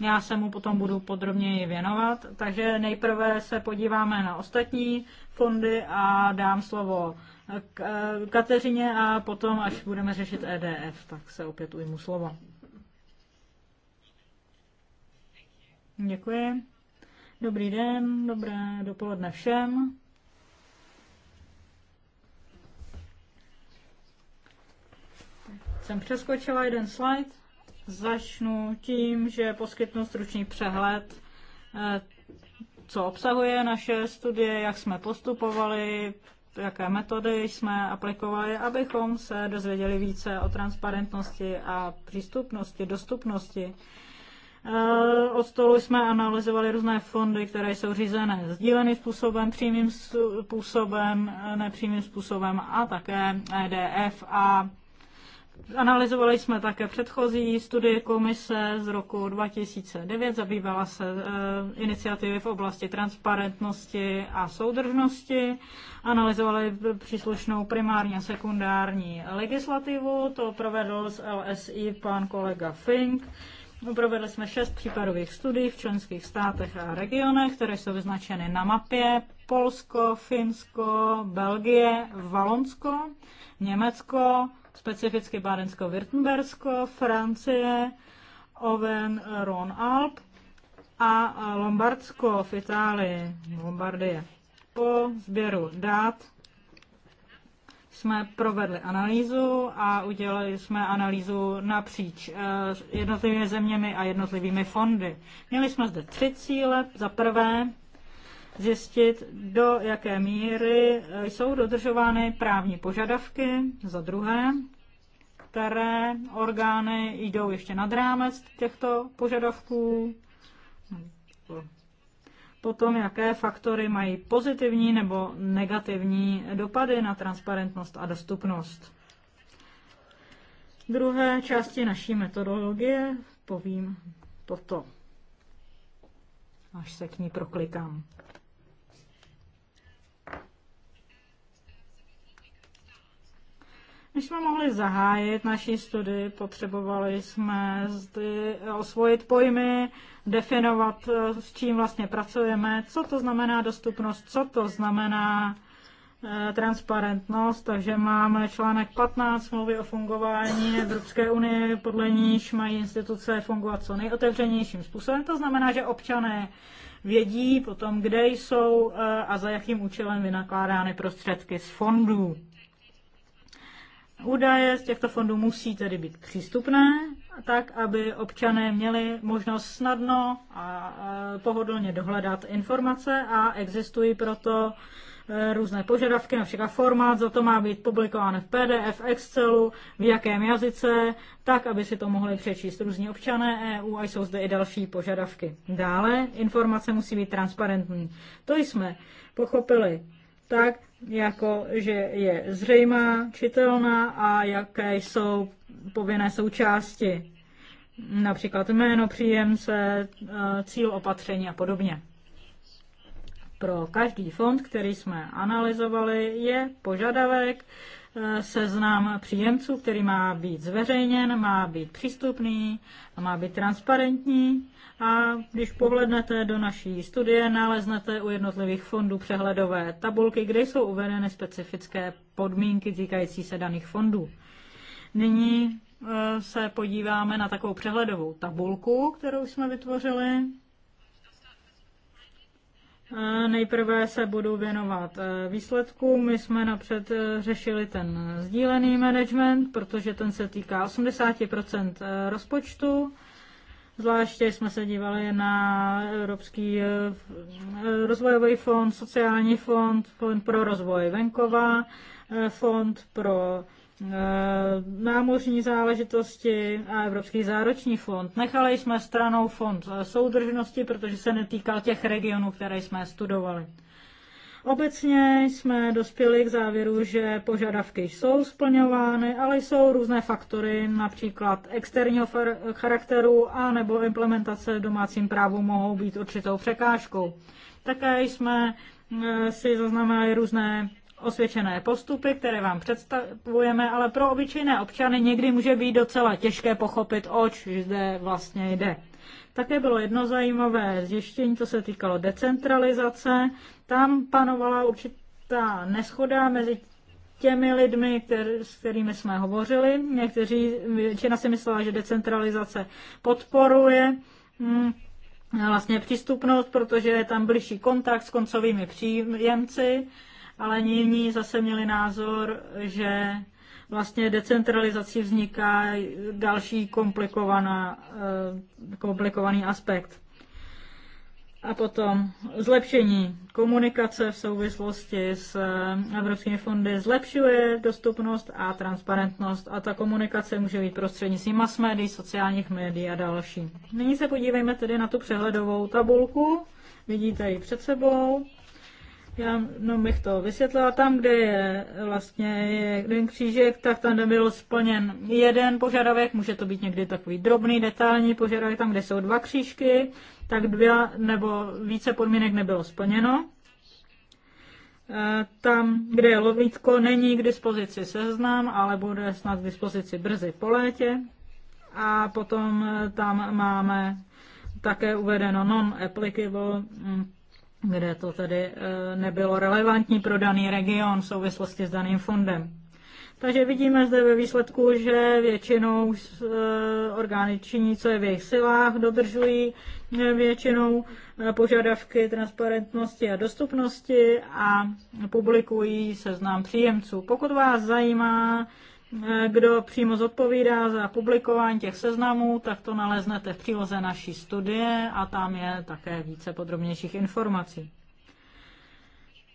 já se mu potom budu podrobněji věnovat. Takže nejprve se podíváme na ostatní fondy a dám slovo k Kateřině a potom, až budeme řešit EDF, tak se opět ujmu slovo. Děkuji. Dobrý den, dobré dopoledne všem. Jsem přeskočila jeden slide. Začnu tím, že poskytnu stručný přehled, eh, co obsahuje naše studie, jak jsme postupovali, jaké metody jsme aplikovali, abychom se dozvěděli více o transparentnosti a přístupnosti, dostupnosti Eh, od stolu jsme analyzovali různé fondy, které jsou řízené sdíleným způsobem, přímým způsobem, eh, nepřímým způsobem a také EDF. A analyzovali jsme také předchozí studie komise z roku 2009, zabývala se eh, iniciativy v oblasti transparentnosti a soudržnosti, analyzovali příslušnou primární a sekundární legislativu, to provedl z LSI pan kolega Fink Provedli jsme šest případových studií v členských státech a regionech, které jsou vyznačeny na mapě. Polsko, Finsko, Belgie, Valonsko, Německo, specificky Bádensko-Württembersko, Francie, Oven, Ron Alp a Lombardsko v Itálii, Lombardie. Po sběru dát jsme provedli analýzu a udělali jsme analýzu napříč eh, jednotlivými zeměmi a jednotlivými fondy. Měli jsme zde tři cíle. Za prvé zjistit, do jaké míry eh, jsou dodržovány právní požadavky. Za druhé, které orgány jdou ještě nad rámec těchto požadavků potom jaké faktory mají pozitivní nebo negativní dopady na transparentnost a dostupnost. V druhé části naší metodologie povím toto, až se k ní proklikám. Než jsme mohli zahájit naší studii, potřebovali jsme zdy osvojit pojmy, definovat, eh, s čím vlastně pracujeme, co to znamená dostupnost, co to znamená eh, transparentnost, takže máme článek 15 smlouvy o fungování Evropské unie, podle níž mají instituce fungovat co nejotevřenějším způsobem. To znamená, že občané vědí potom, kde jsou eh, a za jakým účelem vynakládány prostředky z fondů. Údaje z těchto fondů musí tedy být přístupné, tak aby občané měli možnost snadno a pohodlně dohledat informace a existují proto e, různé požadavky, například formát, za to má být publikováno v PDF, Excelu, v jakém jazyce, tak, aby si to mohli přečíst různí občané EU a jsou zde i další požadavky. Dále informace musí být transparentní. To jsme pochopili tak jako že je zřejmá, čitelná a jaké jsou povinné součásti, například jméno příjemce, eh, cíl opatření a podobně. Pro každý fond, který jsme analyzovali, je požadavek Eh, seznam příjemců, který má být zveřejněn, má být přístupný a má být transparentní. A když pohlednete do naší studie, naleznete u jednotlivých fondů přehledové tabulky, kde jsou uvedeny specifické podmínky týkající se daných fondů. Nyní eh, se podíváme na takovou přehledovou tabulku, kterou jsme vytvořili Nejprve se budu věnovat e, výsledku. My jsme napřed e, řešili ten sdílený management, protože ten se týká 80% e, rozpočtu. Zvláště jsme se dívali na Evropský rozvojový fond, sociální fond, fond pro rozvoj venkova, fond pro Eh, námořní záležitosti a Evropský zároční fond. Nechali jsme stranou fond eh, soudržnosti, protože se netýkal těch regionů, které jsme studovali. Obecně jsme dospěli k závěru, že požadavky jsou splňovány, ale jsou různé faktory, například externího charakteru a nebo implementace v domácím právu mohou být určitou překážkou. Také jsme eh, si zaznamenali různé osvědčené postupy, které vám představujeme, ale pro obyčejné občany někdy může být docela těžké pochopit, oč zde vlastně jde. Také bylo jedno zajímavé zjištění, co se týkalo decentralizace. Tam panovala určitá neschoda mezi těmi lidmi, který, s kterými jsme hovořili. Někteří, většina si myslela, že decentralizace podporuje hmm, vlastně přístupnost, protože je tam blížší kontakt s koncovými příjemci ale jiní zase měli názor, že vlastně decentralizací vzniká další komplikovaná, eh, komplikovaný aspekt. A potom zlepšení komunikace v souvislosti s eh, evropskými fondy zlepšuje dostupnost a transparentnost a ta komunikace může být prostřednictvím mass médií, sociálních médií a další. Nyní se podívejme tedy na tu přehledovou tabulku. Vidíte ji před sebou. Já no, bych to vysvětlila. Tam, kde je vlastně jeden křížek, tak tam nebyl splněn jeden požadavek, může to být někdy takový drobný, detailní požadavek, tam, kde jsou dva křížky, tak dvě nebo více podmínek nebylo splněno. Eh, tam, kde je lovítko, není k dispozici seznam, ale bude snad k dispozici brzy po létě. A potom eh, tam máme také uvedeno non-applicable hm, kde to tedy eh, nebylo relevantní pro daný region v souvislosti s daným fondem. Takže vidíme zde ve výsledku, že většinou eh, orgány činí, co je v jejich silách, dodržují eh, většinou požadavky transparentnosti a dostupnosti a publikují seznam příjemců. Pokud vás zajímá Eh, kdo přímo zodpovídá za publikování těch seznamů, tak to naleznete v příloze naší studie a tam je také více podrobnějších informací.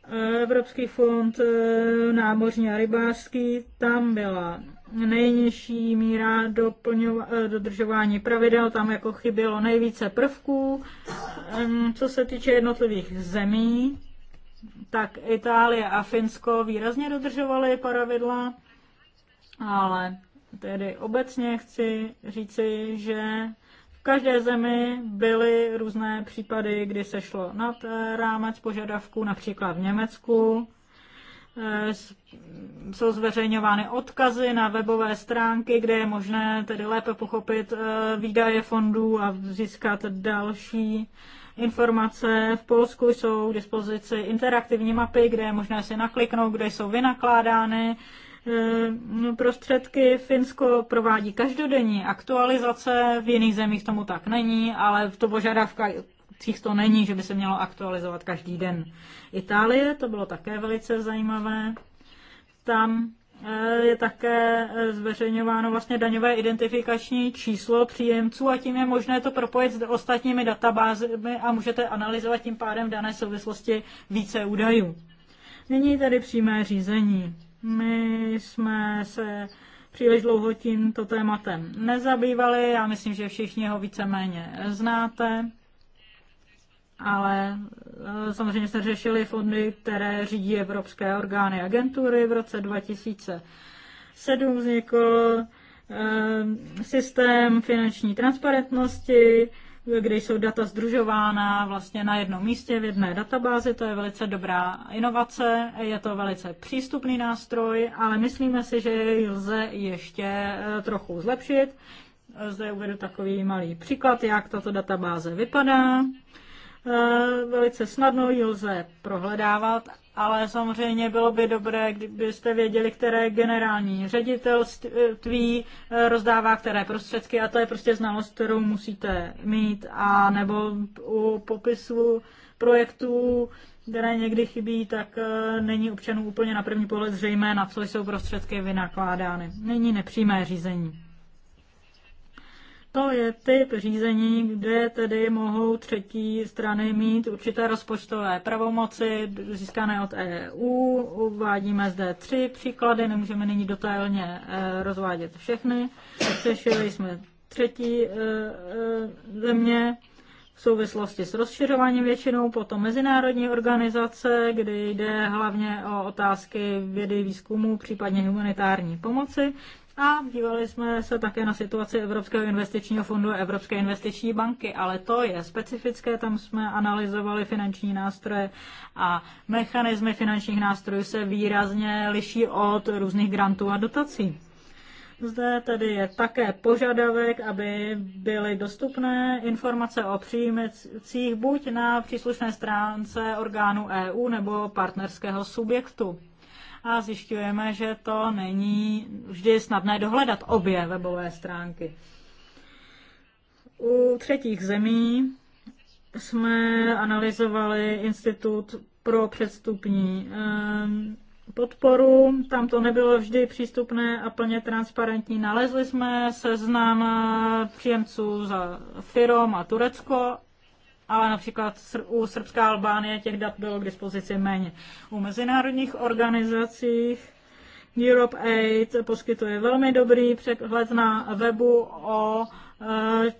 Eh, Evropský fond eh, námořní a rybářský, tam byla nejnižší míra dodržování pravidel, tam jako chybělo nejvíce prvků. Co se týče jednotlivých zemí, tak Itálie a Finsko výrazně dodržovaly pravidla ale tedy obecně chci říci, že v každé zemi byly různé případy, kdy se šlo nad eh, rámec požadavků, například v Německu. Eh, jsou zveřejňovány odkazy na webové stránky, kde je možné tedy lépe pochopit eh, výdaje fondů a získat další informace. V Polsku jsou k dispozici interaktivní mapy, kde je možné si nakliknout, kde jsou vynakládány Eh, no, prostředky. Finsko provádí každodenní aktualizace, v jiných zemích tomu tak není, ale v to požadavka to není, že by se mělo aktualizovat každý den. Itálie, to bylo také velice zajímavé. Tam eh, je také eh, zveřejňováno vlastně daňové identifikační číslo příjemců a tím je možné to propojit s ostatními databázemi a můžete analyzovat tím pádem v dané souvislosti více údajů. Nyní tady přímé řízení. My jsme se příliš dlouho tímto tématem nezabývali. Já myslím, že všichni ho víceméně znáte. Ale eh, samozřejmě jsme řešili fondy, které řídí evropské orgány agentury. V roce 2007 vznikl eh, systém finanční transparentnosti, kde jsou data združována vlastně na jednom místě v jedné databázi. To je velice dobrá inovace, je to velice přístupný nástroj, ale myslíme si, že jej lze ještě eh, trochu zlepšit. Zde uvedu takový malý příklad, jak tato databáze vypadá. Eh, velice snadno ji lze prohledávat ale samozřejmě bylo by dobré, kdybyste věděli, které generální ředitelství eh, rozdává které prostředky a to je prostě znalost, kterou musíte mít a nebo u popisu projektů, které někdy chybí, tak eh, není občanů úplně na první pohled zřejmé, na co jsou prostředky vynakládány. Není nepřímé řízení. To je typ řízení, kde tedy mohou třetí strany mít určité rozpočtové pravomoci získané od EU. Uvádíme zde tři příklady, nemůžeme nyní detailně eh, rozvádět všechny. Řešili jsme třetí eh, eh, země v souvislosti s rozšiřováním většinou, potom mezinárodní organizace, kdy jde hlavně o otázky vědy, výzkumu, případně humanitární pomoci. A dívali jsme se také na situaci Evropského investičního fondu a Evropské investiční banky, ale to je specifické, tam jsme analyzovali finanční nástroje a mechanismy finančních nástrojů se výrazně liší od různých grantů a dotací. Zde tedy je také požadavek, aby byly dostupné informace o příjmecích buď na příslušné stránce orgánu EU nebo partnerského subjektu a zjišťujeme, že to není vždy snadné dohledat obě webové stránky. U třetích zemí jsme analyzovali institut pro předstupní ehm, podporu. Tam to nebylo vždy přístupné a plně transparentní. Nalezli jsme seznam eh, příjemců za Firom a Turecko ale například u Srbská Albánie těch dat bylo k dispozici méně. U mezinárodních organizací Europe Aid poskytuje velmi dobrý přehled na webu o e, e,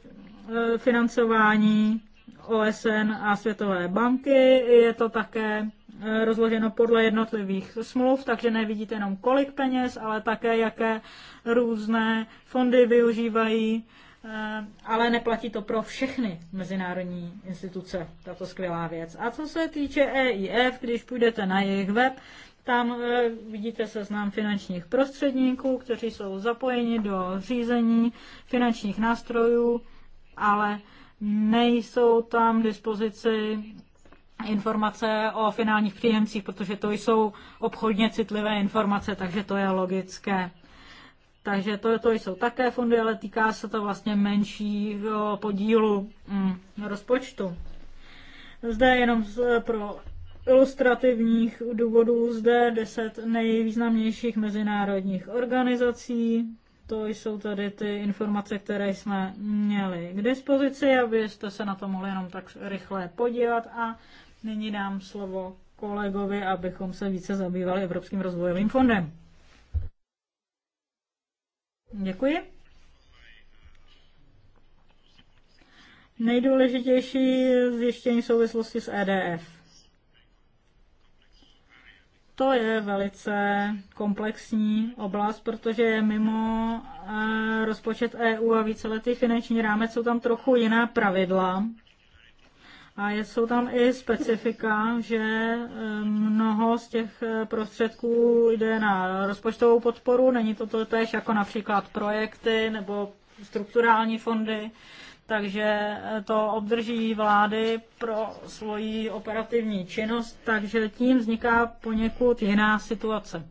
financování OSN a Světové banky. Je to také e, rozloženo podle jednotlivých smluv, takže nevidíte jenom kolik peněz, ale také jaké různé fondy využívají Eh, ale neplatí to pro všechny mezinárodní instituce, tato skvělá věc. A co se týče EIF, když půjdete na jejich web, tam eh, vidíte seznam finančních prostředníků, kteří jsou zapojeni do řízení finančních nástrojů, ale nejsou tam k dispozici informace o finálních příjemcích, protože to jsou obchodně citlivé informace, takže to je logické. Takže to, to jsou také fondy, ale týká se to vlastně menšího podílu mm, rozpočtu. Zde jenom pro ilustrativních důvodů zde 10 nejvýznamnějších mezinárodních organizací. To jsou tady ty informace, které jsme měli k dispozici, abyste se na to mohli jenom tak rychle podívat. A nyní dám slovo kolegovi, abychom se více zabývali Evropským rozvojovým fondem. Děkuji. Nejdůležitější zjištění souvislosti s EDF. To je velice komplexní oblast, protože je mimo eh, rozpočet EU a víceletý finanční rámec jsou tam trochu jiná pravidla a jsou tam i specifika, že eh, mnoho z těch eh, prostředků jde na rozpočtovou podporu, není to to tež jako například projekty nebo strukturální fondy, takže eh, to obdrží vlády pro svoji operativní činnost, takže tím vzniká poněkud jiná situace.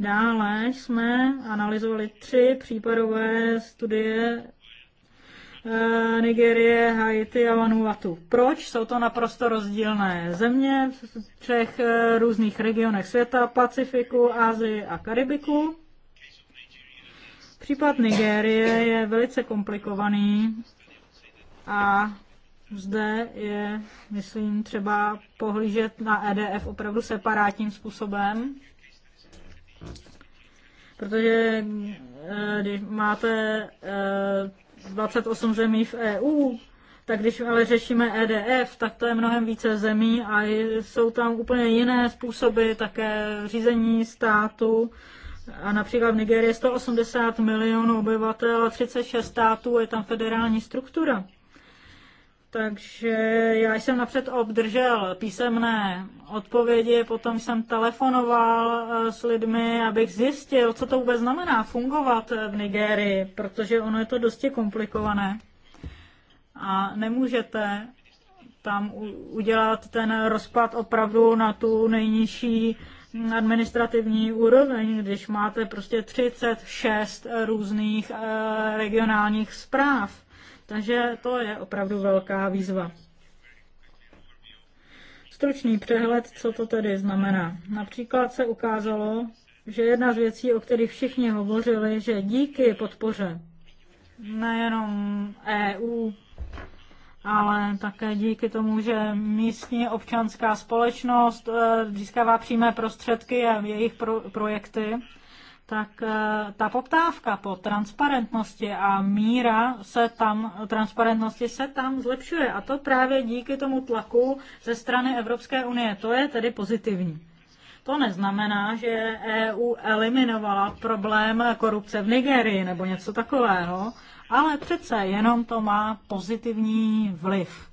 Dále jsme analyzovali tři případové studie Eh, Nigerie, Haiti a Vanuatu. Proč? Jsou to naprosto rozdílné země v třech eh, různých regionech světa, Pacifiku, Asii a Karibiku. Případ Nigérie je velice komplikovaný a zde je, myslím, třeba pohlížet na EDF opravdu separátním způsobem, protože eh, když máte 28 zemí v EU, tak když ale řešíme EDF, tak to je mnohem více zemí a jsou tam úplně jiné způsoby také řízení státu. A například v Nigerii je 180 milionů obyvatel a 36 států je tam federální struktura. Takže já jsem napřed obdržel písemné odpovědi, potom jsem telefonoval eh, s lidmi, abych zjistil, co to vůbec znamená fungovat eh, v Nigérii, protože ono je to dosti komplikované. A nemůžete tam udělat ten rozpad opravdu na tu nejnižší mm, administrativní úroveň, když máte prostě 36 různých eh, regionálních zpráv takže to je opravdu velká výzva. Stručný přehled, co to tedy znamená. Například se ukázalo, že jedna z věcí, o kterých všichni hovořili, že díky podpoře nejenom EU, ale také díky tomu, že místní občanská společnost eh, získává přímé prostředky a jejich pro- projekty, tak eh, ta poptávka po transparentnosti a míra se tam, transparentnosti se tam zlepšuje. A to právě díky tomu tlaku ze strany Evropské unie. To je tedy pozitivní. To neznamená, že EU eliminovala problém korupce v Nigerii nebo něco takového, ale přece jenom to má pozitivní vliv.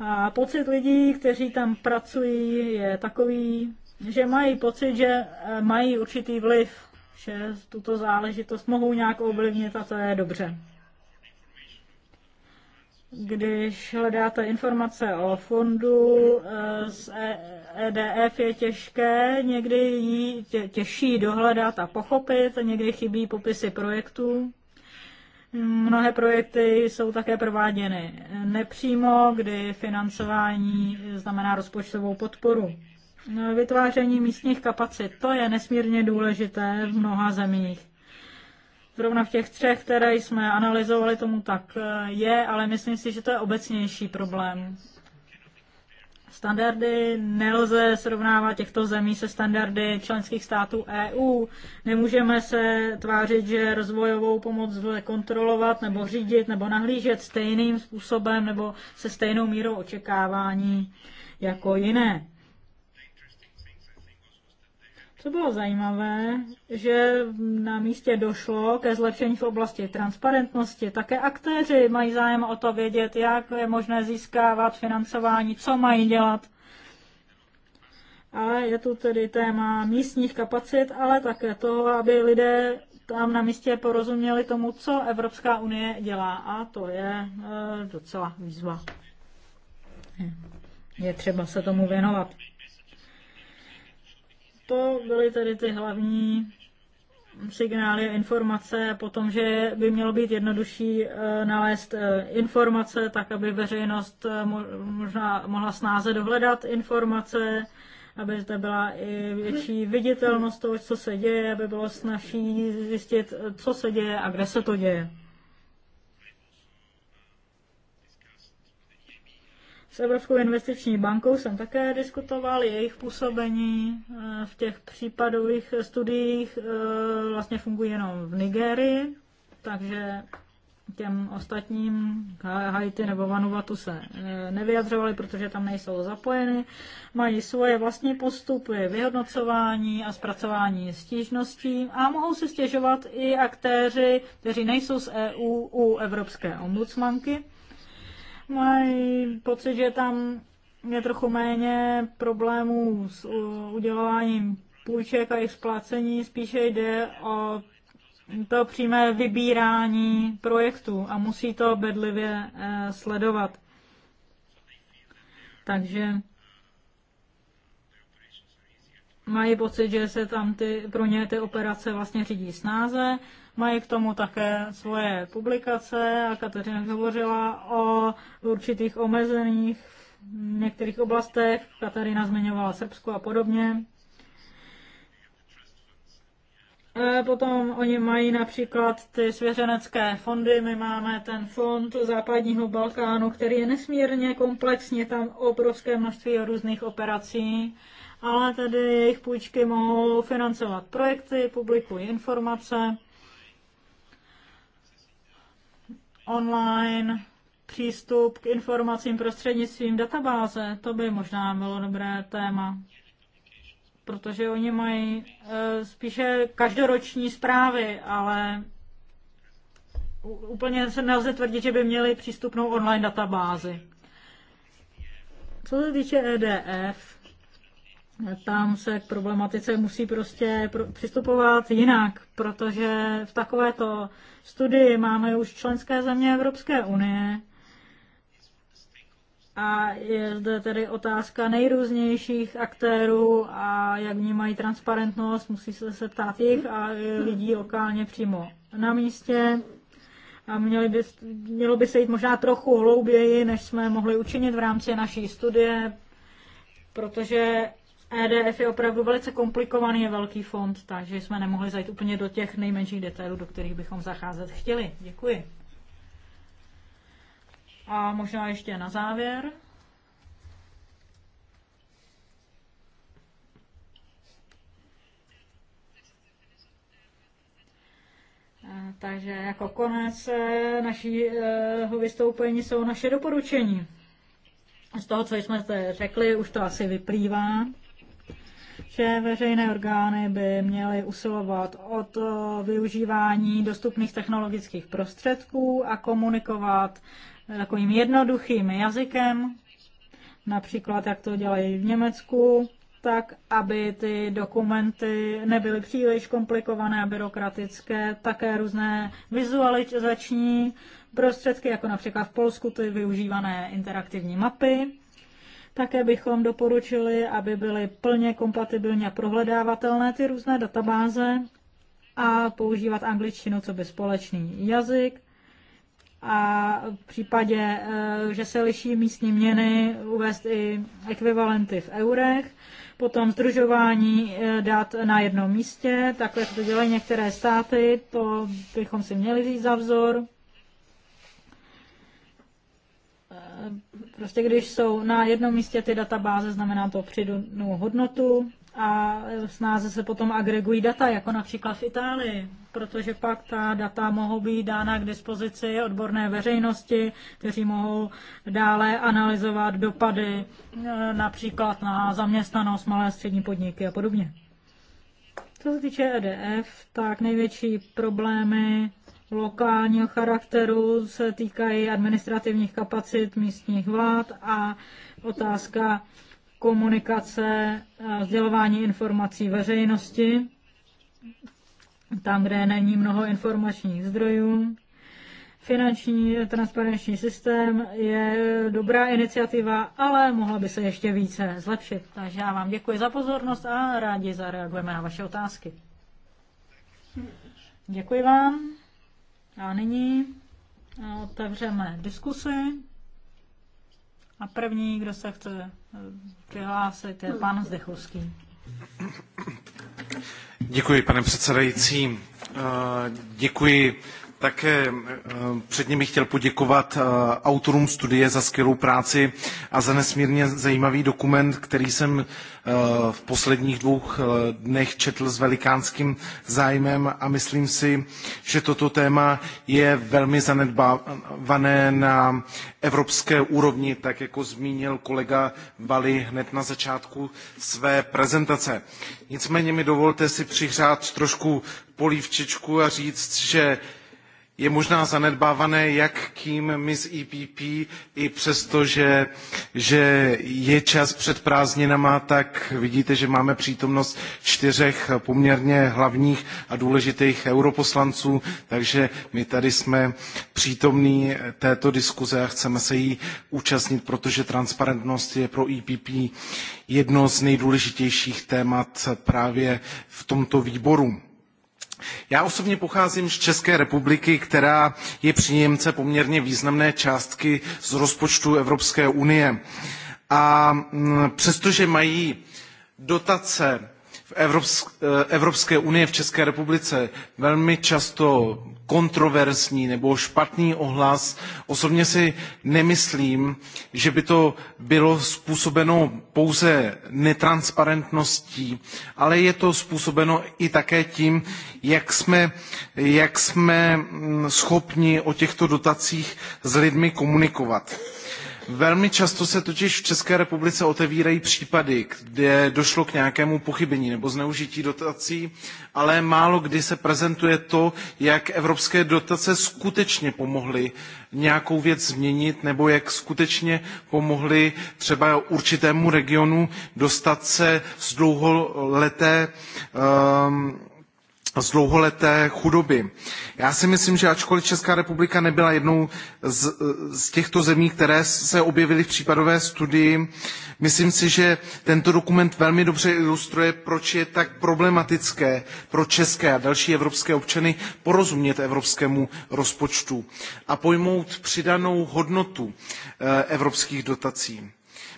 A pocit lidí, kteří tam pracují, je takový, že mají pocit, že eh, mají určitý vliv, že tuto záležitost mohou nějak ovlivnit a to je dobře. Když hledáte informace o fondu eh, z EDF, e je těžké někdy jí tě, těžší dohledat a pochopit, někdy chybí popisy projektů. Mnohé projekty jsou také prováděny nepřímo, kdy financování znamená rozpočtovou podporu vytváření místních kapacit. To je nesmírně důležité v mnoha zemích. Zrovna v těch třech, které jsme analyzovali, tomu tak eh, je, ale myslím si, že to je obecnější problém. Standardy nelze srovnávat těchto zemí se standardy členských států EU. Nemůžeme se tvářit, že rozvojovou pomoc lze kontrolovat nebo řídit nebo nahlížet stejným způsobem nebo se stejnou mírou očekávání jako jiné. Co bylo zajímavé, že na místě došlo ke zlepšení v oblasti transparentnosti. Také aktéři mají zájem o to vědět, jak je možné získávat financování, co mají dělat. Ale je tu tedy téma místních kapacit, ale také toho, aby lidé tam na místě porozuměli tomu, co Evropská unie dělá. A to je e, docela výzva. Je třeba se tomu věnovat. To byly tedy ty hlavní signály a informace potom, že by mělo být jednodušší eh, nalézt eh, informace, tak aby veřejnost eh, možná mohla snáze dohledat informace, aby zde byla i větší viditelnost toho, co se děje, aby bylo snažší zjistit, co se děje a kde se to děje. S Evropskou investiční bankou jsem také diskutoval jejich působení. Eh, v těch případových studiích eh, vlastně fungují jenom v Nigerii, takže těm ostatním Haiti nebo Vanuatu se eh, nevyjadřovali, protože tam nejsou zapojeny. Mají svoje vlastní postupy vyhodnocování a zpracování stížností a mohou se stěžovat i aktéři, kteří nejsou z EU u Evropské ombudsmanky. Mají pocit, že tam je trochu méně problémů s uh, udělováním půjček a jejich splácení, spíše jde o to přímé vybírání projektů a musí to bedlivě eh, sledovat. Takže mají pocit, že se tam ty, pro ně ty operace vlastně řídí snáze Mají k tomu také svoje publikace a Kateřina hovořila o určitých omezeních v některých oblastech. Katarina zmiňovala Srbsko a podobně. E, potom oni mají například ty svěřenecké fondy, my máme ten fond západního Balkánu, který je nesmírně komplexní, tam obrovské množství různých operací, ale tady jejich půjčky mohou financovat projekty, publikují informace online přístup k informacím prostřednictvím databáze, to by možná bylo dobré téma. Protože oni mají eh, spíše každoroční zprávy, ale úplně se nelze tvrdit, že by měli přístupnou online databázi. Co se týče EDF, tam se k problematice musí prostě přistupovat jinak, protože v takovéto studii máme už členské země Evropské unie a je zde tedy otázka nejrůznějších aktérů a jak vnímají transparentnost, musí se se ptát jich a lidí lokálně přímo na místě. A měli by, mělo by se jít možná trochu hlouběji, než jsme mohli učinit v rámci naší studie, protože EDF je opravdu velice komplikovaný, a velký fond, takže jsme nemohli zajít úplně do těch nejmenších detailů, do kterých bychom zacházet chtěli. Děkuji. A možná ještě na závěr. Takže jako konec e, našího e, vystoupení jsou naše doporučení. Z toho, co jsme zde řekli, už to asi vyplývá že veřejné orgány by měly usilovat o to využívání dostupných technologických prostředků a komunikovat eh, takovým jednoduchým jazykem, například jak to dělají v Německu, tak, aby ty dokumenty nebyly příliš komplikované a byrokratické, také různé vizualizační prostředky, jako například v Polsku ty využívané interaktivní mapy. Také bychom doporučili, aby byly plně kompatibilní a prohledávatelné ty různé databáze a používat angličtinu co by společný jazyk. A v případě, eh, že se liší místní měny, uvést i ekvivalenty v eurech potom združování eh, dat na jednom místě, takhle to dělají některé státy, to bychom si měli říct za vzor. Prostě když jsou na jednom místě ty databáze, znamená to přidanou hodnotu a e, snáze se potom agregují data, jako například v Itálii, protože pak ta data mohou být dána k dispozici odborné veřejnosti, kteří mohou dále analyzovat dopady e, například na zaměstnanost, malé střední podniky a podobně. Co se týče EDF, tak největší problémy lokálního charakteru, se týkají administrativních kapacit místních vlád a otázka komunikace, sdělování informací veřejnosti, tam, kde není mnoho informačních zdrojů. Finanční transparenční systém je dobrá iniciativa, ale mohla by se ještě více zlepšit. Takže já vám děkuji za pozornost a rádi zareagujeme na vaše otázky. Děkuji vám. A nyní eh, otevřeme diskusi. A první, kdo se chce eh, přihlásit, je pan Zdechovský. Děkuji, pane předsedající. Eh, děkuji také eh, předně bych chtěl poděkovat eh, autorům studie za skvělou práci a za nesmírně zajímavý dokument, který jsem eh, v posledních dvou dnech četl s velikánským zájmem a myslím si, že toto téma je velmi zanedbávané na evropské úrovni, tak jako zmínil kolega Vali hned na začátku své prezentace. Nicméně mi dovolte si přihřát trošku polívčičku a říct, že je možná zanedbávané jak kým my z EPP, i přesto, že, že je čas před prázdninama, tak vidíte, že máme přítomnost čtyřech poměrně hlavních a důležitých europoslanců, takže my tady jsme přítomní této diskuze a chceme se jí účastnit, protože transparentnost je pro EPP jedno z nejdůležitějších témat právě v tomto výboru. Já osobně pocházím z České republiky, která je příjemce poměrně významné částky z rozpočtu Evropské unie. A mm, přestože mají dotace v eh, Evropské unie v České republice velmi často kontroverzní nebo špatný ohlas. Osobně si nemyslím, že by to bylo způsobeno pouze netransparentností, ale je to způsobeno i také tím, jak jsme, jak jsme mm, schopni o těchto dotacích s lidmi komunikovat. Velmi často se totiž v České republice otevírají případy, kde došlo k nějakému pochybení nebo zneužití dotací, ale málo kdy se prezentuje to, jak evropské dotace skutečně pomohly nějakou věc změnit nebo jak skutečně pomohly třeba určitému regionu dostat se z dlouholeté um, z dlouholeté chudoby. Já si myslím, že ačkoliv Česká republika nebyla jednou z, z těchto zemí, které se objevily v případové studii, myslím si, že tento dokument velmi dobře ilustruje, proč je tak problematické pro české a další evropské občany porozumět evropskému rozpočtu a pojmout přidanou hodnotu eh, evropských dotací.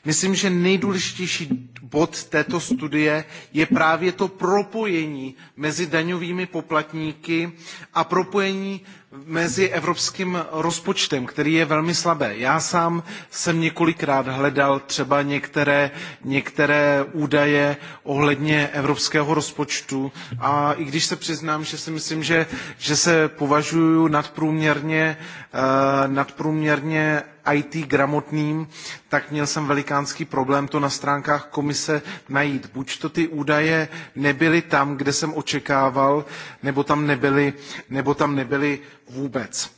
Myslím, že nejdůležitější bod této studie je právě to propojení mezi daňovými poplatníky a propojení mezi evropským rozpočtem, který je velmi slabé. Já sám jsem několikrát hledal třeba některé, některé údaje ohledně evropského rozpočtu a i když se přiznám, že si myslím, že, že se považuji nadprůměrně, eh, nadprůměrně IT gramotným, tak měl jsem velikánský problém to na stránkách komise najít. Buď to ty údaje nebyly tam, kde jsem očekával, nebo tam nebyly, nebo tam nebyly vůbec.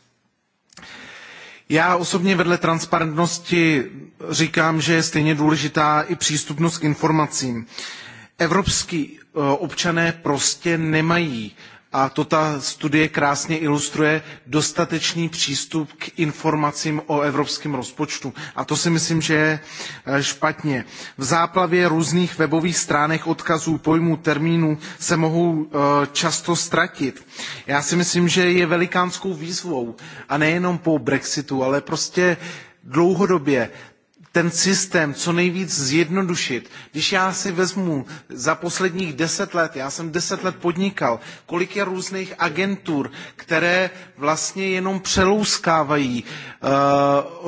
Já osobně vedle transparentnosti říkám, že je stejně důležitá i přístupnost k informacím. Evropský eh, občané prostě nemají a to ta studie krásně ilustruje, dostatečný přístup k informacím o evropském rozpočtu. A to si myslím, že je eh, špatně. V záplavě různých webových stránek odkazů, pojmů, termínů se mohou eh, často ztratit. Já si myslím, že je velikánskou výzvou, a nejenom po Brexitu, ale prostě dlouhodobě ten systém co nejvíc zjednodušit. Když já si vezmu za posledních deset let, já jsem deset let podnikal, kolik je různých agentur, které vlastně jenom přelouskávají uh,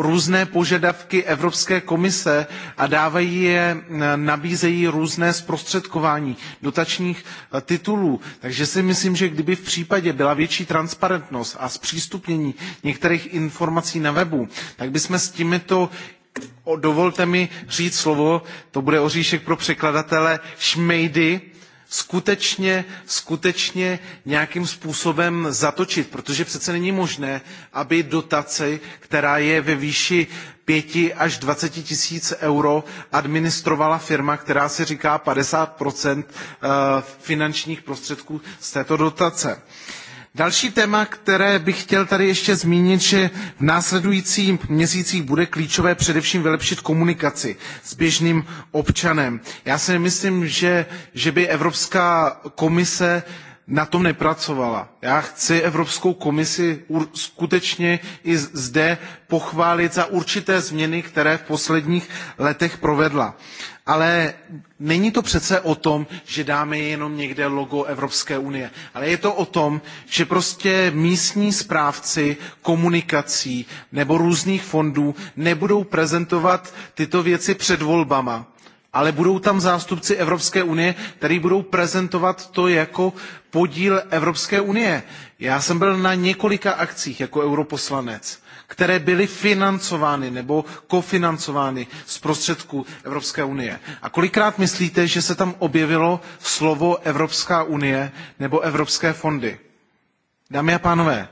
různé požadavky Evropské komise a dávají je, eh, nabízejí různé zprostředkování dotačních eh, titulů. Takže si myslím, že kdyby v případě byla větší transparentnost a zpřístupnění některých informací na webu, tak bychom s těmito o, dovolte mi říct slovo, to bude oříšek pro překladatele, šmejdy, skutečně, skutečně nějakým způsobem zatočit, protože přece není možné, aby dotace, která je ve výši 5 až 20 tisíc euro, administrovala firma, která se říká 50 eh, finančních prostředků z této dotace. Další téma, které bych chtěl tady ještě zmínit, že v následujících měsících bude klíčové především vylepšit komunikaci s běžným občanem. Já si myslím, že, že by Evropská komise na tom nepracovala. Já chci Evropskou komisi skutečně i zde pochválit za určité změny, které v posledních letech provedla. Ale není to přece o tom, že dáme jenom někde logo Evropské unie, ale je to o tom, že prostě místní správci komunikací nebo různých fondů nebudou prezentovat tyto věci před volbama ale budou tam zástupci Evropské unie, kteří budou prezentovat to jako podíl Evropské unie. Já jsem byl na několika akcích jako europoslanec, které byly financovány nebo kofinancovány z prostředků Evropské unie. A kolikrát myslíte, že se tam objevilo slovo Evropská unie nebo Evropské fondy? Dámy a pánové,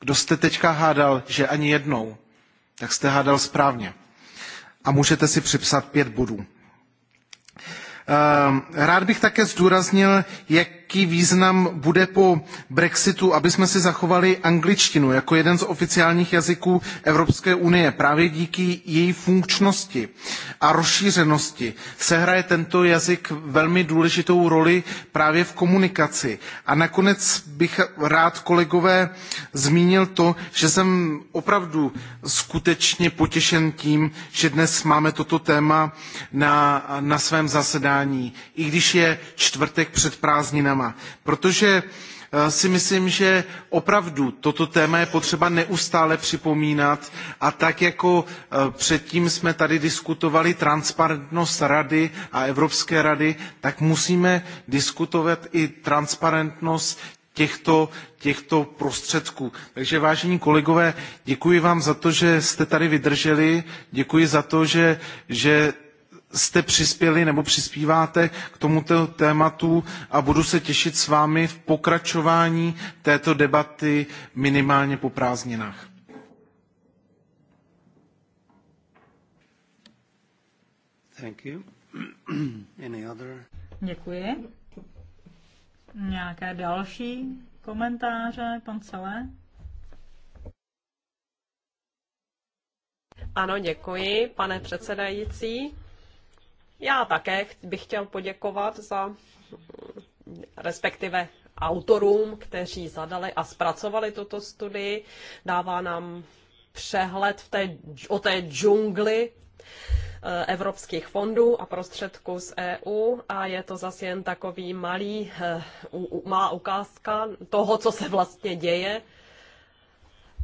kdo jste teďka hádal, že ani jednou, tak jste hádal správně. A můžete si připsat pět bodů. Ehm, rád bych také zdůraznil, jak jaký význam bude po Brexitu, aby jsme si zachovali angličtinu jako jeden z oficiálních jazyků Evropské unie právě díky její funkčnosti a rozšířenosti. Sehraje tento jazyk velmi důležitou roli právě v komunikaci. A nakonec bych rád, kolegové, zmínil to, že jsem opravdu skutečně potěšen tím, že dnes máme toto téma na, na svém zasedání, i když je čtvrtek před prázdninami téma, protože eh, si myslím, že opravdu toto téma je potřeba neustále připomínat a tak jako eh, předtím jsme tady diskutovali transparentnost Rady a Evropské rady, tak musíme diskutovat i transparentnost těchto, těchto prostředků. Takže vážení kolegové, děkuji vám za to, že jste tady vydrželi, děkuji za to, že, že jste přispěli nebo přispíváte k tomuto tématu a budu se těšit s vámi v pokračování této debaty minimálně po prázdninách. Děkuji. Nějaké další komentáře, pan Celé? Ano, děkuji, pane předsedající. Já také bych chtěl poděkovat za respektive autorům, kteří zadali a zpracovali tuto studii. Dává nám přehled v té, o té džungli eh, evropských fondů a prostředků z EU a je to zase jen takový malý, eh, malá ukázka toho, co se vlastně děje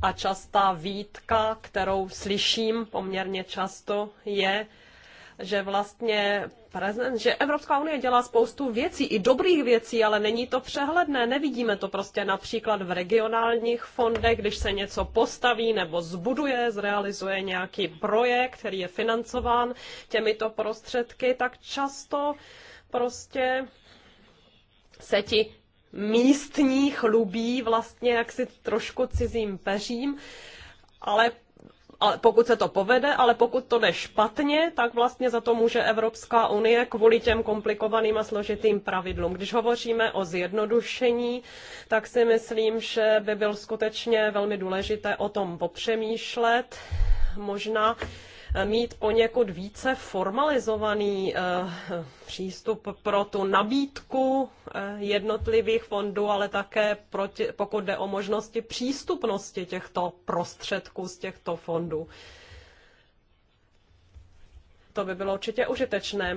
a častá výtka, kterou slyším poměrně často, je, že vlastně prezident, že Evropská unie dělá spoustu věcí, i dobrých věcí, ale není to přehledné, nevidíme to prostě například v regionálních fondech, když se něco postaví nebo zbuduje, zrealizuje nějaký projekt, který je financován těmito prostředky, tak často prostě se ti místní chlubí vlastně jaksi trošku cizím peřím, ale ale pokud se to povede, ale pokud to jde špatně, tak vlastně za to může Evropská unie kvůli těm komplikovaným a složitým pravidlům. Když hovoříme o zjednodušení, tak si myslím, že by byl skutečně velmi důležité o tom popřemýšlet. Možná Eh, mít poněkud více formalizovaný eh, přístup pro tu nabídku eh, jednotlivých fondů, ale také proti, pokud jde o možnosti přístupnosti těchto prostředků z těchto fondů. To by bylo určitě užitečné.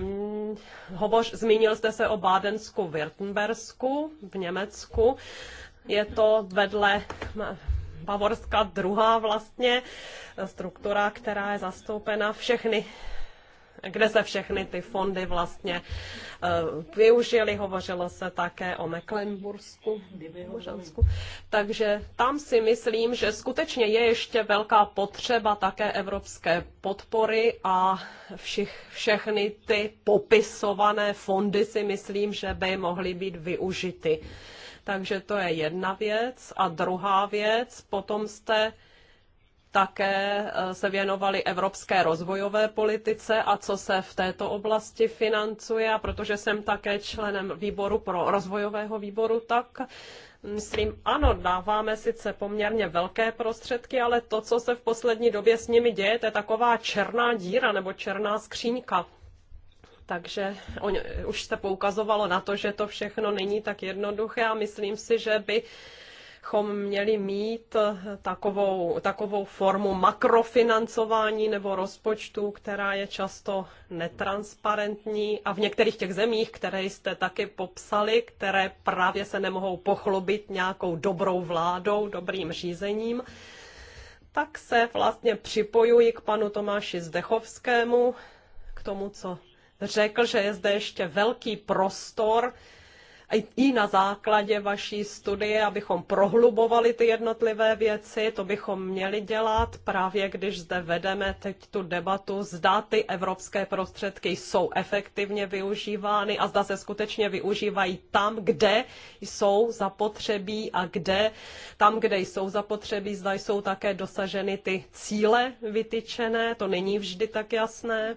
Hovoř, zmínil jste se o Bádensku, Württembersku v Německu. Je to vedle Bavorska druhá vlastně struktura, která je zastoupena všechny kde se všechny ty fondy vlastně eh, využili. Hovořilo se také o Mecklenbursku, Možansku. Takže tam si myslím, že skutečně je ještě velká potřeba také evropské podpory a všich, všechny ty popisované fondy si myslím, že by mohly být využity takže to je jedna věc. A druhá věc, potom jste také eh, se věnovali evropské rozvojové politice a co se v této oblasti financuje. A protože jsem také členem výboru pro rozvojového výboru, tak myslím, ano, dáváme sice poměrně velké prostředky, ale to, co se v poslední době s nimi děje, to je taková černá díra nebo černá skříňka. Takže on, už se poukazovalo na to, že to všechno není tak jednoduché a myslím si, že by chom měli mít takovou, takovou formu makrofinancování nebo rozpočtu, která je často netransparentní a v některých těch zemích, které jste taky popsali, které právě se nemohou pochlubit nějakou dobrou vládou, dobrým řízením, tak se vlastně připojuji k panu Tomáši Zdechovskému, k tomu, co řekl, že je zde ještě velký prostor i na základě vaší studie, abychom prohlubovali ty jednotlivé věci, to bychom měli dělat právě, když zde vedeme teď tu debatu, zda ty evropské prostředky jsou efektivně využívány a zda se skutečně využívají tam, kde jsou zapotřebí a kde, tam, kde jsou zapotřebí, zda jsou také dosaženy ty cíle vytyčené, to není vždy tak jasné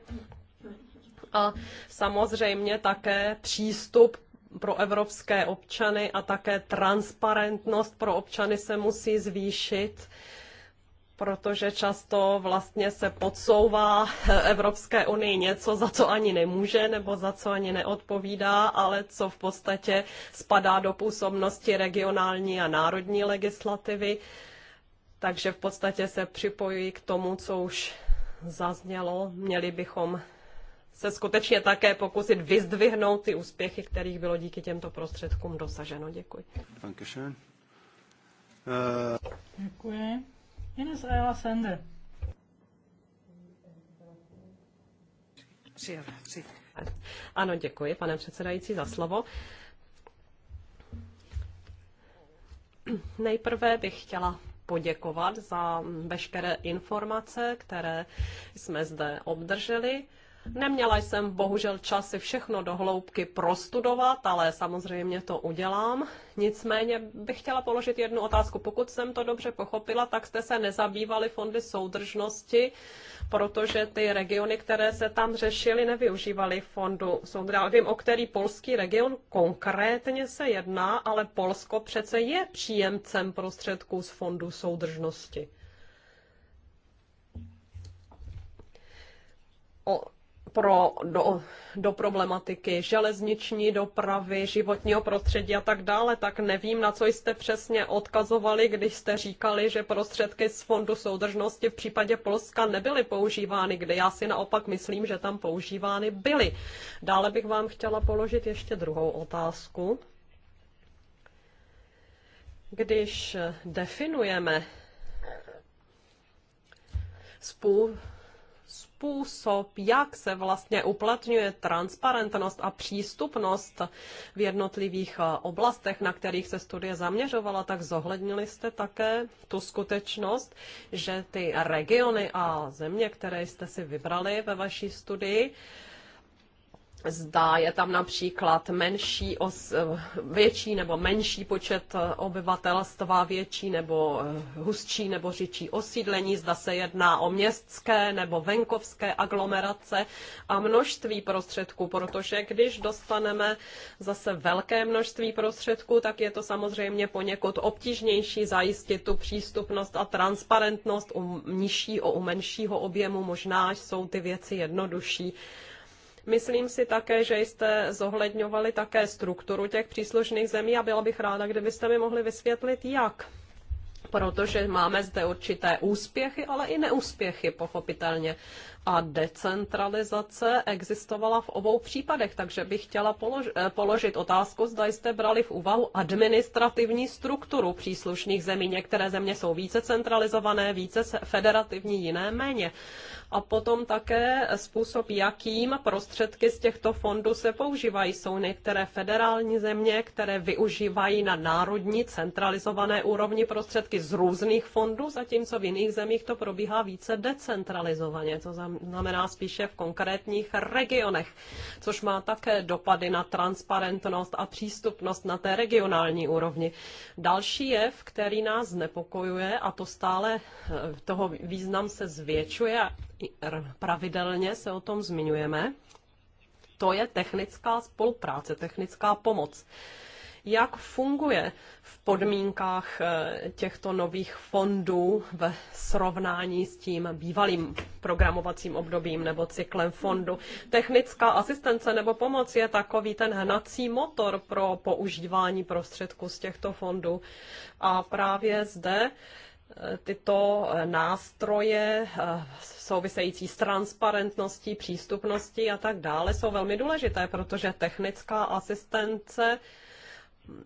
a samozřejmě také přístup pro evropské občany a také transparentnost pro občany se musí zvýšit protože často vlastně se podsouvá Evropské unii něco, za co ani nemůže nebo za co ani neodpovídá, ale co v podstatě spadá do působnosti regionální a národní legislativy. Takže v podstatě se připojuji k tomu, co už zaznělo. Měli bychom se skutečně také pokusit vyzdvihnout ty úspěchy, kterých bylo díky těmto prostředkům dosaženo. Děkuji. Uh, děkuji. Ines Ayala Ano, děkuji, pane předsedající, za slovo. Nejprve bych chtěla poděkovat za veškeré informace, které jsme zde obdrželi. Neměla jsem bohužel čas si všechno dohloubky prostudovat, ale samozřejmě to udělám. Nicméně bych chtěla položit jednu otázku. Pokud jsem to dobře pochopila, tak jste se nezabývali fondy soudržnosti, protože ty regiony, které se tam řešily, nevyužívaly fondu soudržnosti. Vím, o který polský region konkrétně se jedná, ale Polsko přece je příjemcem prostředků z fondu soudržnosti. O, pro, do, do problematiky železniční dopravy, životního prostředí a tak dále, tak nevím, na co jste přesně odkazovali, když jste říkali, že prostředky z Fondu soudržnosti v případě Polska nebyly používány, kde já si naopak myslím, že tam používány byly. Dále bych vám chtěla položit ještě druhou otázku. Když definujeme spůl způsob, jak se vlastně uplatňuje transparentnost a přístupnost v jednotlivých eh, oblastech, na kterých se studie zaměřovala, tak zohlednili jste také tu skutečnost, že ty regiony a země, které jste si vybrali ve vaší studii, zda je tam například menší os, větší nebo menší počet eh, obyvatelstva, větší nebo eh, hustší nebo řičí osídlení, zda se jedná o městské nebo venkovské aglomerace a množství prostředků, protože když dostaneme zase velké množství prostředků, tak je to samozřejmě poněkud obtížnější zajistit tu přístupnost a transparentnost u nižšího, u menšího objemu, možná jsou ty věci jednodušší. Myslím si také, že jste zohledňovali také strukturu těch příslušných zemí a byla bych ráda, kdybyste mi mohli vysvětlit, jak protože máme zde určité úspěchy, ale i neúspěchy, pochopitelně a decentralizace existovala v obou případech, takže bych chtěla polož, eh, položit otázku, zda jste brali v úvahu administrativní strukturu příslušných zemí. Některé země jsou více centralizované, více federativní, jiné méně. A potom také způsob, jakým prostředky z těchto fondů se používají. Jsou některé federální země, které využívají na národní centralizované úrovni prostředky z různých fondů, zatímco v jiných zemích to probíhá více decentralizovaně. To za znamená spíše v konkrétních regionech, což má také dopady na transparentnost a přístupnost na té regionální úrovni. Další jev, který nás znepokojuje, a to stále eh, toho význam se zvětšuje, pravidelně se o tom zmiňujeme, to je technická spolupráce, technická pomoc. Jak funguje v podmínkách eh, těchto nových fondů ve srovnání s tím bývalým programovacím obdobím nebo cyklem fondu? Technická asistence nebo pomoc je takový ten hnací motor pro používání prostředků z těchto fondů. A právě zde eh, tyto eh, nástroje související s transparentností, přístupností a tak dále jsou velmi důležité, protože technická asistence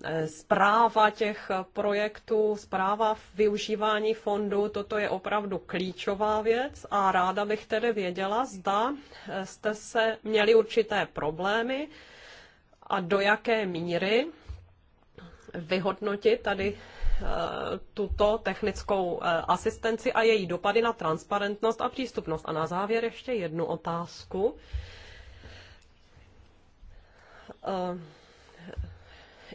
Eh, zpráva těch eh, projektů, zpráva využívání fondů, toto je opravdu klíčová věc a ráda bych tedy věděla, zda eh, jste se měli určité problémy a do jaké míry vyhodnotit tady tuto technickou asistenci a její dopady na transparentnost a přístupnost. A na závěr ještě jednu otázku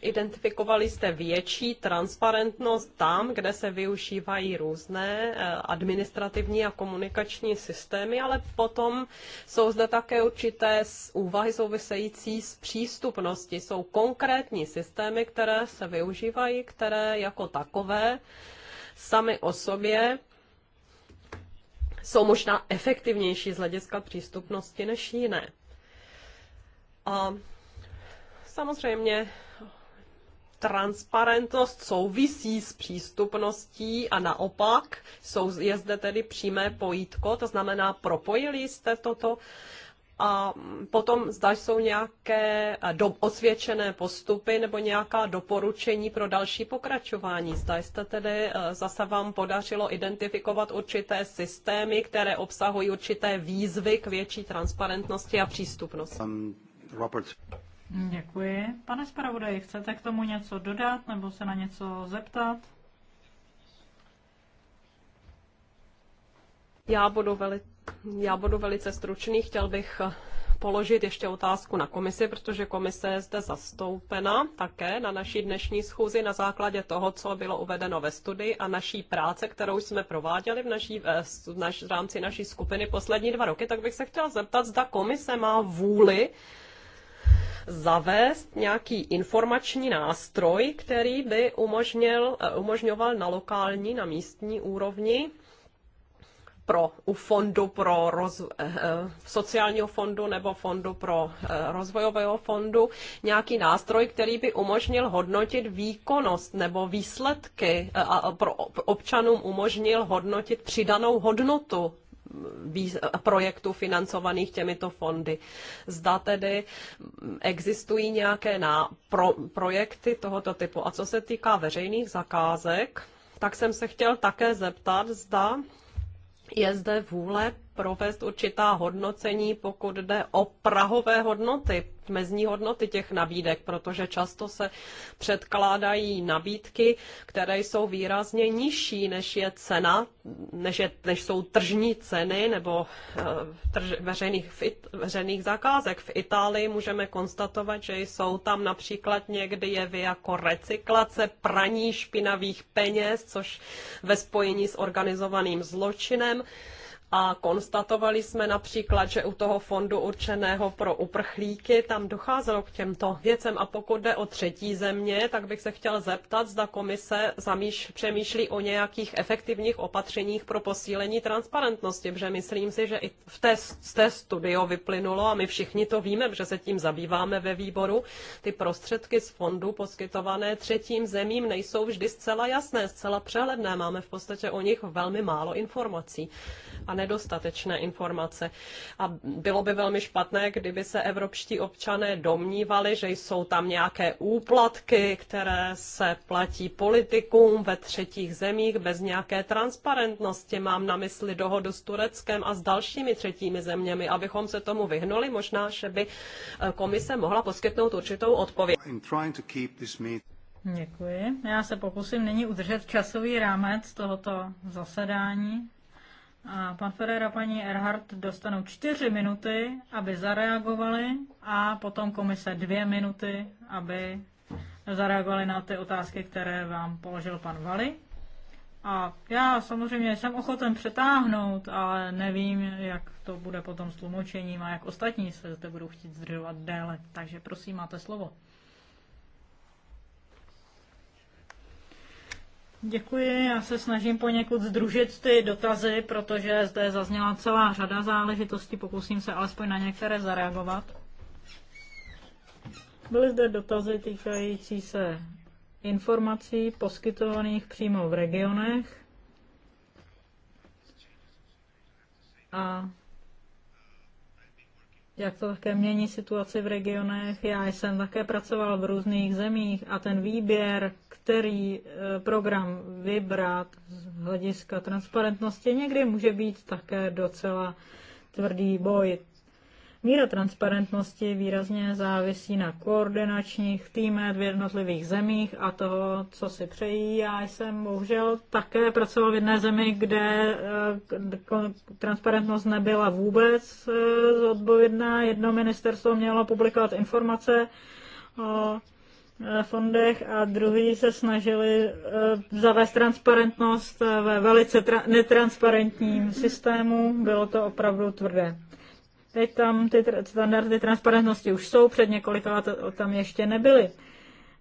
identifikovali jste větší transparentnost tam, kde se využívají různé eh, administrativní a komunikační systémy, ale potom jsou zde také určité úvahy související s přístupností. Jsou konkrétní systémy, které se využívají, které jako takové sami o sobě jsou možná efektivnější z hlediska přístupnosti než jiné. A samozřejmě transparentnost souvisí s přístupností a naopak jsou, je zde tedy přímé pojítko, to znamená, propojili jste toto a potom zda jsou nějaké eh, do, osvědčené postupy nebo nějaká doporučení pro další pokračování. Zda jste tedy eh, zase vám podařilo identifikovat určité systémy, které obsahují určité výzvy k větší transparentnosti a přístupnosti. Um, Děkuji. Pane zpravodaji, chcete k tomu něco dodat nebo se na něco zeptat? Já budu, veli, já budu velice stručný. Chtěl bych eh, položit ještě otázku na komisi, protože komise je zde zastoupena také na naší dnešní schůzi na základě toho, co bylo uvedeno ve studii a naší práce, kterou jsme prováděli v, naší, eh, v, naš, v rámci naší skupiny poslední dva roky. Tak bych se chtěla zeptat, zda komise má vůli zavést nějaký informační nástroj, který by umožnil, eh, umožňoval na lokální, na místní úrovni pro, u fondu pro roz, eh, eh, sociálního fondu nebo fondu pro rozvojového fondu nějaký nástroj, který by umožnil hodnotit výkonnost nebo výsledky a pro občanům umožnil hodnotit přidanou hodnotu projektů financovaných těmito fondy. Zda tedy existují nějaké na pro, projekty tohoto typu. A co se týká veřejných zakázek, tak jsem se chtěl také zeptat, zda je zde vůle provést určitá hodnocení, pokud jde o prahové hodnoty, mezní hodnoty těch nabídek, protože často se předkládají nabídky, které jsou výrazně nižší, než je cena, než, je, než jsou tržní ceny nebo eh, trž, veřejných, veřejných zakázek. V Itálii můžeme konstatovat, že jsou tam například někdy jevy jako recyklace, praní špinavých peněz, což ve spojení s organizovaným zločinem a konstatovali jsme například, že u toho fondu určeného pro uprchlíky tam docházelo k těmto věcem. A pokud jde o třetí země, tak bych se chtěl zeptat, zda komise zamýš, přemýšlí o nějakých efektivních opatřeních pro posílení transparentnosti, protože myslím si, že i v té, z té studio vyplynulo, a my všichni to víme, že se tím zabýváme ve výboru, ty prostředky z fondu poskytované třetím zemím nejsou vždy zcela jasné, zcela přehledné. Máme v podstatě o nich velmi málo informací. A ne nedostatečné informace. A bylo by velmi špatné, kdyby se evropští občané domnívali, že jsou tam nějaké úplatky, které se platí politikům ve třetích zemích bez nějaké transparentnosti. Mám na mysli dohodu s Tureckem a s dalšími třetími zeměmi. Abychom se tomu vyhnuli, možná, že by eh, komise mohla poskytnout určitou odpověď. Děkuji. Já se pokusím nyní udržet časový rámec tohoto zasedání a pan Ferrer a paní Erhardt dostanou čtyři minuty, aby zareagovali a potom komise dvě minuty, aby zareagovali na ty otázky, které vám položil pan Vali. A já samozřejmě jsem ochoten přetáhnout, ale nevím, jak to bude potom s tlumočením a jak ostatní se zde budou chtít zdržovat déle. Takže prosím, máte slovo. Děkuji, já se snažím poněkud združit ty dotazy, protože zde zazněla celá řada záležitostí, pokusím se alespoň na některé zareagovat. Byly zde dotazy týkající se informací poskytovaných přímo v regionech a jak to také mění situaci v regionech. Já jsem také pracoval v různých zemích a ten výběr, který eh, program vybrat z hlediska transparentnosti, někdy může být také docela tvrdý boj. Míra transparentnosti výrazně závisí na koordinačních týmech v jednotlivých zemích a toho, co si přejí. Já jsem bohužel také pracoval v jedné zemi, kde eh, transparentnost nebyla vůbec eh, zodpovědná. Jedno ministerstvo mělo publikovat informace o eh, fondech a druhý se snažili zavést transparentnost ve velice netransparentním systému. Bylo to opravdu tvrdé. Teď tam ty standardy transparentnosti už jsou, před několika let tam ještě nebyly,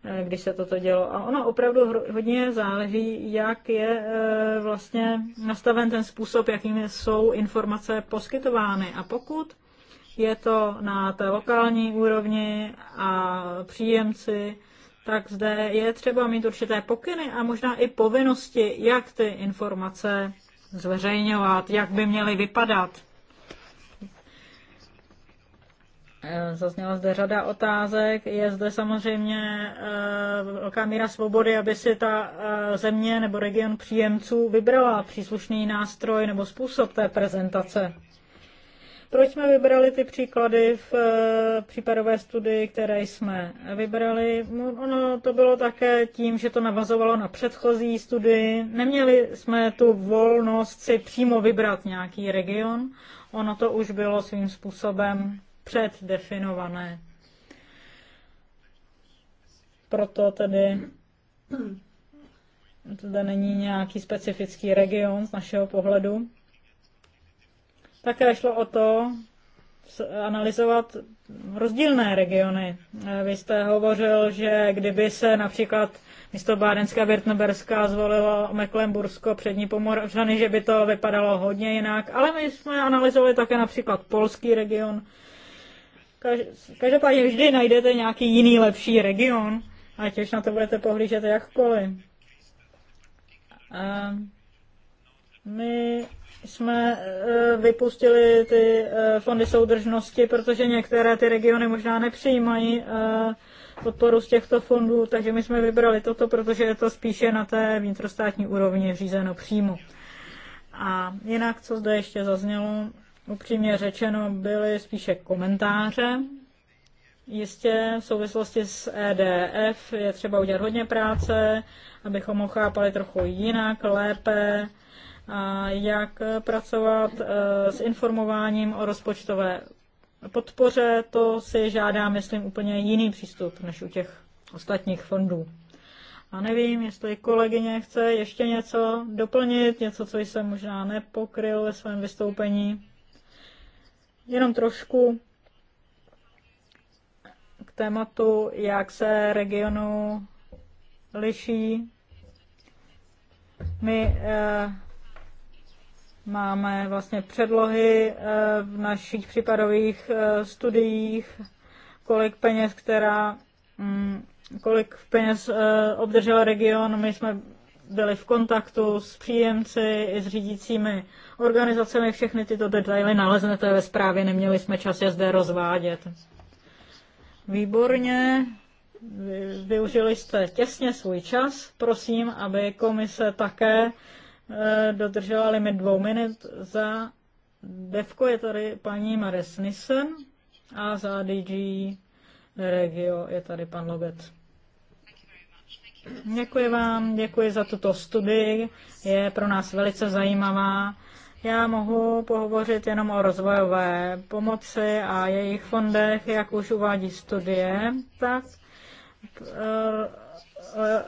eh, když se toto dělo. A ono opravdu hodně záleží, jak je eh, vlastně nastaven ten způsob, jakým jsou informace poskytovány. A pokud je to na té lokální úrovni a příjemci, tak zde je třeba mít určité pokyny a možná i povinnosti, jak ty informace zveřejňovat, jak by měly vypadat. Eh, zazněla zde řada otázek. Je zde samozřejmě eh, velká míra svobody, aby si ta eh, země nebo region příjemců vybrala příslušný nástroj nebo způsob té prezentace. Proč jsme vybrali ty příklady v případové studii, které jsme vybrali? No, ono to bylo také tím, že to navazovalo na předchozí studii. Neměli jsme tu volnost si přímo vybrat nějaký region. Ono to už bylo svým způsobem předdefinované. Proto tedy zde není nějaký specifický region z našeho pohledu. Také šlo o to analyzovat rozdílné regiony. Eh, vy jste hovořil, že kdyby se například místo Bádenská a Wirtnoberská zvolilo Mecklenbursko přední Pomořany, že by to vypadalo hodně jinak, ale my jsme analyzovali také například polský region, Každopádně vždy najdete nějaký jiný lepší region, ať už na to budete pohlížet jakkoliv. A my jsme e, vypustili ty e, fondy soudržnosti, protože některé ty regiony možná nepřijímají e, podporu z těchto fondů, takže my jsme vybrali toto, protože je to spíše na té vnitrostátní úrovni řízeno přímo. A jinak, co zde ještě zaznělo, upřímně řečeno byly spíše komentáře. Jistě v souvislosti s EDF je třeba udělat hodně práce, abychom ho chápali trochu jinak, lépe, a jak pracovat eh, s informováním o rozpočtové podpoře, to si žádá, myslím, úplně jiný přístup než u těch ostatních fondů. A nevím, jestli kolegyně chce ještě něco doplnit, něco, co jsem možná nepokryl ve svém vystoupení jenom trošku k tématu, jak se regionu liší. My eh, máme vlastně předlohy eh, v našich případových eh, studiích, kolik peněz, která, mm, kolik peněz eh, obdržel region. My jsme byli v kontaktu s příjemci i s řídícími organizacemi. Všechny tyto detaily naleznete ve zprávě, neměli jsme čas je zde rozvádět. Výborně, využili jste těsně svůj čas. Prosím, aby komise také e, dodržela limit dvou minut za Devko je tady paní Mares Nissen a za DG Regio je tady pan Lobet. Děkuji vám, děkuji za tuto studii, je pro nás velice zajímavá já mohu pohovořit jenom o rozvojové pomoci a jejich fondech, jak už uvádí studie, tak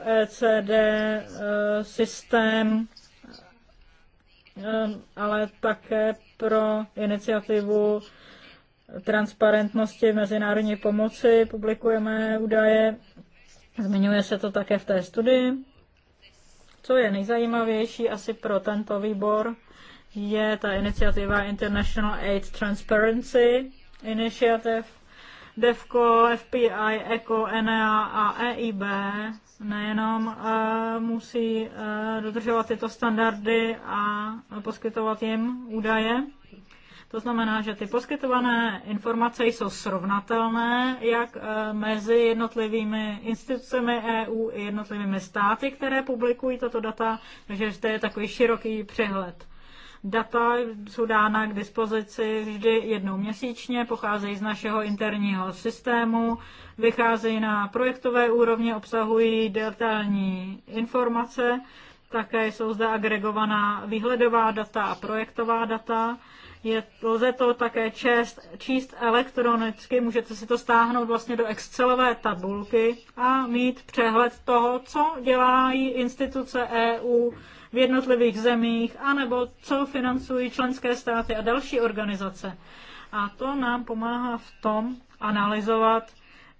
ECD eh, e eh, systém, eh, ale také pro iniciativu transparentnosti mezinárodní pomoci publikujeme údaje. Zmiňuje se to také v té studii. Co je nejzajímavější asi pro tento výbor, je ta iniciativa International Aid Transparency Initiative, DEFCO, FPI, ECO, NEA a EIB nejenom uh, musí uh, dodržovat tyto standardy a poskytovat jim údaje. To znamená, že ty poskytované informace jsou srovnatelné jak eh, mezi jednotlivými institucemi EU i jednotlivými státy, které publikují tato data, takže zde je takový široký přehled. Data jsou dána k dispozici vždy jednou měsíčně, pocházejí z našeho interního systému, vycházejí na projektové úrovni, obsahují detailní informace, také jsou zde agregovaná výhledová data a projektová data. Je, lze to také čest, číst elektronicky, můžete si to stáhnout vlastně do Excelové tabulky a mít přehled toho, co dělají instituce EU v jednotlivých zemích, anebo co financují členské státy a další organizace. A to nám pomáhá v tom analyzovat,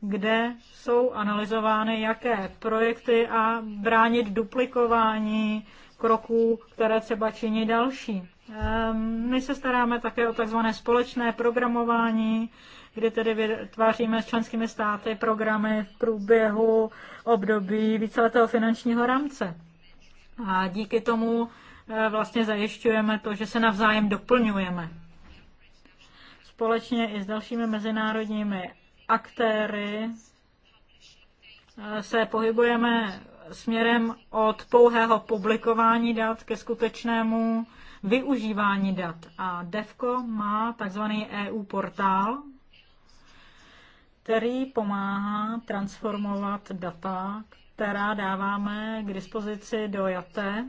kde jsou analyzovány jaké projekty a bránit duplikování kroků, které třeba činí další. Ehm, my se staráme také o tzv. společné programování, kdy tedy vytváříme s členskými státy programy v průběhu období víceletého finančního rámce. A díky tomu eh, vlastně zajišťujeme to, že se navzájem doplňujeme. Společně i s dalšími mezinárodními aktéry eh, se pohybujeme směrem od pouhého publikování dat ke skutečnému využívání dat. A DEVCO má takzvaný EU portál, který pomáhá transformovat data, která dáváme k dispozici do JATE, eh,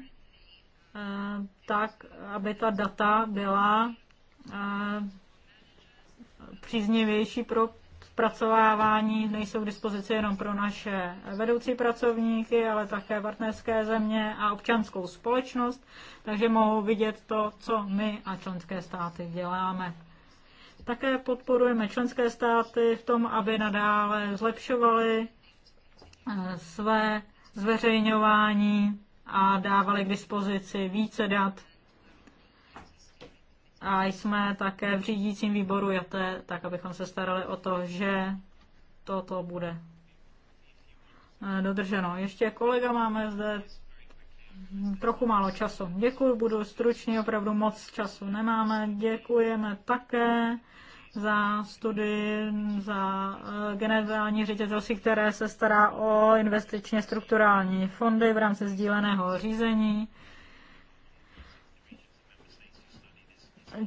tak, aby ta data byla eh, příznivější pro zpracovávání, nejsou k dispozici jenom pro naše vedoucí pracovníky, ale také partnerské země a občanskou společnost, takže mohou vidět to, co my a členské státy děláme. Také podporujeme členské státy v tom, aby nadále zlepšovaly své zveřejňování a dávali k dispozici více dat. A jsme také v řídícím výboru JATE, tak abychom se starali o to, že toto bude eh, dodrženo. Ještě kolega máme zde trochu málo času. Děkuji, budu stručný, opravdu moc času nemáme. Děkujeme také za studii, eh, za generální ředitelství, které se stará o investičně strukturální fondy v rámci sdíleného řízení.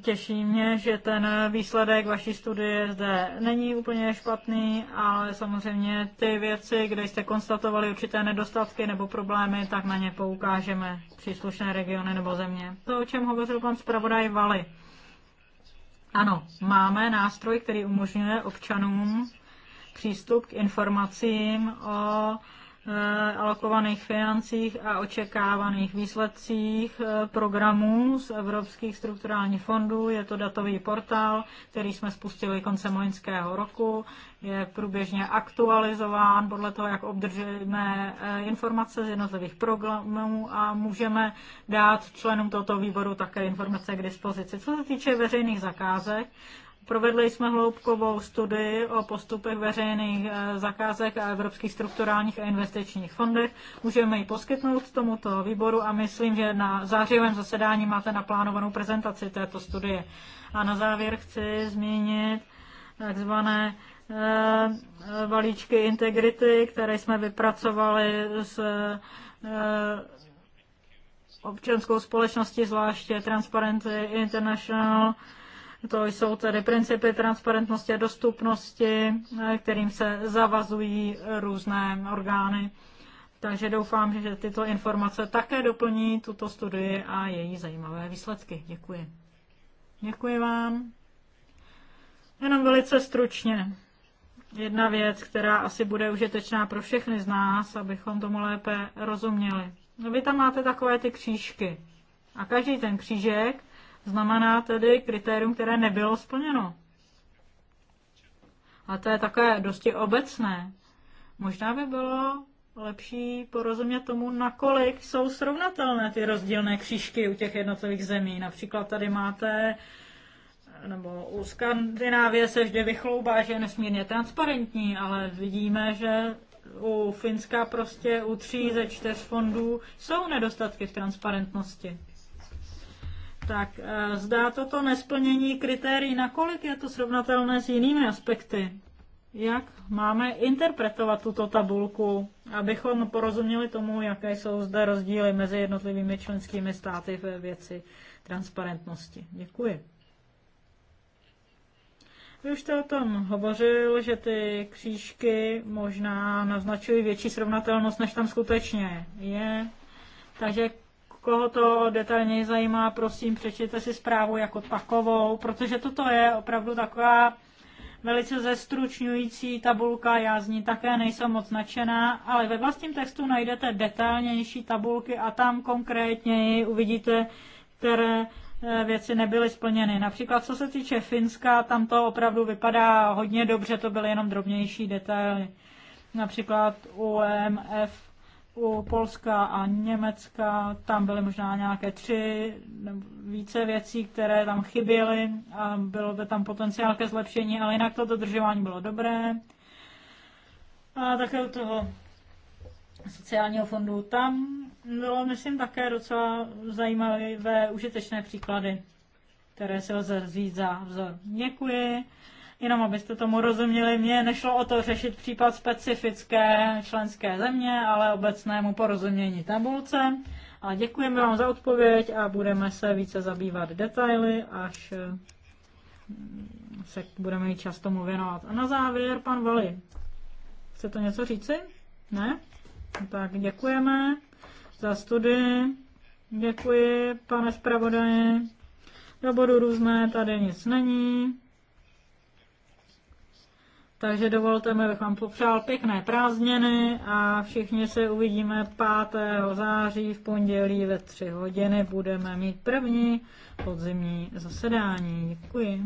Těší mě, že ten výsledek vaší studie zde není úplně špatný, ale samozřejmě ty věci, kde jste konstatovali určité nedostatky nebo problémy, tak na ně poukážeme příslušné regiony nebo země. To, o čem hovořil pan zpravodaj Vali. Ano, máme nástroj, který umožňuje občanům přístup k informacím o Eh, alokovaných financích a očekávaných výsledcích eh, programů z Evropských strukturálních fondů. Je to datový portál, který jsme spustili koncem loňského roku. Je průběžně aktualizován podle toho, jak obdržíme eh, informace z jednotlivých programů a můžeme dát členům tohoto výboru také informace k dispozici. Co se týče veřejných zakázek, Provedli jsme hloubkovou studii o postupech veřejných eh, zakázek a evropských strukturálních a investičních fondech. Můžeme ji poskytnout tomuto výboru a myslím, že na zářivém zasedání máte naplánovanou prezentaci této studie. A na závěr chci zmínit takzvané eh, balíčky integrity, které jsme vypracovali s eh, občanskou společností, zvláště Transparency International, to jsou tedy principy transparentnosti a dostupnosti, eh, kterým se zavazují různé orgány. Takže doufám, že tyto informace také doplní tuto studii a její zajímavé výsledky. Děkuji. Děkuji vám. Jenom velice stručně. Jedna věc, která asi bude užitečná pro všechny z nás, abychom tomu lépe rozuměli. vy tam máte takové ty křížky. A každý ten křížek znamená tedy kritérium, které nebylo splněno. A to je také dosti obecné. Možná by bylo lepší porozumět tomu, nakolik jsou srovnatelné ty rozdílné křížky u těch jednotlivých zemí. Například tady máte, nebo u Skandinávie se vždy vychloubá, že je nesmírně transparentní, ale vidíme, že u Finska prostě u tří ze čtyř fondů jsou nedostatky v transparentnosti tak eh, zdá toto nesplnění kritérií, nakolik je to srovnatelné s jinými aspekty? Jak máme interpretovat tuto tabulku, abychom porozuměli tomu, jaké jsou zde rozdíly mezi jednotlivými členskými státy ve věci transparentnosti? Děkuji. Vy už jste o tom hovořil, že ty křížky možná naznačují větší srovnatelnost, než tam skutečně je. Takže Koho to detailně zajímá, prosím, přečtěte si zprávu jako takovou, protože toto je opravdu taková velice zestručňující tabulka, já z ní také nejsem moc nadšená, ale ve vlastním textu najdete detailnější tabulky a tam konkrétněji uvidíte, které eh, věci nebyly splněny. Například co se týče Finska, tam to opravdu vypadá hodně dobře, to byly jenom drobnější detaily. Například UMF u Polska a Německa, tam byly možná nějaké tři nebo více věcí, které tam chyběly a bylo by tam potenciál ke zlepšení, ale jinak to dodržování bylo dobré. A také u toho sociálního fondu tam bylo, myslím, také docela zajímavé užitečné příklady, které se lze vzít za vzor. Děkuji. Jenom abyste tomu rozuměli, mně nešlo o to řešit případ specifické členské země, ale obecnému porozumění tabulce. A děkujeme vám za odpověď a budeme se více zabývat detaily, až mm, se budeme mít čas tomu věnovat. A na závěr, pan Vali, chce to něco říci? Ne? Tak děkujeme za studii. Děkuji, pane zpravodaji. Do bodu různé tady nic není. Takže dovolte mi, abych vám popřál pěkné prázdniny a všichni se uvidíme 5. září v pondělí ve 3 hodiny. Budeme mít první podzimní zasedání. Děkuji.